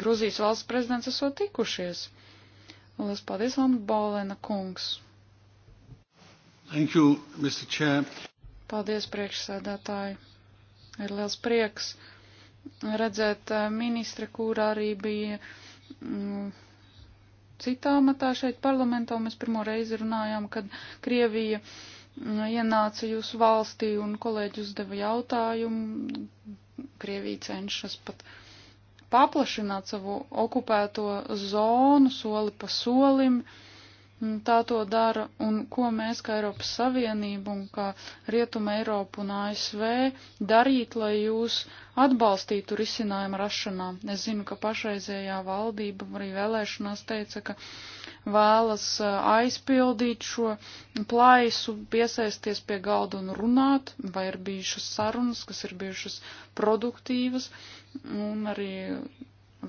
Gruzijas valsts prezidents esot tikušies. Lielas paldies, Lambolena kungs! Thank you, Mr. Chair. Paldies, priekšsēdētāji. Ir liels prieks redzēt eh, ministra, kur arī bija mm, citā matā šeit parlamentā. Mēs pirmo reizi runājām, kad Krievija mm, ienāca jūsu valstī un kolēģi uzdeva jautājumu. Krievija cenšas pat paplašināt savu okupēto zonu soli pa solim. Uh, tā to dara un ko mēs kā Eiropas Savienība un kā Rietuma Eiropa un ASV darīt, lai jūs atbalstītu risinājumu rašanā. Es zinu, ka pašreizējā valdība arī vēlēšanās teica, ka vēlas aizpildīt šo plaisu, piesaisties pie galda un runāt, vai ir bijušas sarunas, kas ir bijušas produktīvas, un arī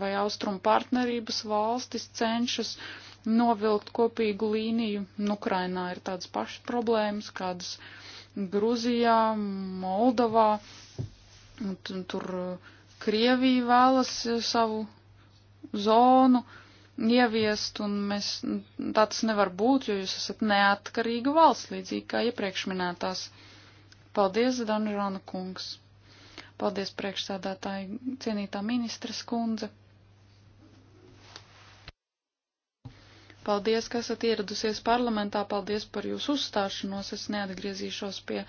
vai austrumu partnerības valstis cenšas uh, novilkt kopīgu līniju. Un nu, Ukrainā ir tādas pašas problēmas, kādas Gruzijā, Moldovā. Un tur uh, Krievija vēlas uh, savu zonu ieviest, un mēs, tā tas nevar būt, jo jūs esat neatkarīga valsts, līdzīgi kā iepriekš minētās. Paldies, Danžāna kungs! Paldies priekšsādātāji, cienītā ministras kundze! Paldies, ka esat ieradusies parlamentā, paldies par jūsu uzstāšanos. Es neatgriezīšos pie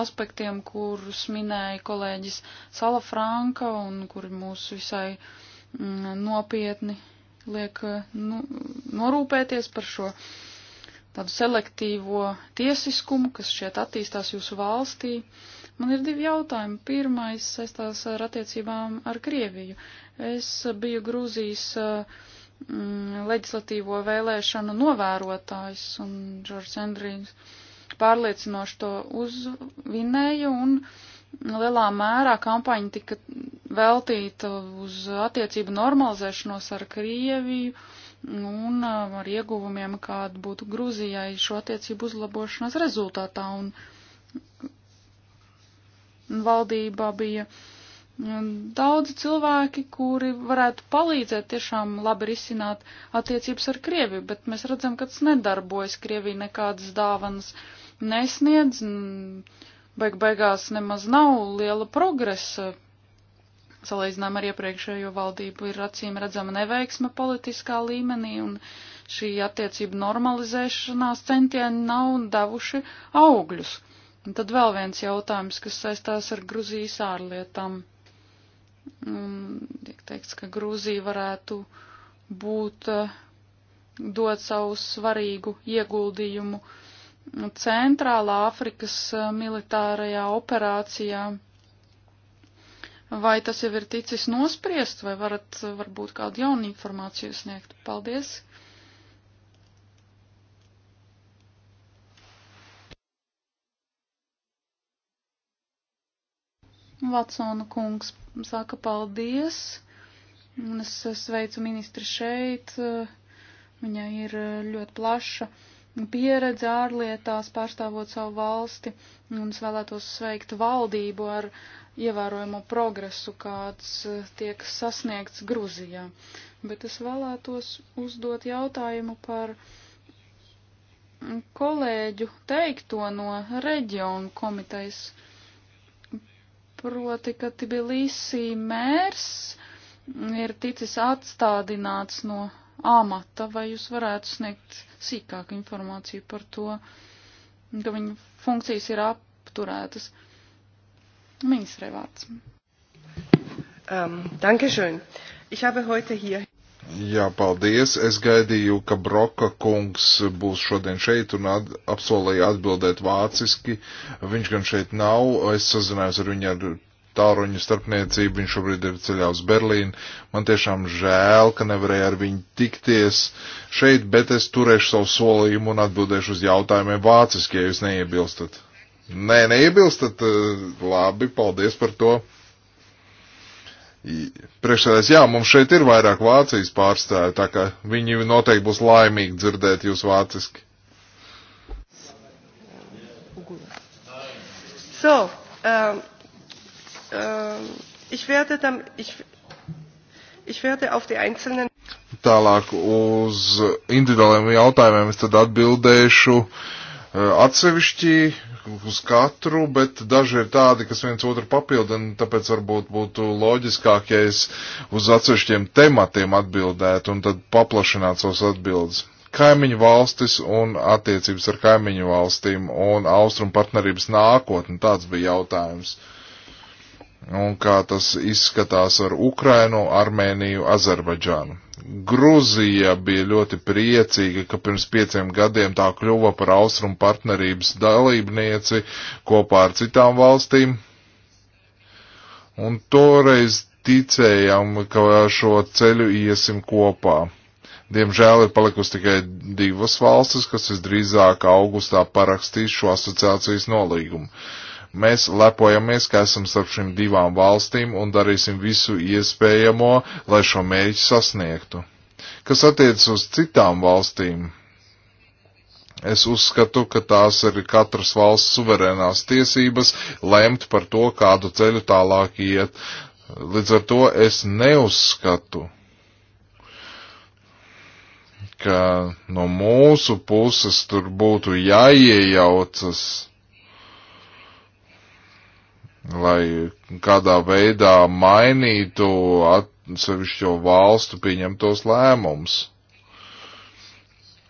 aspektiem, kurus minēja kolēģis Sala Franka un kuri mūs visai mm, nopietni liek nu, norūpēties par šo tādu selektīvo tiesiskumu, kas šeit attīstās jūsu valstī. Man ir divi jautājumi. Pirmais saistās ar attiecībām ar Krieviju. Es biju Grūzijas uh, Mm, leģislatīvo vēlēšanu novērotājs, un Džordžs Endrīs pārliecinoši to uzvinēja, un lielā mērā kampaņa tika veltīta uz attiecību normalizēšanos ar Krieviju, un uh, ar ieguvumiem, kāda būtu Grūzijai šo attiecību uzlabošanās rezultātā, un valdībā bija uh, daudzi cilvēki, kuri varētu palīdzēt tiešām labi risināt attiecības ar Krieviju, bet mēs redzam, ka tas nedarbojas. Krievija nekādas dāvanas nesniedz, beig beigās nemaz nav liela progresa. Salīdzinām ar iepriekšējo valdību ir acīm redzama neveiksme politiskā līmenī un šī attiecība normalizēšanās centieni nav devuši augļus. Un tad vēl viens jautājums, kas saistās ar Gruzijas ārlietām. Un tiek teikts, ka Grūzija varētu būt, eh, dot savu svarīgu ieguldījumu centrālā Afrikas eh, militārajā operācijā. Vai tas jau ir ticis nospriest, vai varat varbūt kādu jaunu informāciju sniegt? Paldies! Vatsona kungs saka paldies. Un es sveicu ministri šeit. Viņai ir eh, ļoti plaša pieredze ārlietās pārstāvot savu valsti. Un es vēlētos sveikt valdību ar ievērojumu progresu, kāds eh, tiek sasniegts Gruzijā. Bet es vēlētos uzdot jautājumu par kolēģu teikto no reģionu komitejas proti, ka Tbilisī mērs ir ticis atstādināts no amata, vai jūs varētu sniegt sīkāku informāciju par to, ka viņa funkcijas ir apturētas. Ministrei vārds. Um, Dankeschön. Ich habe heute hier. Jā, paldies. Es gaidīju, ka Broka kungs būs šodien šeit un at, apsolēja atbildēt vāciski. Viņš gan šeit nav. Es sazinājos ar viņu ar tāruņu starpniecību. Viņš šobrīd ir ceļā uz Berlīnu. Man tiešām žēl, ka nevarēju ar viņu tikties šeit, bet es turēšu savu solījumu un atbildēšu uz jautājumiem vāciski, ja jūs neiebilstat. Nē, neiebilstat. Labi, paldies par to. Priekšsēdājs, jā, mums šeit ir vairāk Vācijas pārstāvi, tā ka viņi noteikti būs laimīgi dzirdēt jūs vāciski. So, ähm, ähm, ich werde dann, ich, ich werde auf die einzelnen. Tālāk uz individuāliem jautājumiem es tad atbildēšu. Uh, Eh, atsevišķi uz katru, bet daži ir tādi, kas viens otru papildina, tāpēc varbūt būtu loģiskāk, ja es uz atsevišķiem tematiem atbildētu un tad paplašinātu savus atbildes kaimiņu valstis un attiecības ar kaimiņu valstīm un austrumu partnerības nākotni. Tāds bija jautājums. Uh, un kā tas izskatās ar Ukrainu, Armēniju, Azerbaidžānu. Gruzija bija ļoti priecīga, ka pirms pieciem gadiem tā kļuva par austrumu partnerības dalībnieci kopā ar citām valstīm. Un toreiz ticējām, ka šo ceļu iesim kopā. Diemžēl ir palikusi tikai divas valstis, kas visdrīzāk augustā parakstīs šo asociācijas nolīgumu. Uh, Mēs lepojamies, ka esam starp šīm divām valstīm un darīsim visu iespējamo, lai šo mērķi sasniegtu. Kas attiecas uz citām valstīm, es uzskatu, ka tās ir katras valsts suverēnās tiesības lemt par to, kādu ceļu tālāk iet. Līdz ar to es neuzskatu, ka no mūsu puses tur būtu jāiejaucas lai kādā veidā mainītu atsevišķo valstu pieņemtos lēmumus.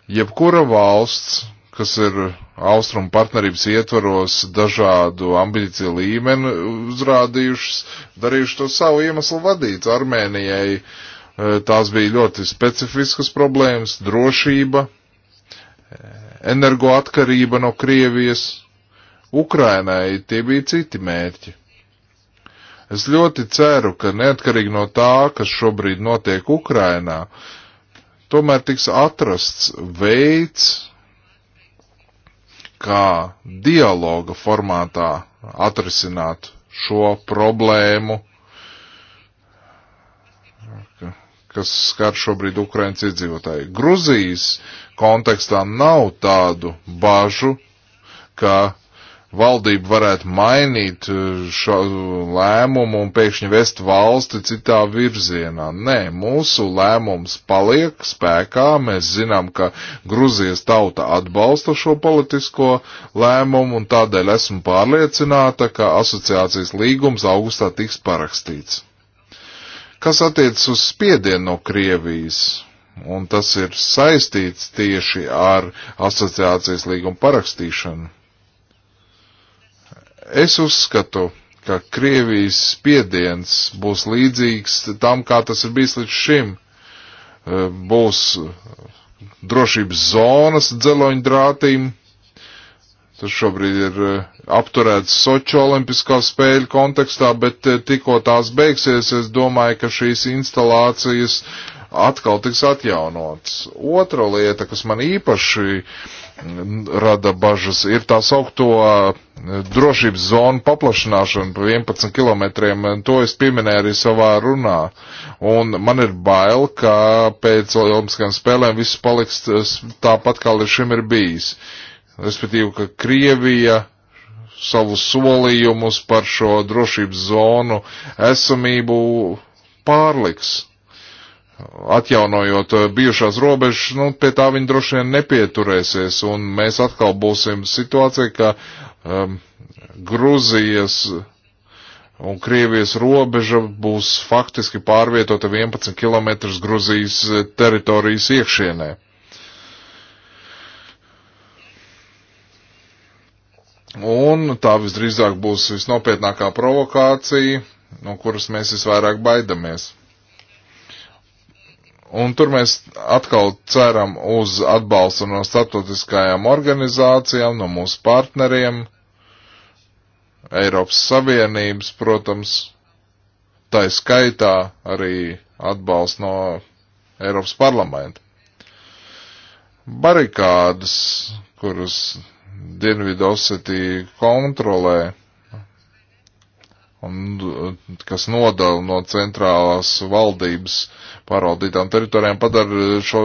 Jebkura valsts, kas ir austrumu partnerības ietvaros dažādu ambīciju līmeni uzrādījušas, darījuši to savu iemeslu vadīt Armēnijai. Eh, tās bija ļoti specifiskas problēmas - drošība, energoatkarība no Krievijas, Ukrainai tie bija citi mērķi. Es ļoti ceru, ka neatkarīgi no tā, kas šobrīd notiek Ukrainā, tomēr tiks atrasts veids, kā dialoga formātā atrisināt šo problēmu, kas skar šobrīd Ukrainas iedzīvotāji. Gruzijas kontekstā nav tādu bažu, ka valdība varētu mainīt eh, šo lēmumu un pēkšņi vest valsti citā virzienā. Nē, mūsu lēmums paliek spēkā. Mēs zinām, ka Gruzijas tauta atbalsta šo politisko lēmumu un tādēļ esmu pārliecināta, ka asociācijas līgums augustā tiks parakstīts. Kas attiecas uz spiedienu no Krievijas? Un tas ir saistīts tieši ar asociācijas līgumu parakstīšanu Es uzskatu, ka Krievijas spiediens būs līdzīgs tam, kā tas ir bijis līdz šim. E, būs drošības zonas dzeloņdrātīm. Tas šobrīd ir e, apturēts Sočo olimpiskā spēļu kontekstā, bet e, tikko tās beigsies, es domāju, ka šīs instalācijas uh, atkal tiks atjaunots. Otra lieta, kas man īpaši rada bažas, ir tā saukto eh, drošības zonu paplašināšana pa 11 kilometriem. To es pieminēju arī savā runā. Un man ir bail, ka pēc Olimpiskajām spēlēm viss paliks tāpat, kā līdz šim ir bijis. Respektīvi, ka Krievija savus solījumus par šo drošības zonu esamību pārliks atjaunojot eh, bijušās robežas, nu, pie tā viņi droši vien nepieturēsies, un mēs atkal būsim situācijā, ka um, Gruzijas un Krievijas robeža būs faktiski pārvietota 11 km Gruzijas eh, teritorijas iekšienē. Un tā visdrīzāk būs visnopietnākā provokācija, no kuras mēs visvairāk baidamies. Un tur mēs atkal ceram uz atbalstu no statotiskajām organizācijām, no mūsu partneriem, Eiropas Savienības, protams, tā skaitā arī atbalsts no Eiropas parlamenta. Barikādas, kuras Dienvidu Osetija kontrolē, un eh, kas nodala no centrālās valdības pārvaldītām teritorijām, padara šo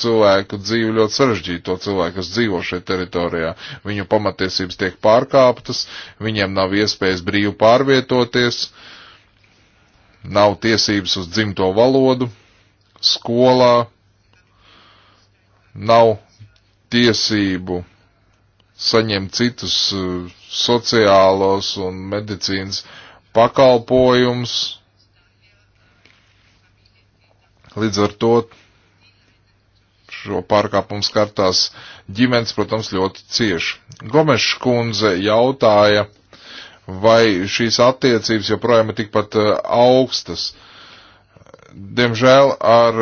cilvēku dzīvi ļoti sarežģītu, to cilvēku, kas dzīvo šajā teritorijā. Viņu pamatiesības tiek pārkāptas, viņiem nav iespējas brīvi pārvietoties, nav tiesības uz dzimto valodu, skolā nav tiesību saņemt citus eh, sociālos un medicīnas uh, pakalpojums. Līdz ar to šo pārkāpumu skartās ģimenes, protams, ļoti cieši. Gomeša kundze jautāja, vai šīs attiecības joprojām ir tikpat eh, augstas. Diemžēl ar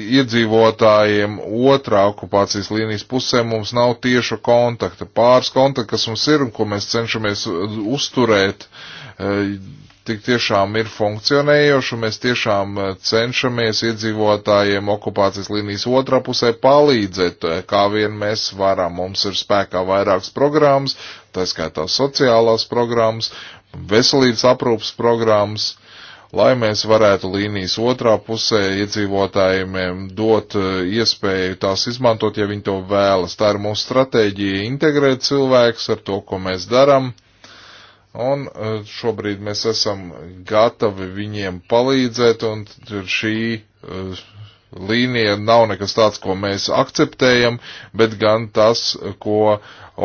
iedzīvotājiem otrā okupācijas līnijas pusē mums nav tieša kontakta. Pāris kontakti, kas mums ir un ko mēs cenšamies uzturēt, uh, Eh, tik tiešām ir funkcionējoši, un mēs tiešām eh, cenšamies iedzīvotājiem okupācijas līnijas otrā pusē palīdzēt, eh, kā vien mēs varam. Mums ir spēkā vairākas programmas, tā skaitā sociālās programmas, veselības aprūpas programmas, lai mēs varētu līnijas otrā pusē iedzīvotājiem dot iespēju tās izmantot, ja viņi to vēlas. Tā ir mūsu stratēģija integrēt cilvēks ar to, ko mēs darām Un e, šobrīd mēs esam gatavi viņiem palīdzēt, un šī e, līnija nav nekas tāds, ko mēs akceptējam, bet gan tas, ko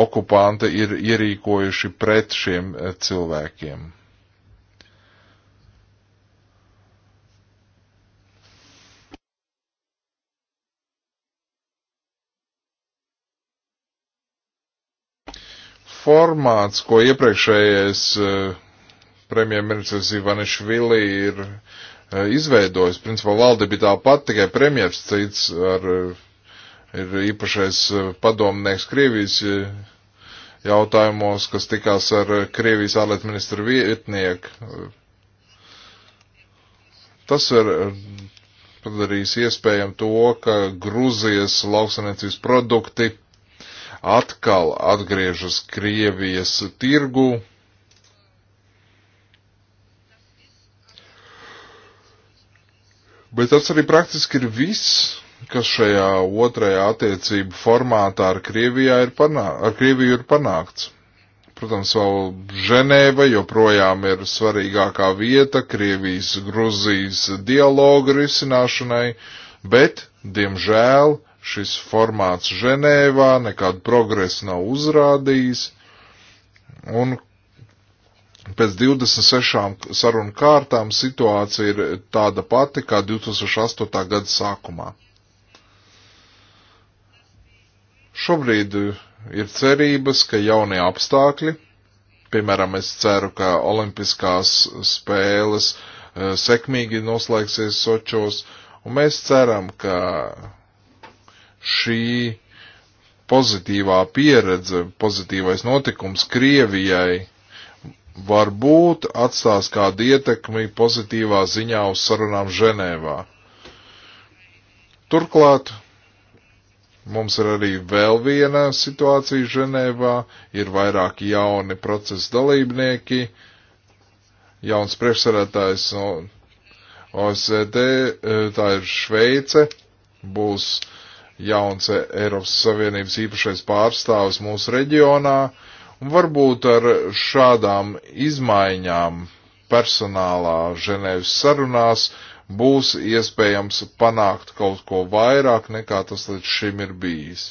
okupanti ir ierīkojuši pret šiem e, cilvēkiem. formāts, ko iepriekšējais eh, premjerministrs Ivanišvili ir eh, izveidojis, principā valde bija tā pat, tikai premjers cits ar, eh, ir īpašais padomnieks Krievijas jautājumos, kas tikās ar Krievijas ārlietu ministru vietnieku. Tas ir padarījis iespējam to, ka Gruzijas lauksaniecības produkti atkal atgriežas Krievijas tirgu. Bet tas arī praktiski ir viss, kas šajā otrajā attiecību formātā ar, Krievijā ir panā, ar Krieviju ir panākts. Protams, vēl Ženēva joprojām ir svarīgākā vieta Krievijas-Gruzijas dialoga risināšanai, bet, diemžēl, šis formāts Ženēvā, nekādu progresu nav uzrādījis. Un pēc 26 sarunu kārtām situācija ir tāda pati kā 2008. gada sākumā. Šobrīd ir cerības, ka jaunie apstākļi, piemēram, es ceru, ka olimpiskās spēles eh, sekmīgi noslēgsies Sočos, un mēs ceram, ka šī pozitīvā pieredze, pozitīvais notikums Krievijai varbūt atstās kādu ietekmi pozitīvā ziņā uz sarunām Ženēvā. Turklāt mums ir arī vēl viena situācija Ženēvā, ir vairāki jauni procesa dalībnieki, jauns priekšsarētājs no OSD, tā ir Šveice, būs uh, jauns Eiropas Savienības īpašais pārstāvis mūsu reģionā, un varbūt ar šādām izmaiņām personālā Ženēvas sarunās būs iespējams panākt kaut ko vairāk nekā tas līdz šim ir bijis.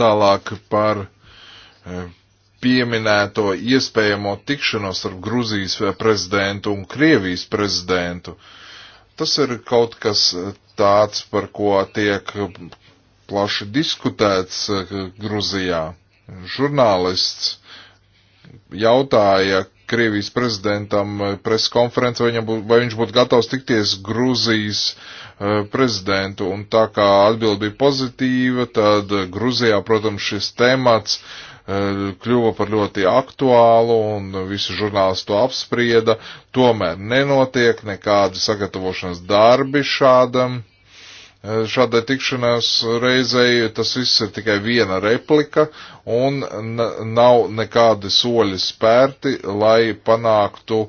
Tālāk par eh, pieminēto iespējamo tikšanos ar Gruzijas prezidentu un Krievijas prezidentu. Tas ir kaut kas tāds, par ko tiek plaši diskutēts eh, Gruzijā. Žurnālists jautāja Krievijas prezidentam eh, preskonferenci, vai, vai viņš būtu gatavs tikties Gruzijas eh, prezidentu. Un tā kā atbildi bija pozitīva, tad Gruzijā, protams, šis temats uh, Eh, kļuva par ļoti aktuālu un visi žurnālisti to apsprieda. Tomēr nenotiek nekādi sagatavošanas darbi šādam, eh, šādai tikšanās reizei. Tas viss ir tikai viena replika un nav nekādi soļi spērti, lai panāktu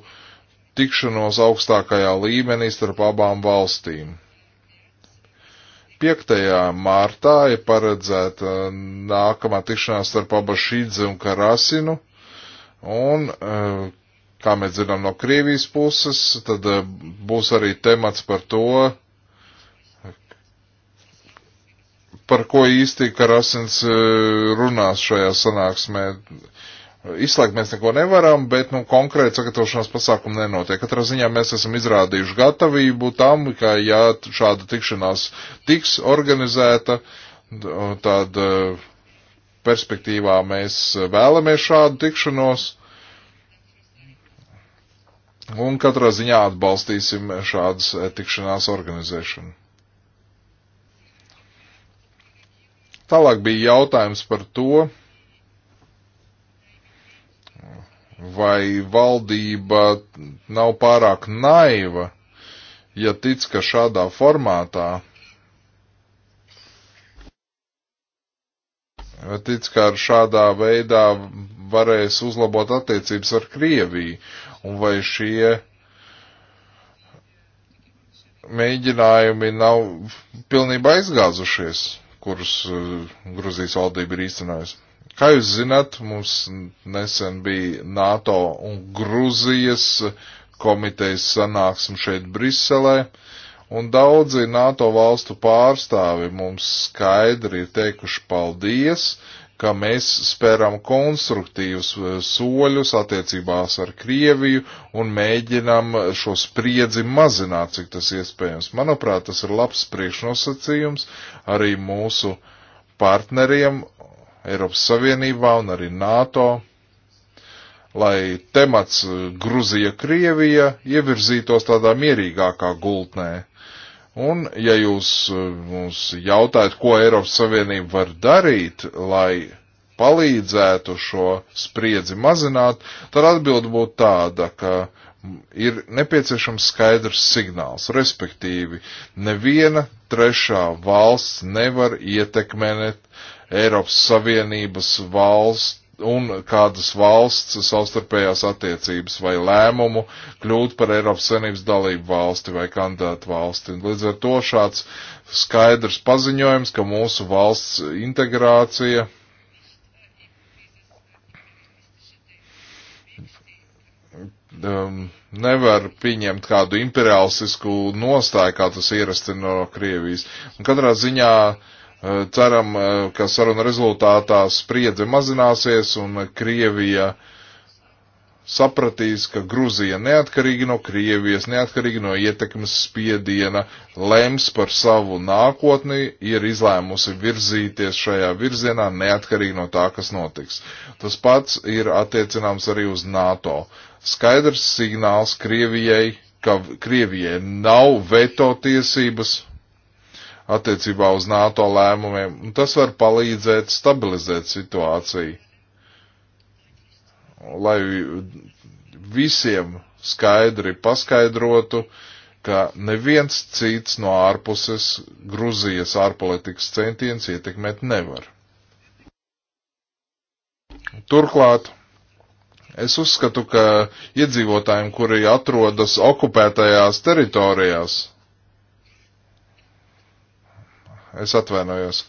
tikšanos augstākajā līmenī starp abām valstīm. 5. mārtā ir paredzēta nākamā tikšanās starp Abašīdzi un Karasinu, un, eh, kā mēs zinām no Krievijas puses, tad eh, būs arī temats par to, par ko īsti Karasins eh, runās šajā sanāksmē Izslēgt mēs neko nevaram, bet nu, konkrēti sagatavošanās pasākumu nenotiek. Katrā ziņā mēs esam izrādījuši gatavību tam, ka ja šāda tikšanās tiks organizēta, tad eh, perspektīvā mēs vēlamies šādu tikšanos. Un katrā ziņā atbalstīsim šādas eh, tikšanās organizēšanu. Tālāk bija jautājums par to, vai valdība nav pārāk naiva, ja tic, ka šādā formātā, tic, ka ar šādā veidā varēs uzlabot attiecības ar Krieviju, un vai šie mēģinājumi nav pilnībā aizgāzušies, kurus eh, Gruzijas valdība ir īstenojusi. Kā jūs zināt, mums nesen bija NATO un Gruzijas komitejas sanāksme šeit Briselē, un daudzi NATO valstu pārstāvi mums skaidri ir teikuši paldies, ka mēs spēram konstruktīvus e, soļus attiecībās ar Krieviju un mēģinam šo spriedzi mazināt, cik tas iespējams. Manuprāt, tas ir labs priekšnosacījums arī mūsu partneriem Eiropas Savienībā un arī NATO, lai temats eh, Gruzija-Krievija ievirzītos tādā mierīgākā gultnē. Un, ja jūs eh, mums jautājat, ko Eiropas Savienība var darīt, lai palīdzētu šo spriedzi mazināt, tad atbildi būtu tāda, ka ir nepieciešams skaidrs signāls, respektīvi neviena trešā valsts nevar ietekmēt Eiropas Savienības valsts un kādas valsts savstarpējās attiecības vai lēmumu kļūt par Eiropas Savienības dalību valsti vai kandidātu valsti. Un līdz ar to šāds skaidrs paziņojums, ka mūsu valsts integrācija um, nevar pieņemt kādu imperialistisku nostāju, kā tas ierasti no Krievijas. Un katrā ziņā uh, Eh, ceram, eh, ka saruna rezultātā spriedze mazināsies un Krievija sapratīs, ka Gruzija neatkarīgi no Krievijas, neatkarīgi no ietekmes spiediena, lems par savu nākotni, ir izlēmusi virzīties šajā virzienā neatkarīgi no tā, kas notiks. Tas pats ir attiecināms arī uz NATO. Skaidrs signāls Krievijai, ka Krievijai nav veto tiesības attiecībā uz NATO lēmumiem, un tas var palīdzēt stabilizēt situāciju, lai visiem skaidri paskaidrotu, ka neviens cits no ārpuses Gruzijas ārpolitikas centiens ietekmēt nevar. Turklāt, es uzskatu, ka iedzīvotājiem, kuri atrodas okupētajās teritorijās, Es atvainojos.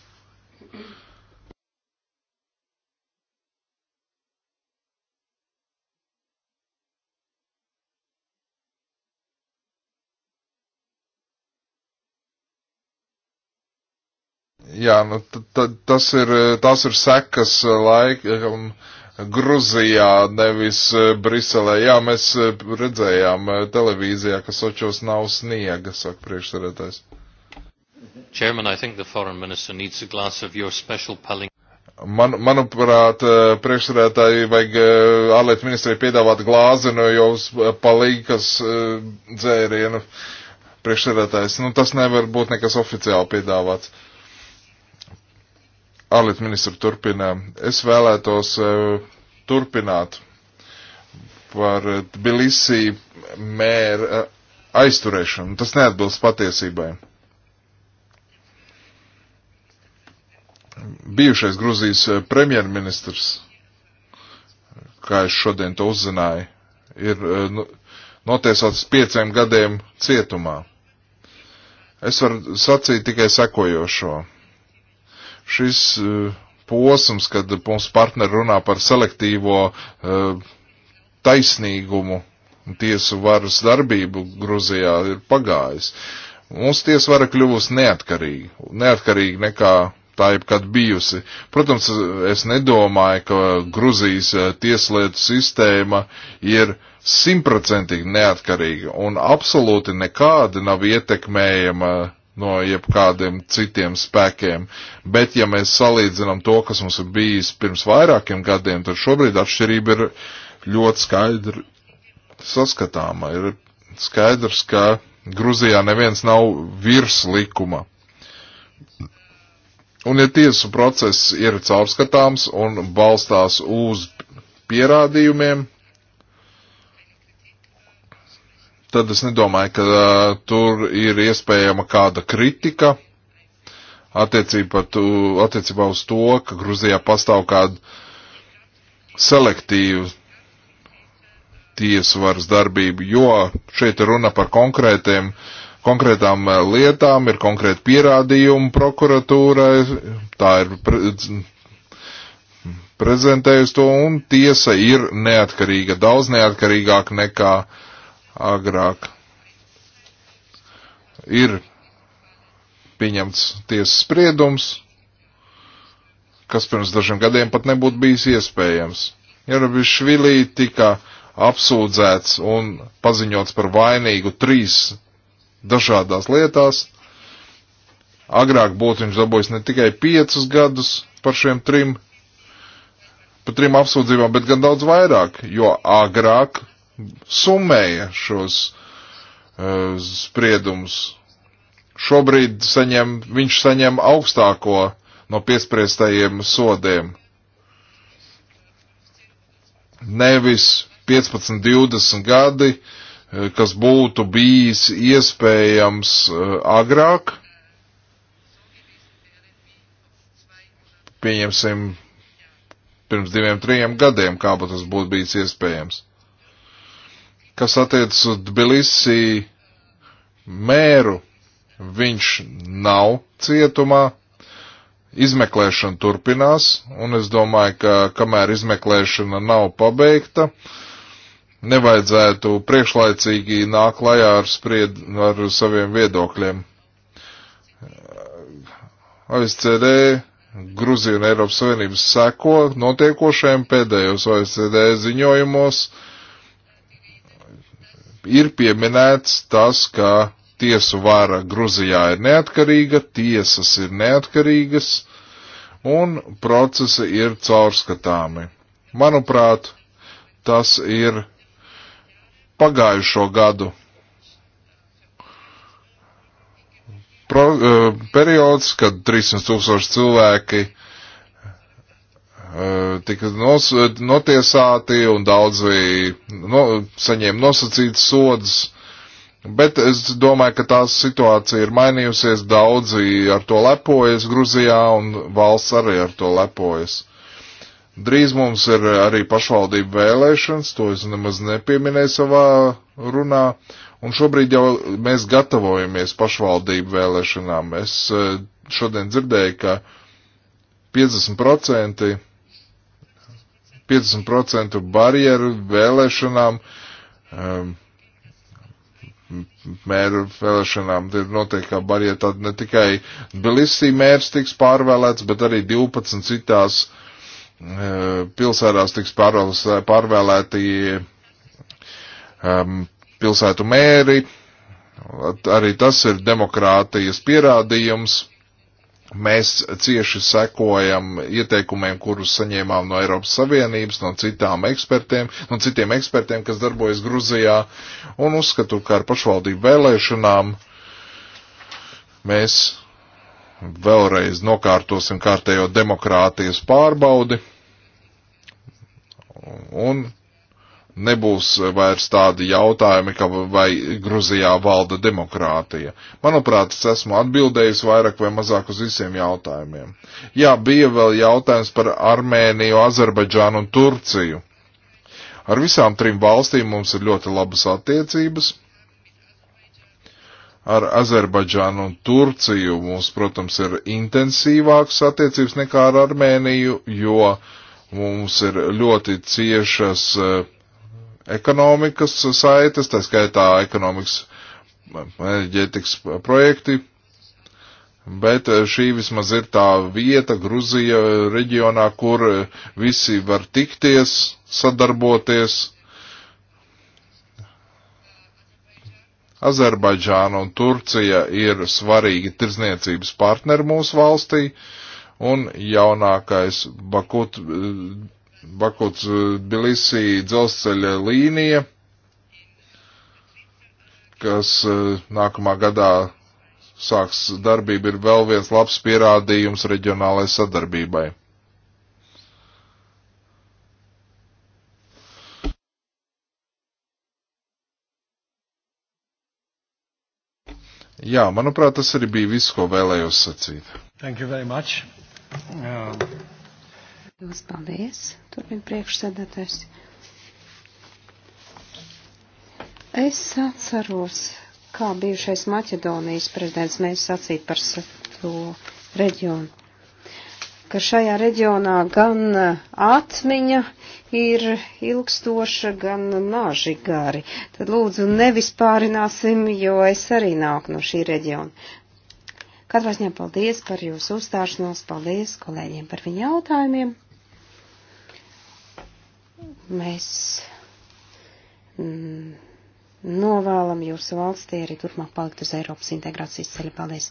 Jā, nu, t, t, tas ir, tas ir sekas laikam Gruzijā, nevis Briselē. Jā, mēs redzējām televīzijā, ka Sočos nav sniega, saka priekšsarētājs. Chairman, I think the foreign minister needs a glass of your special Pelling. Man, manuprāt, eh, priekšsēdētāji vajag eh, ārlietu ministriju piedāvāt glāzi no jūs eh, palīgas dzērienu priekšsēdētājs. Nu, tas nevar būt nekas oficiāli piedāvāts. Ārlietu ministru turpina. Es vēlētos turpināt par Tbilisi mēra aizturēšanu. Tas neatbilst patiesībai. bijušais Gruzijas eh, premjerministrs, kā es šodien to uzzināju, ir eh, nu, notiesāts pieciem gadiem cietumā. Es varu sacīt tikai sekojošo. Šis eh, posms, kad mums partneri runā par selektīvo taisnīgumu tiesu varas darbību Gruzijā, ir pagājis. Mums tiesvara kļuvusi neatkarīga, neatkarīga nekā tā jebkad bijusi. Protams, es nedomāju, ka Gruzijas eh, tieslietu sistēma ir simtprocentīgi neatkarīga un absolūti nekāda nav ietekmējama eh, no jebkādiem citiem spēkiem. Bet, ja mēs salīdzinām to, kas mums ir bijis pirms vairākiem gadiem, tad šobrīd atšķirība ir ļoti skaidra saskatāma. Ir skaidrs, ka Gruzijā neviens nav virs likuma. Un ja tiesu process ir caurskatāms un balstās uz pierādījumiem, tad es nedomāju, ka uh, tur ir iespējama kāda kritika attiecībā, tu, attiecībā uz to, ka Gruzijā pastāv kāda selektīva tiesvaras darbība, jo šeit runa par konkrētiem uh, konkrētām eh, lietām, ir konkrēti pierādījumi prokuratūrai, tā ir pre prezentējusi to, un tiesa ir neatkarīga, daudz neatkarīgāka nekā agrāk. Ir pieņemts tiesas spriedums, kas pirms dažiem gadiem pat nebūtu bijis iespējams. Jarabišvili tika apsūdzēts un paziņots par vainīgu trīs dažādās lietās. Agrāk būtu viņš dabūjis ne tikai piecus gadus par šiem trim, par trim apsūdzībām, bet gan daudz vairāk, jo agrāk summēja šos uh, spriedumus. Šobrīd saņem, viņš saņem augstāko no piespriestajiem sodiem. Nevis 15, 20 gadi, uh, Eh, kas būtu bijis iespējams eh, agrāk. Pieņemsim pirms diviem, trim gadiem, kā pat tas būtu bijis iespējams. Kas attiecas uz Tbilisi mēru, viņš nav cietumā, izmeklēšana turpinās, un es domāju, ka kamēr izmeklēšana nav pabeigta, uh, nevajadzētu priekšlaicīgi nāk lajā ar, spried, ar saviem viedokļiem. ASCD, Gruzija un Eiropas Savienības seko notiekošajiem pēdējos ASCD ziņojumos. Ir pieminēts tas, ka tiesu vara Gruzijā ir neatkarīga, tiesas ir neatkarīgas un procesi ir caurskatāmi. Manuprāt, tas ir pagājušo gadu pro, uh, periods, kad 300 tūkstoši cilvēki uh, tika nos, notiesāti un daudzi no, saņēma nosacītas sodas. Bet es domāju, ka tā situācija ir mainījusies, daudzi ar to lepojas Gruzijā un valsts arī ar to lepojas. Drīz mums ir arī pašvaldību vēlēšanas, to es nemaz nepieminēju savā runā, un šobrīd jau mēs gatavojamies pašvaldību vēlēšanām. Es eh, šodien dzirdēju, ka 50%, 50% barjeru vēlēšanām, um, mēru vēlēšanām ir noteikti kā barjera, tad ne tikai Bilisī mērs tiks pārvēlēts, bet arī 12 citās uh, Eh, pilsētās tiks pārvēlēti pilsētu mēri. Arī tas ir demokrātijas pierādījums. Mēs cieši sekojam ieteikumiem, kurus saņēmām no Eiropas Savienības, no citām ekspertiem, no citiem ekspertiem, kas darbojas Gruzijā, un uzskatu, ka ar pašvaldību vēlēšanām mēs vēlreiz nokārtosim kārtējo demokrātijas pārbaudi un nebūs vairs tādi jautājumi, ka vai Gruzijā valda demokrātija. Manuprāt, es esmu atbildējis vairāk vai mazāk uz visiem jautājumiem. Jā, bija vēl jautājums par Armēniju, Azerbaidžānu un Turciju. Ar visām trim valstīm mums ir ļoti labas attiecības ar Azerbaidžānu un Turciju mums, protams, ir intensīvāks attiecības nekā ar Armēniju, jo mums ir ļoti ciešas eh, ekonomikas saites, tā skaitā ekonomikas eh, enerģētikas projekti, bet eh, šī vismaz ir tā vieta Gruzija reģionā, kur visi var tikties, sadarboties Azerbaidžāna un Turcija ir svarīgi tirzniecības partneri mūsu valstī, un jaunākais Bakut, Bakuts Bilisī dzelzceļa līnija, kas nākamā gadā sāks darbību, ir vēl viens labs pierādījums reģionālajai sadarbībai. Jā, manuprāt, tas arī bija viss, ko vēlējos sacīt. Thank you very much. Um. Jūs paldies. Turpin priekšsēdētājs. Es atceros, kā bijušais Maķedonijas prezidents mēs sacīt par to reģionu ka šajā reģionā gan eh, atmiņa ir ilgstoša, gan maži gari. Tad lūdzu nevis pārināsim, jo es arī nāku no šī reģiona. Katrā ziņā paldies par jūsu uzstāšanos, paldies kolēģiem par viņu jautājumiem. Mēs mm, novēlam jūsu valstī arī turpmāk palikt uz Eiropas integrācijas ceļa. Paldies!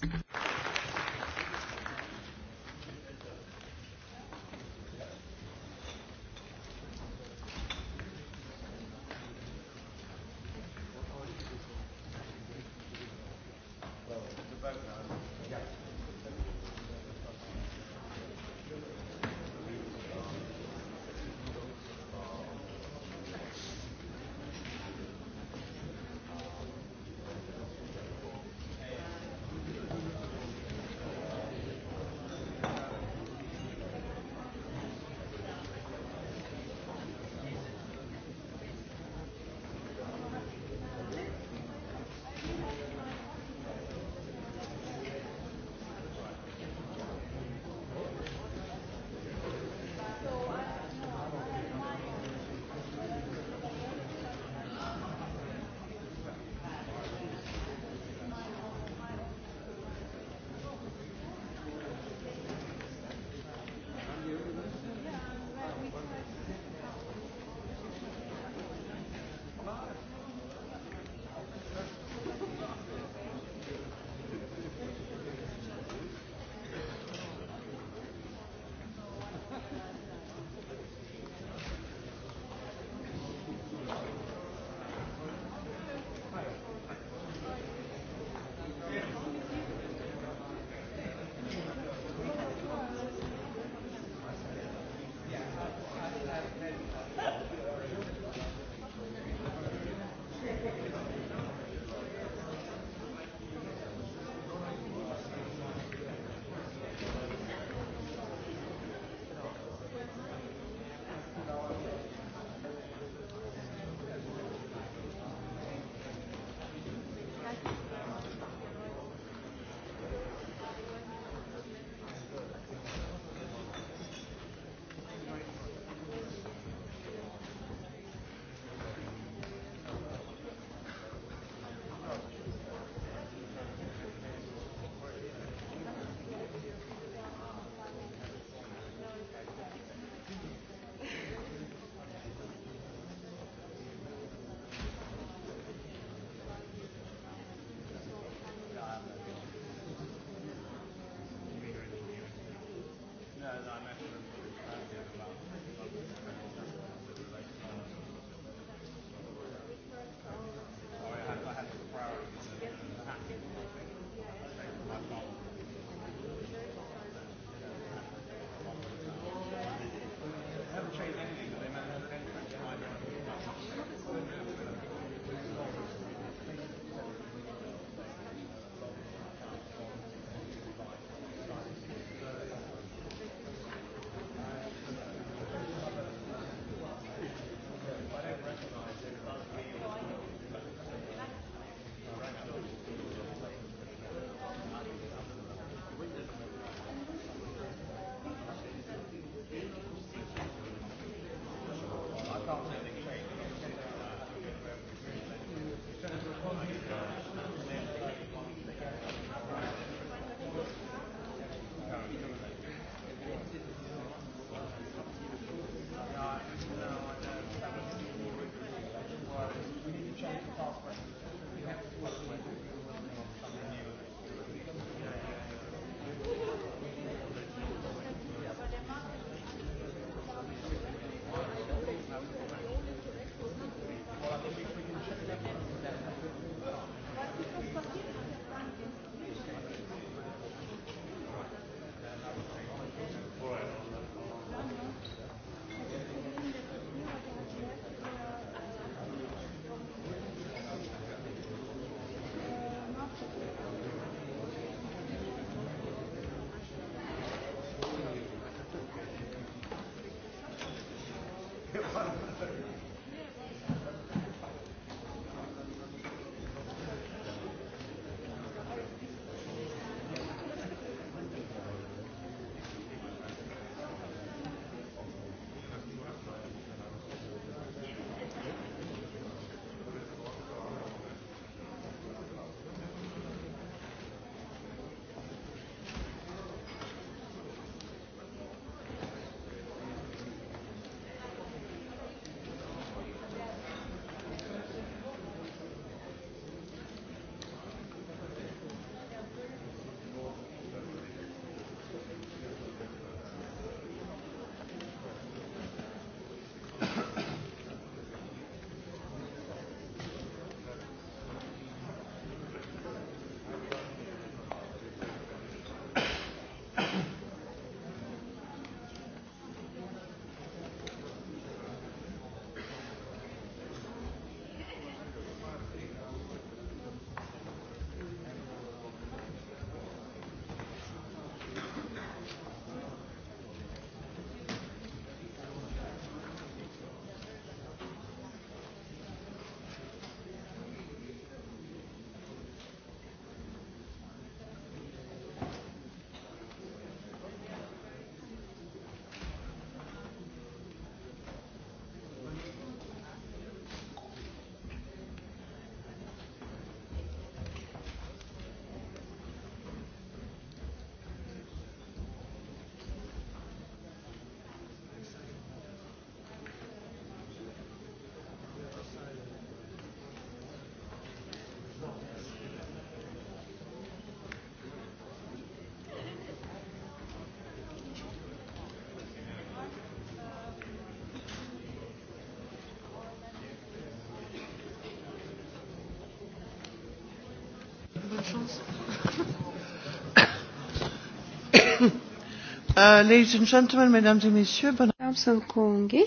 Uh, ladies and gentlemen, mesdames et messieurs, bon... Dāmas un kungi,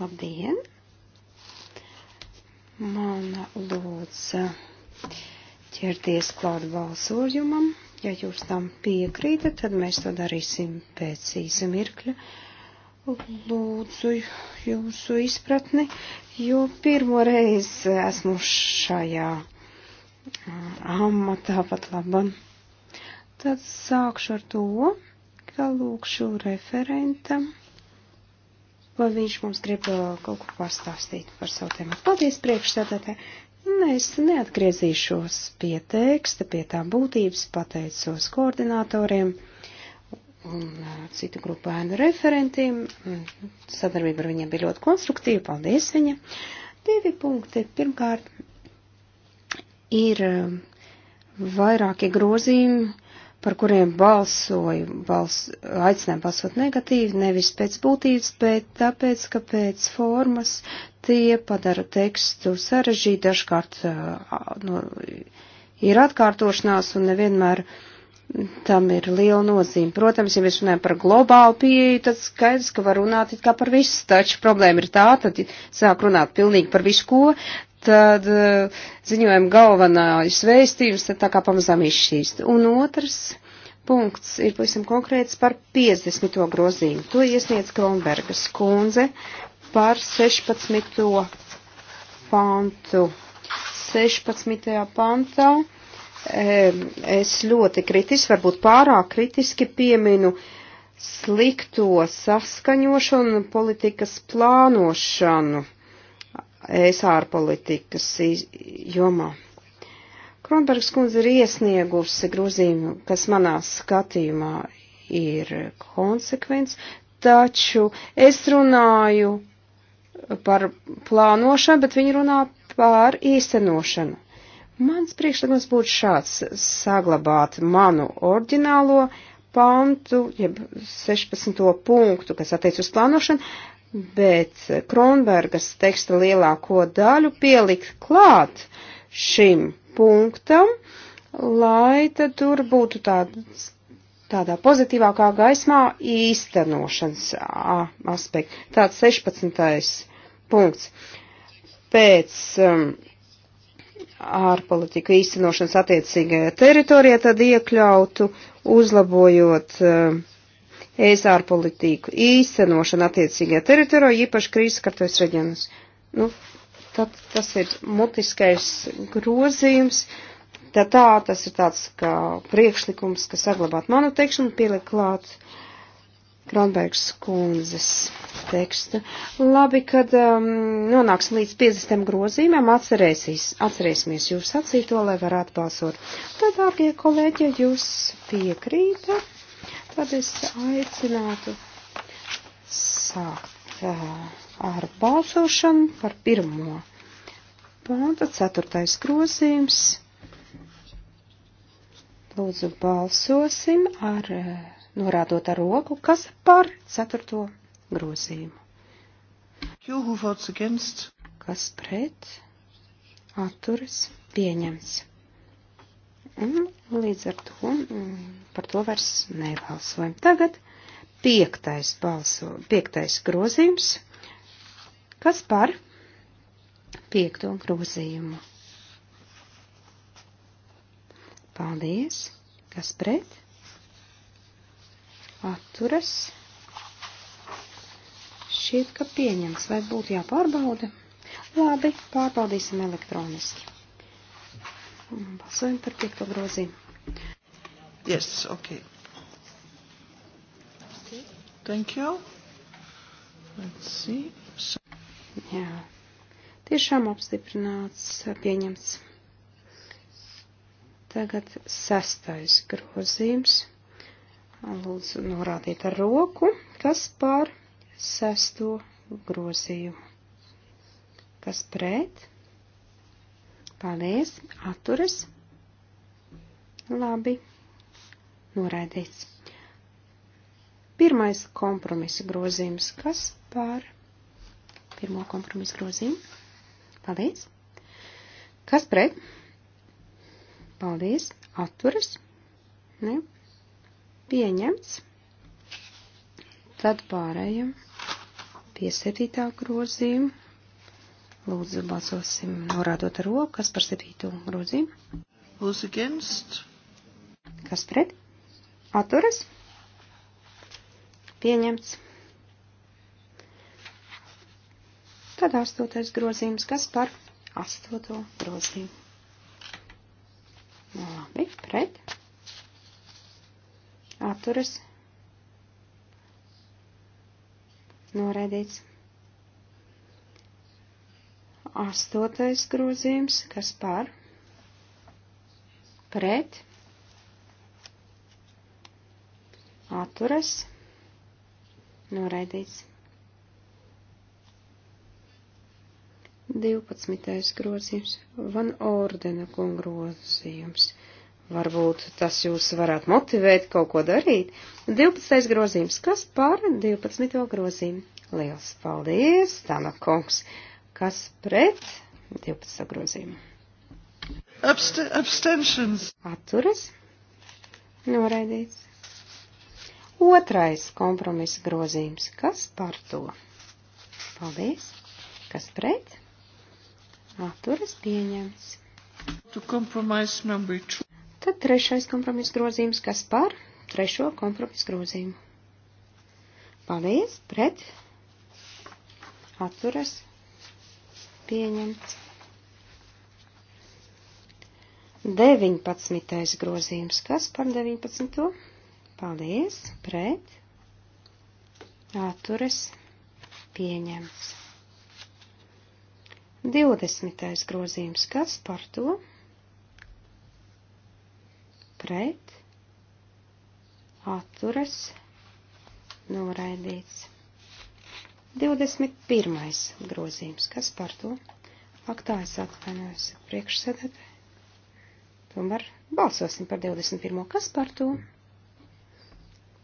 labdien! Man lūdza ķerties klāt balsojumam. Ja jūs tam piekrītat, tad mēs to darīsim pēc īsa mirkļa. Lūdzu jūsu izpratni, jo pirmo reizi esmu šajā uh, amatā pat labam. Tad sākšu ar to ka lūkšu referentam, vai viņš mums grib uh, kaut ko pastāstīt par savu tēmu. Paldies priekšstādātē. Nu, es neatgriezīšos pie teksta, pie tā būtības, pateicos koordinatoriem un uh, citu grupu ēnu referentiem. Sadarbība ar viņiem bija ļoti konstruktīva, paldies viņam. Divi punkti. Pirmkārt, ir uh, vairāki grozījumi, par kuriem balsoju, bals, aicinājumu balsot negatīvi, nevis pēc būtības, bet tāpēc, ka pēc formas tie padara tekstu sarežģītu, dažkārt no, ir atkārtošanās un nevienmēr tam ir liela nozīme. Protams, ja mēs runājam par globālu pieeju, tad skaidrs, ka var runāt it kā par visu, taču problēma ir tā, tad sāk runāt pilnīgi par visu ko, tad eh, ziņojuma galvenais vēstījums tad tā kā pamazām izšķīst. Un otrs punkts ir pavisam konkrēts par 50. grozīmu. To iesniedz Kronbergas kundze par 16. pantu. 16. pantā es ļoti kritiski, varbūt pārāk kritiski pieminu slikto saskaņošanu un politikas plānošanu es ārpolitikas jomā. Kronbergs kundze ir iesniegusi grozījumu, kas manā skatījumā ir konsekvents, taču es runāju par plānošanu, bet viņi runā par īstenošanu. Mans priekšlikums būtu šāds - saglabāt manu orģinālo pantu, jeb 16. punktu, kas attiec uz plānošanu, bet Kronbergas teksta lielāko daļu pielikt klāt šim punktam, lai tad tur būtu tāds tādā pozitīvākā gaismā īstenošanas aspekts. Tāds 16. punkts. Pēc um, ārpolitika īstenošanas attiecīgajā teritorijā tad iekļautu, uzlabojot um, ES ārpolitiku īstenošana attiecīgajā teritorijā, īpaši krīzes kartos reģionos. Nu, tad tas ir mutiskais grozījums. Tā tā, tas ir tāds kā priekšlikums, kas saglabāt manu teikšanu, pieliek klāt Kronbergs kundzes tekstu. Labi, kad um, nonāksim līdz 50 grozīmēm, atcerēsies, atcerēsimies jūs sacīto, lai varētu balsot. Tad, dārgie kolēģi, ja jūs piekrītat, tad es aicinātu sākt ar balsošanu par pirmo pānta, ceturtais grozījums. Lūdzu, balsosim ar, norādot ar roku, kas par ceturto grozījumu. Kas pret? Atturis pieņems. Un mhm. līdz ar to mm, par to vairs nebalsojam. Tagad piektais, balso, piektais grozījums. Kas par piekto grozījumu? Paldies. Kas pret? Atturas. Šķiet, ka pieņems. Vai būtu jāpārbauda? Labi, pārbaudīsim elektroniski. Balsojam par piekto grozīmu. Yes, ok. Thank you. Let's see. So... Jā. Tiešām apstiprināts, pieņemts. Tagad sestais grozījums. Lūdzu norādīt ar roku, kas pār sesto grozījumu. Kas pret? Paldies, atturas. Labi, noraidīts. Pirmais kompromisa grozījums. Kas par pirmo kompromisa grozījumu? Paldies. Kas pret? Paldies. Atturas. Ne. Pieņemts. Tad pārējiem pie septītā grozījuma. Lūdzu, balsosim, norādot ar roku, kas par septīto grozījumu. Who's against? Kas pret? Atturas? Pieņemts. Tad astotais grozījums, kas par astoto grozījumu. Nu, labi, pret. Atturas. Noraidīts. Astotais grozījums, kas par, pret, atturas, noraidīts. 12. grozījums, van ordena grozījums. Varbūt tas jūs varētu motivēt kaut ko darīt. 12. grozījums, kas par 12. grozījumu? Liels paldies, Tana kungs! Kas pret 12. grozījumu? Abst abstentions. Atturas. Noraidīts. Otrais kompromisa grozījums. Kas par to? Paldies. Kas pret? Atturas pieņemts. Tad trešais kompromisa grozījums, kas par trešo kompromisa grozījumu. Paldies, pret, atturas, pieņemts. 19. grozījums. Kas par 19? Paldies, pret, atturas, pieņemts. 20. grozījums. Kas par to? Pret, atturas, noraidīts. 21. grozījums. Kas par to? Ak, tā es atvainojos priekšsēdētē. Tomēr balsosim par 21. Kas par to?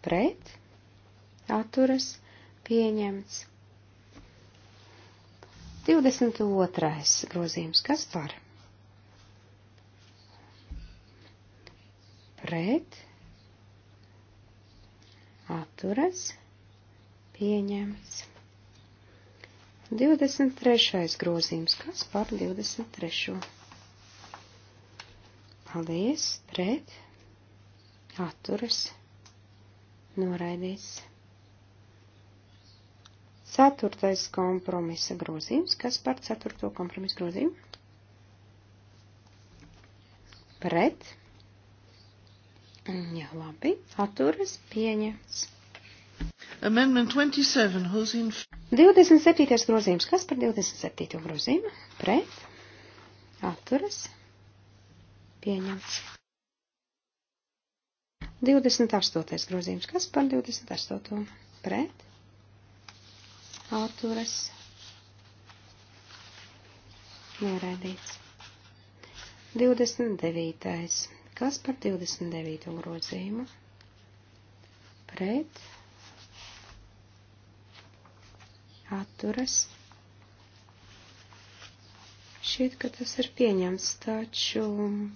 Pret? Atturas? Pieņemts. 22. grozījums. Kas par? Pret, atturas, pieņemts. 23. grozījums. Kas par 23. Paldies, pret, atturas, noraidīts. Ceturtais kompromisa grozījums. Kas par ceturto kompromisa grozījumu? Pret. Jā, labi. Atturas pieņemts. Amendment 27. Who's in... 27. grozījums. Kas par 27. grozījumu? Pret. Atturas. Pieņemts. 28. grozījums. Kas par 28. pret? Atturas. Noraidīts. 29. Kas par 29. grozījumu? Pret atturas. Šķiet, ka tas ir pieņemts, taču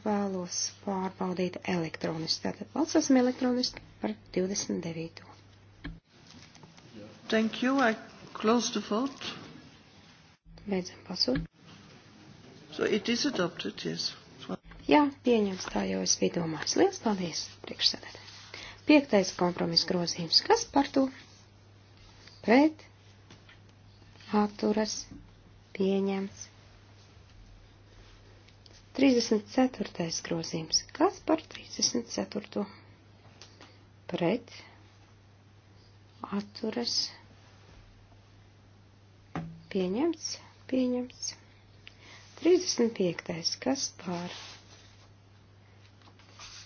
vēlos pārbaudīt elektroniski. Tātad balsosim elektroniski par 29. Thank you. I close the vote. Beidzam balsot. So it is adopted, yes. Jā, pieņems tā jau es biju domājis. Liels paldies, priekšsēdētāji. Piektais kompromiss grozījums. Kas par to? Pret atturas pieņemts. 34. grozījums. Kas par 34. pret atturas pieņemts, pieņemts. 35. kas par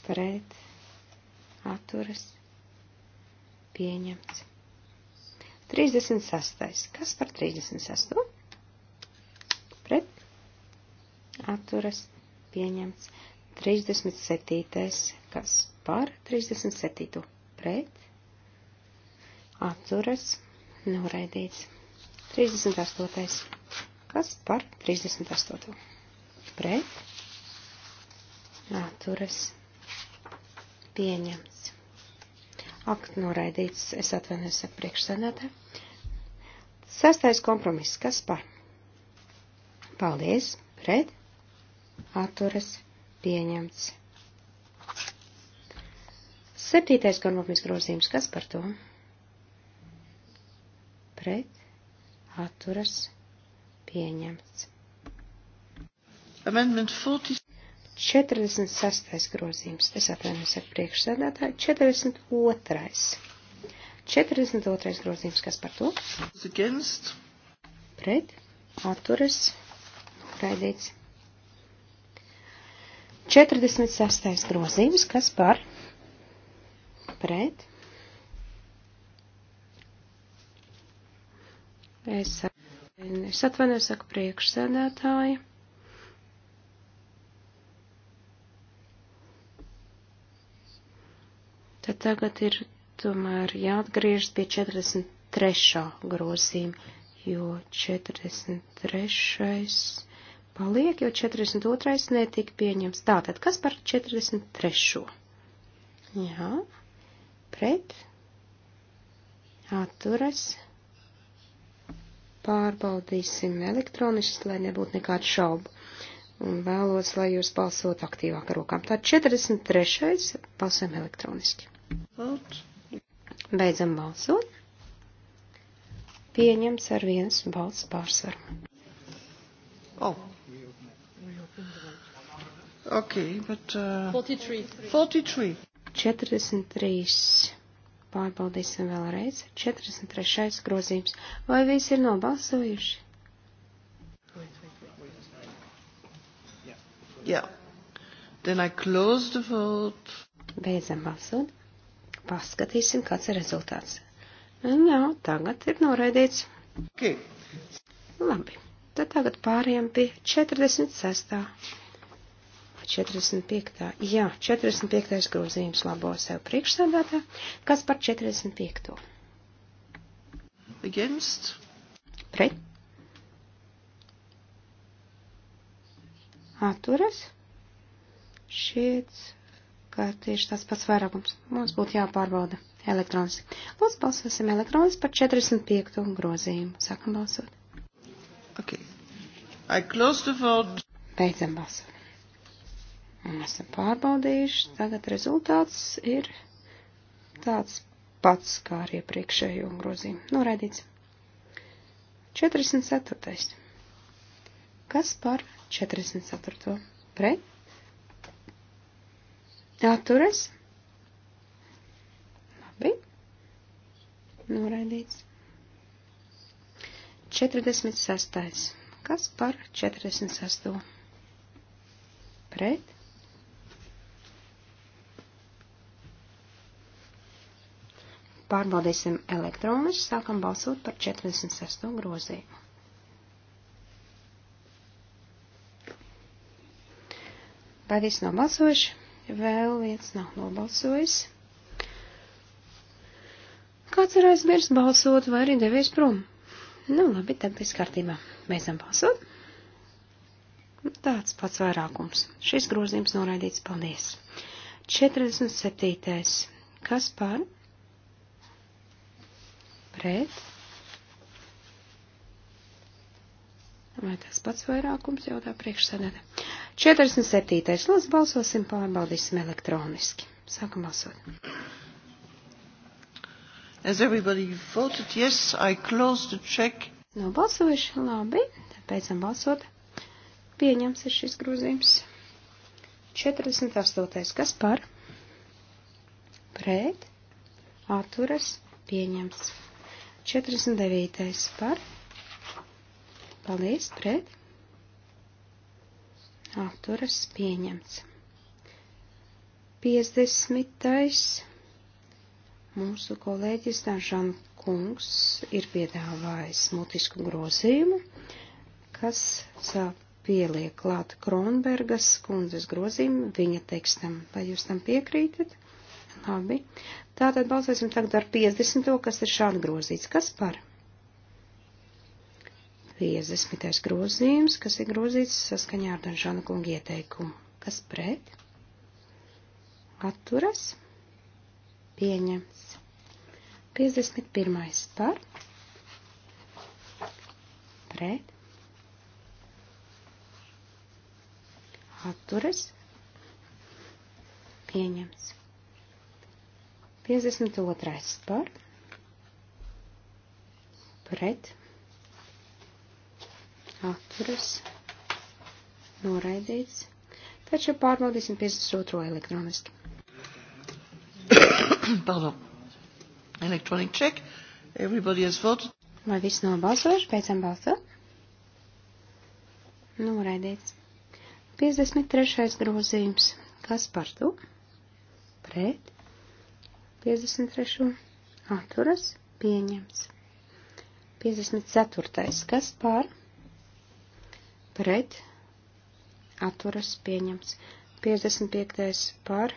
pret atturas pieņemts. 36. Kas par 36? Pret. Atturas. Pieņemts. 37. Kas par 37? Pret. Atturas. Noraidīts. 38. Kas par 38? Pret. Atturas. Pieņemts. Ak, noraidīts, es atvainojos ar priekšsēdētē. Sastais kompromiss, kas par? Paldies, pret, atturas, pieņemts. Septītais kompromiss grozījums, kas par to? Pret, atturas, pieņemts. Amendment 40. 46. grozījums, es atvainojos ar priekšsēdētāju, 42. 42. grozījums, kas par to? Against. Pret, atturas, noraidīts. 46. grozījums, kas par? Pret. Es atvainojos, saku priekšsēdētāju. bet tagad ir tomēr jāatgriežas pie 43. grozījuma, jo 43. paliek, jo 42. netika pieņems. Tātad, kas par 43. Jā, pret, atturas, pārbaudīsim elektroniski, lai nebūtu nekādu šaubu. Un vēlos, lai jūs balsot aktīvāk ar rokām. Tā 43. balsam elektroniski. Beidzam balsot. Pieņems ar vienas balss pārsvaru. Oh. Okay, but, uh, 43. 43. 43. Pārbaudīsim vēlreiz. 43. grozījums. Vai visi ir nobalsojuši? Yeah. Then I close the vote. Beidzam balsot. Paskatīsim, kāds ir rezultāts. Jā, tagad ir noraidīts. Okay. Labi, tad tagad pārējām pie 46. 45. Jā, 45. grozījums labo sev priekšsēdētā. Kas par 45. Against. Pret. Atturas. Šķiet ka tieši tas pats vairākums mums būtu jāpārbauda elektroniski. Lūdzu, balsosim elektroniski par 45. grozījumu. Sākam balsot. Okay. I close the vote. Beidzam balsot. Un esam pārbaudījuši. Tagad rezultāts ir tāds pats kā ar iepriekšējo grozījumu. Noraidīts. 44. Kas par 44. pret? Atturas. Labi. Noraidīts. 46. Kas par 46? Pret. Pārbaudīsim elektronus, sākam balsot par 46. grozījumu. Vai viss nav balsojuši? Vēl viens nav nobalsojis. Kāds ir aizmirst balsot vai arī devies prom? Nu, labi, tad viss kārtībā. Beidzam balsot. Tāds pats vairākums. Šis grozījums noraidīts. Paldies. 47. Kas par? Pret. Vai tas pats vairākums jautā priekšsēdētājai? 47. Lūdzu, balsosim, pārbaudīsim elektroniski. Sākam balsot. As everybody voted yes, I closed the check. Nobalsojuši labi, beidzam balsot. Pieņems ir šis grozījums. 48. Kas par? Pret. Atturas. Pieņems. 49. Par. Paldies. Pret atturas pieņemts. 50. mūsu kolēģis Dažan Kungs ir piedāvājis mutisku grozījumu, kas pieliek klāt Kronbergas kundzes grozījumu viņa tekstam. Vai jūs tam piekrītat? Labi. Tātad balsosim tagad ar 50. kas ir šādi grozīts. Kas par? 50. grozījums, kas ir grozīts saskaņā ar Danžana kunga ieteikumu. Kas pret? Atturas? Pieņems. 51. par? Pret? Atturas? Pieņems. 52. par? Pret? atturas noraidīts, taču pārbaudīsim 52. elektroniski. Pardon. Electronic check. Everybody has voted. Vai viss nav balsojuši? Beidzam balsot. Noraidīts. 53. grozījums. Kas par to? Pret. 53. Atturas. Pieņems. 54. Kas par? pret atturas pieņemts. 55. par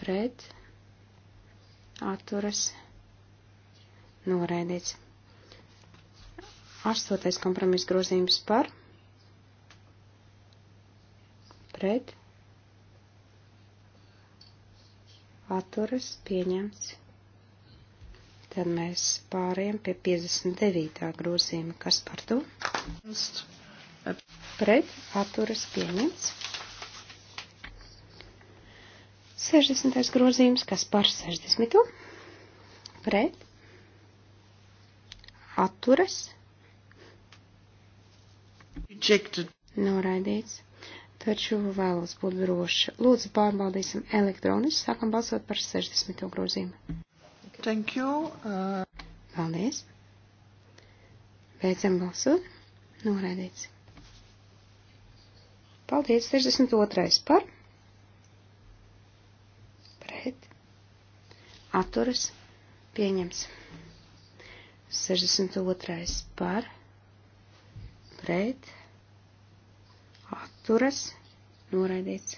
pret atturas noraidīts. 8. kompromiss grozījums par pret atturas pieņemts. Tad mēs pāriem pie 59. grozījuma. Kas par to? Pret atturas pieņemts. 60. grozījums, kas par 60. Pret atturas. Rejected. Noraidīts. Taču vēlos būt droši. Lūdzu, pārbaudīsim elektroniski. Sākam balsot par 60. grozījumu. Thank you. Uh... Paldies. Beidzam balsot. Noraidīts. Paldies. 62. par. Pret. Atturas. Pieņems. 62. par. Pret. Atturas. Noraidīts.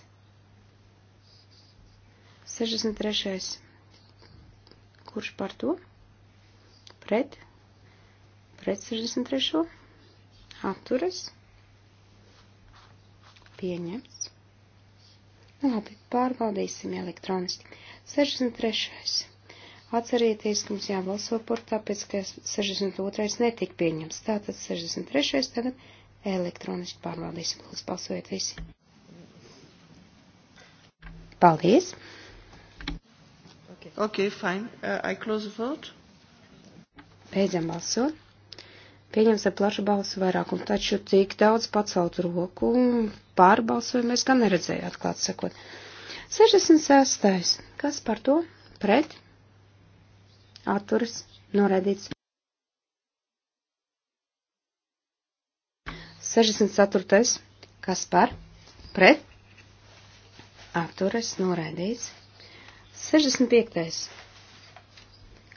63 kurš par to, pret, pret 63. atturas, pieņemts. Nu labi, pārbaudīsim elektroniski. 63. Atcerieties, ka mums jābalso par tāpēc, ka 62. netika pieņemts. Tātad 63. tagad elektroniski pārbaudīsim. Lūdzu, balsojiet visi. Paldies! Okay, fine. Uh, I close the vote. Beidzam balsot. Pieņems ar plašu balsu vairākumu, taču cik daudz pacelt roku pārbalsojumu mēs gan neredzējām, atklāt sakot. 66. Kas par to? Pret? Atturis? Noraidīts. 64. Kas par? Pret? Atturis? Noraidīts. 65.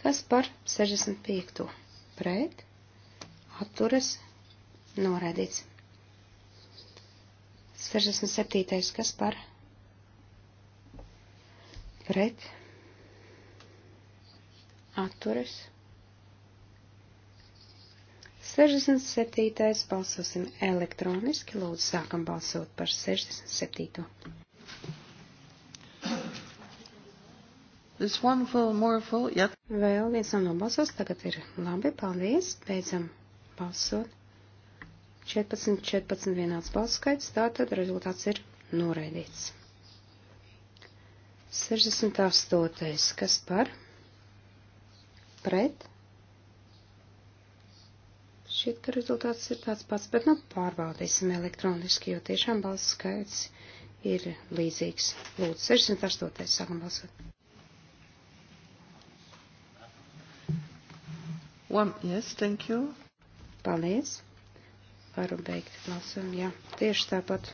Kas par 65. pret atturas noraidīts. 67. kas par pret atturas. 67. balsosim elektroniski, lūdzu sākam balsot par 67. Full, full, yeah. Vēl viens no nobalsos tagad ir labi, paldies, beidzam balsot. 14, 14 vienāds balsu skaits, tātad rezultāts ir noraidīts. 68. Kas par? Pret? Šit, ka rezultāts ir tāds pats, bet nu pārbaudīsim elektroniski, jo tiešām balsu skaits ir līdzīgs. Lūdzu, 68. sākam balsot. One, yes, thank you. Paldies. Varu beigt balsojumu. Jā, tieši tāpat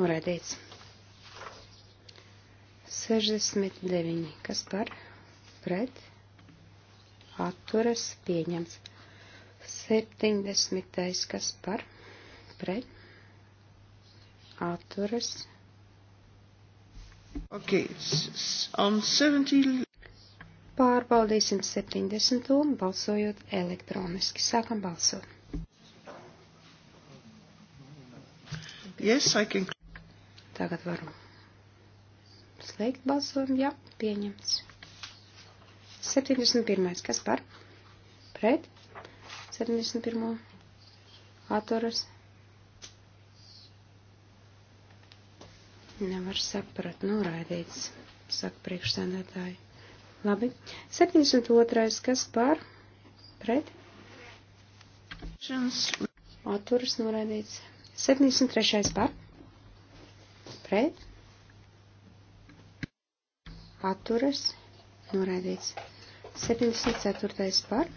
noraidīts. 69. Kas par? Pret. Atturas pieņemts. 70. Kas par? Pret. Atturas. Okay, on 70. Pārbaudīsim 70. balsojot elektroniski. Sākam balsot. Yes, I can... Tagad varu slēgt balsojumu. Jā, pieņemts. 71. Kas par? Pret? 71. Atturas. Nevar saprat, noraidīts, saka priekšsēdētāji. Labi. 72. Kas par? Pret? Atturas noraidīts. 73. par? Pret? Atturas noraidīts. 74. par?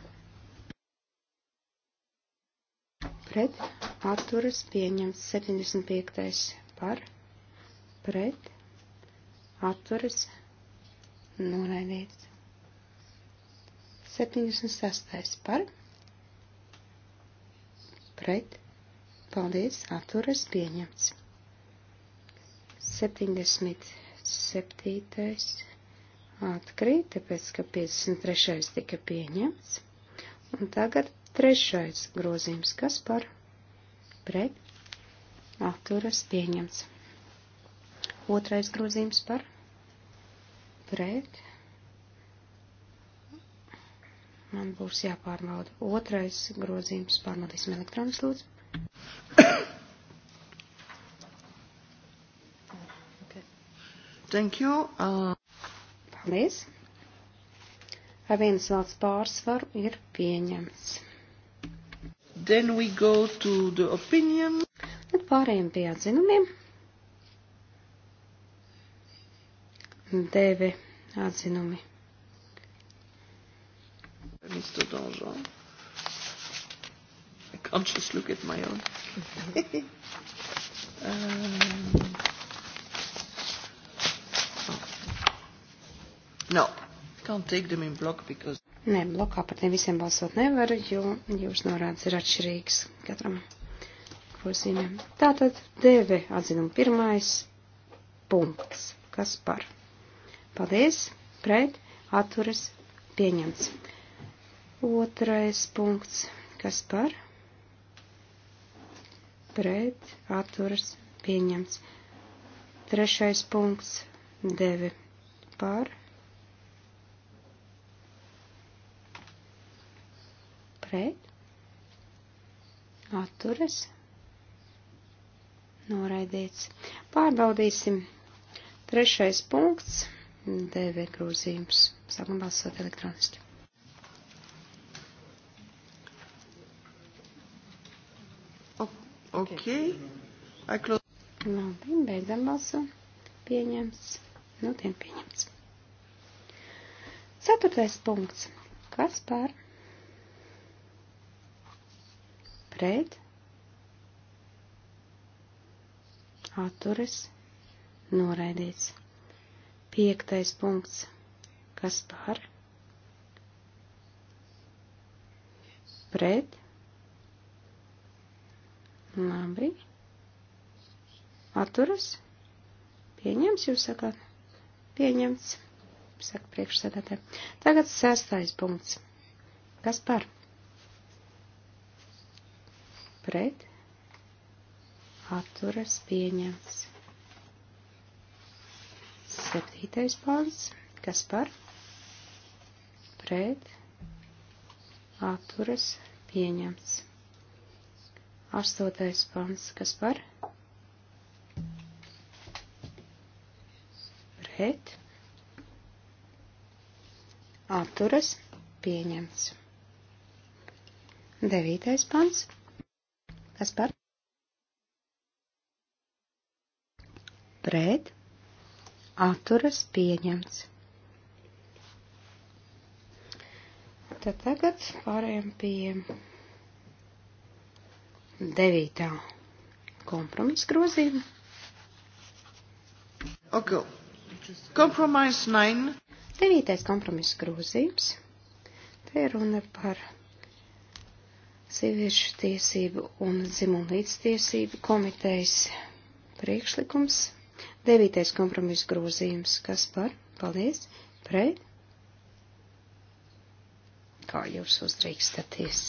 Pret? Atturas pieņemts. 75. par? Pret? Atturas noraidīts noraidīts. 76. par pret paldies atturas pieņemts. 77. atkrīt, tāpēc, ka 53. tika pieņemts. Un tagad trešais grozījums, kas par pret atturas pieņemts. Otrais grozījums par pret pret. Man būs jāpārbauda. Otrais grozījums pārbaudīsim elektronis lūdzu. okay. Thank you. Uh... Paldies. Ar vienas valsts pārsvaru ir pieņemts. Then we go to the opinion. Tad pārējiem pie atzinumiem. Devi atzinumi. Mr. Donjon. I can't just look at my own. um, oh. No, can't take them in block because. Nē, blokā par tiem visiem balsot nevaru, jo jūsu norādes ir atšķirīgs katram grozījumam. Tātad DV atzinuma pirmais punkts. Kas par? Paldies, pret, atturas, pieņemts. Otrais punkts, kas par? Pret, atturas, pieņemts. Trešais punkts, devi par. Pret, atturas, noraidīts. Pārbaudīsim. Trešais punkts. DV grozījums. Sākam balsot elektroniski. Ok. Labi, beidzam balsu. Pieņemts. Nu, tiem pieņemts. Ceturtais punkts. Kas par? Pret. Atturis. Noraidīts. Piektais punkts. Kas par? Pret. Labi. Atturas. Pieņems, jūs sakāt? Pieņemts, saka priekšsēdētē. Tagad sestais punkts. Kas par? Pret. Atturas pieņemts. Septītais pāns, kas par pret atturas pieņemts. Astotais pāns, kas par pret atturas pieņemts. Devītais pāns, kas par pret atturas pieņemts. Tad tagad pārējām pie devītā kompromisa grozījuma. Okay. Kompromiss 9. Devītais kompromisa grozījums. Te ir runa par sieviešu tiesību un dzimumu līdztiesību komitejas priekšlikums Devītais kompromiss grozījums. Kas par? Paldies. Pret. Kā jūs uzdrīkstaties?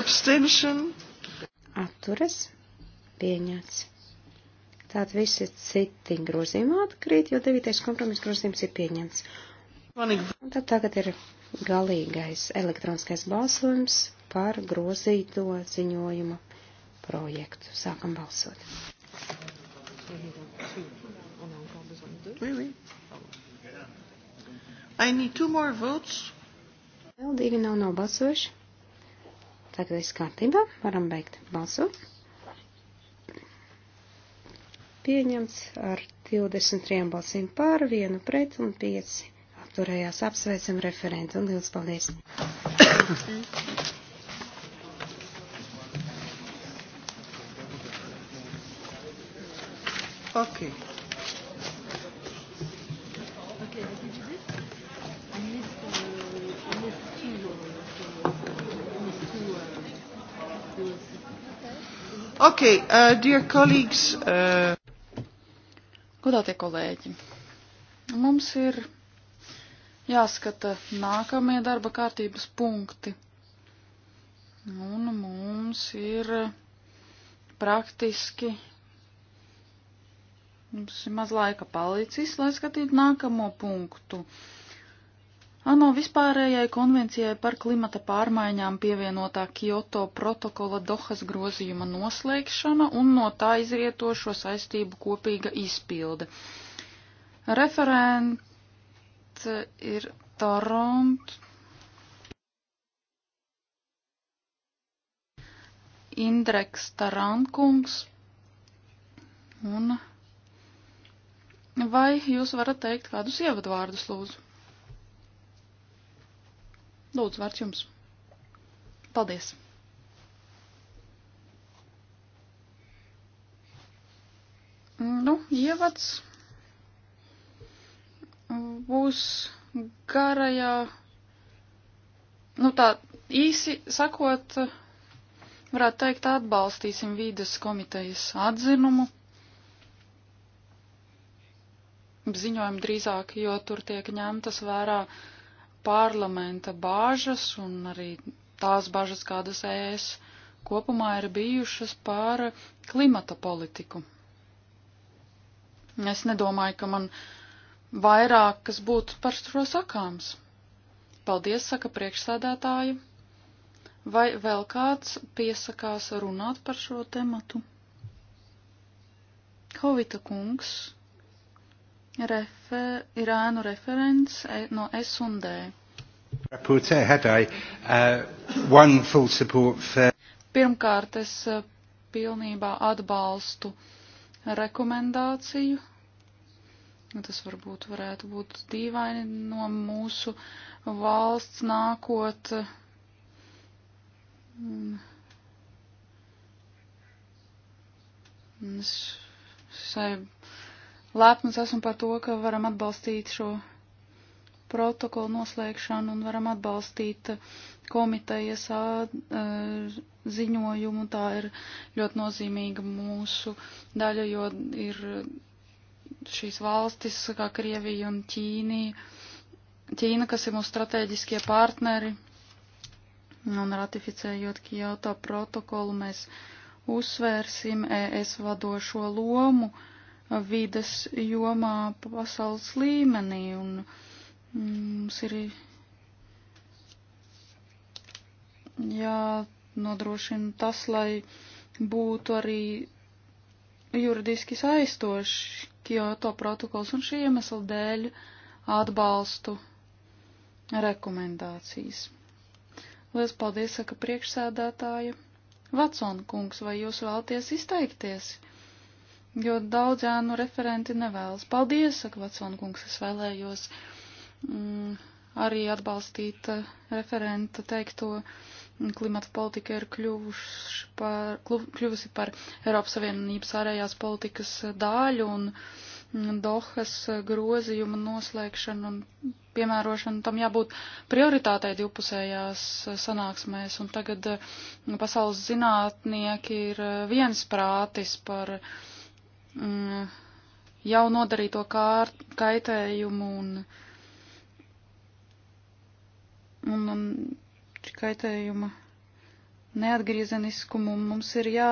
Abstention. Atturas. Pieņāts. Tātad visi citi grozījumi atkrīt, jo devītais kompromiss grozījums ir pieņemts. Un tad tagad ir galīgais elektroniskais balsojums par grozīto ziņojumu projektu. Sākam balsot. Oui, oui. I need two more votes. Vēl divi nav nobalsojuši. Tagad viss kārtībā, varam beigt balsot. Pieņemts ar 23 balsīm pār, vienu pret un pieci. Apturējās apsveicam referentu un liels paldies. Okay. Okay, uh, dear colleagues. Uh... Godātie kolēģi, mums ir jāskata nākamie darba kārtības punkti. Un mums ir praktiski Mums ir maz laika palicis, lai skatītu nākamo punktu. ANO vispārējai konvencijai par klimata pārmaiņām pievienotā Kyoto protokola Dohas grozījuma noslēgšana un no tā izrietošo saistību kopīga izpilde. Referent ir Taront. Indreks Tarankungs un Vai jūs varat teikt kādus ievadvārdus, lūdzu? Lūdzu, vārds jums. Paldies! Nu, ievads būs garajā, nu tā īsi sakot, varētu teikt, atbalstīsim vīdes komitejas atzinumu ziņojumu drīzāk, jo tur tiek ņemtas vērā parlamenta bāžas un arī tās bažas, kādas ES kopumā ir bijušas par klimata politiku. Es nedomāju, ka man vairāk kas būtu par to sakāms. Paldies, saka priekšsēdētāji. Vai vēl kāds piesakās runāt par šo tematu? Kovita kungs refer, ir ēnu referents e, no S un D. Uh, Pirmkārt, es uh, pilnībā atbalstu rekomendāciju. Nu, tas varbūt varētu būt dīvaini no mūsu valsts nākot. Es šai lepns esmu par to, ka varam atbalstīt šo protokolu noslēgšanu un varam atbalstīt komitejas ziņojumu. Tā ir ļoti nozīmīga mūsu daļa, jo ir šīs valstis, kā Krievija un Ķīnija, Ķīna, kas ir mūsu strateģiskie partneri, un ratificējot Kyoto protokolu, mēs uzsvērsim ES vadošo lomu. Uh, vīdas jomā pasaules līmenī, un mm, mums ir jānodrošina tas, lai būtu arī juridiski saistoši Kyoto protokols, un šī iemesla dēļ atbalstu rekomendācijas. Lielas paldies, saka priekšsēdētāja. Vatsona kungs, vai jūs vēlaties izteikties? jo daudz ēnu referenti nevēlas. Paldies, saka Vatsona kungs, es vēlējos mm, arī atbalstīt eh, referenta teikto. Klimata politika ir par, kļuvusi par Eiropas Savienības ārējās politikas daļu un mm, Dohas grozījuma noslēgšana un piemērošana tam jābūt prioritātei divpusējās sanāksmēs, un tagad mm, pasaules zinātnieki ir eh, viensprātis par uh, Eh, jau nodarīto kār, kaitējumu un, un, un kaitējuma neatgriezeniskumu mums ir jā,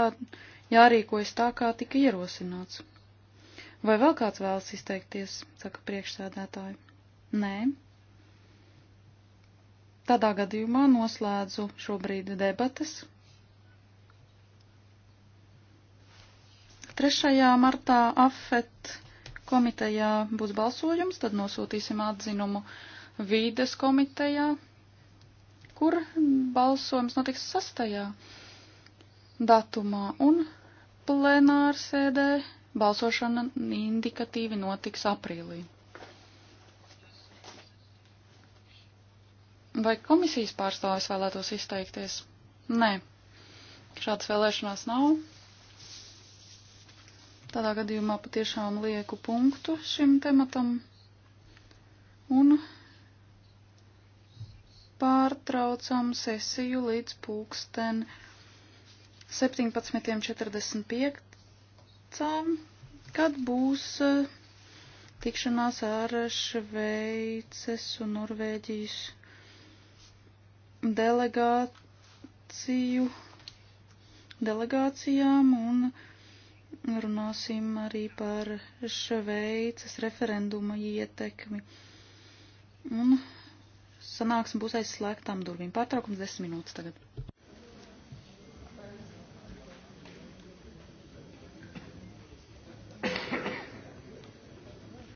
jārīkojas tā, kā tika ierosināts. Vai vēl kāds vēlas izteikties, saka priekšsēdētāji? Nē. Tādā gadījumā noslēdzu šobrīd debatas. 3. martā AFET komitejā būs balsojums, tad nosūtīsim atzinumu vīdes komitejā, kur balsojums notiks 6. datumā un plenārsēdē balsošana indikatīvi notiks aprīlī. Vai komisijas pārstāvis vēlētos izteikties? Nē, šādas vēlēšanās nav. Tādā gadījumā patiešām lieku punktu šim tematam un pārtraucam sesiju līdz pulksten 17.45, kad būs eh, tikšanās ar Šveices un Norvēģijas delegāciju, delegācijām un runāsim arī par Šveices referenduma ietekmi. Un sanāksim būs aizslēgtām durvīm. Pārtraukums desmit minūtes tagad.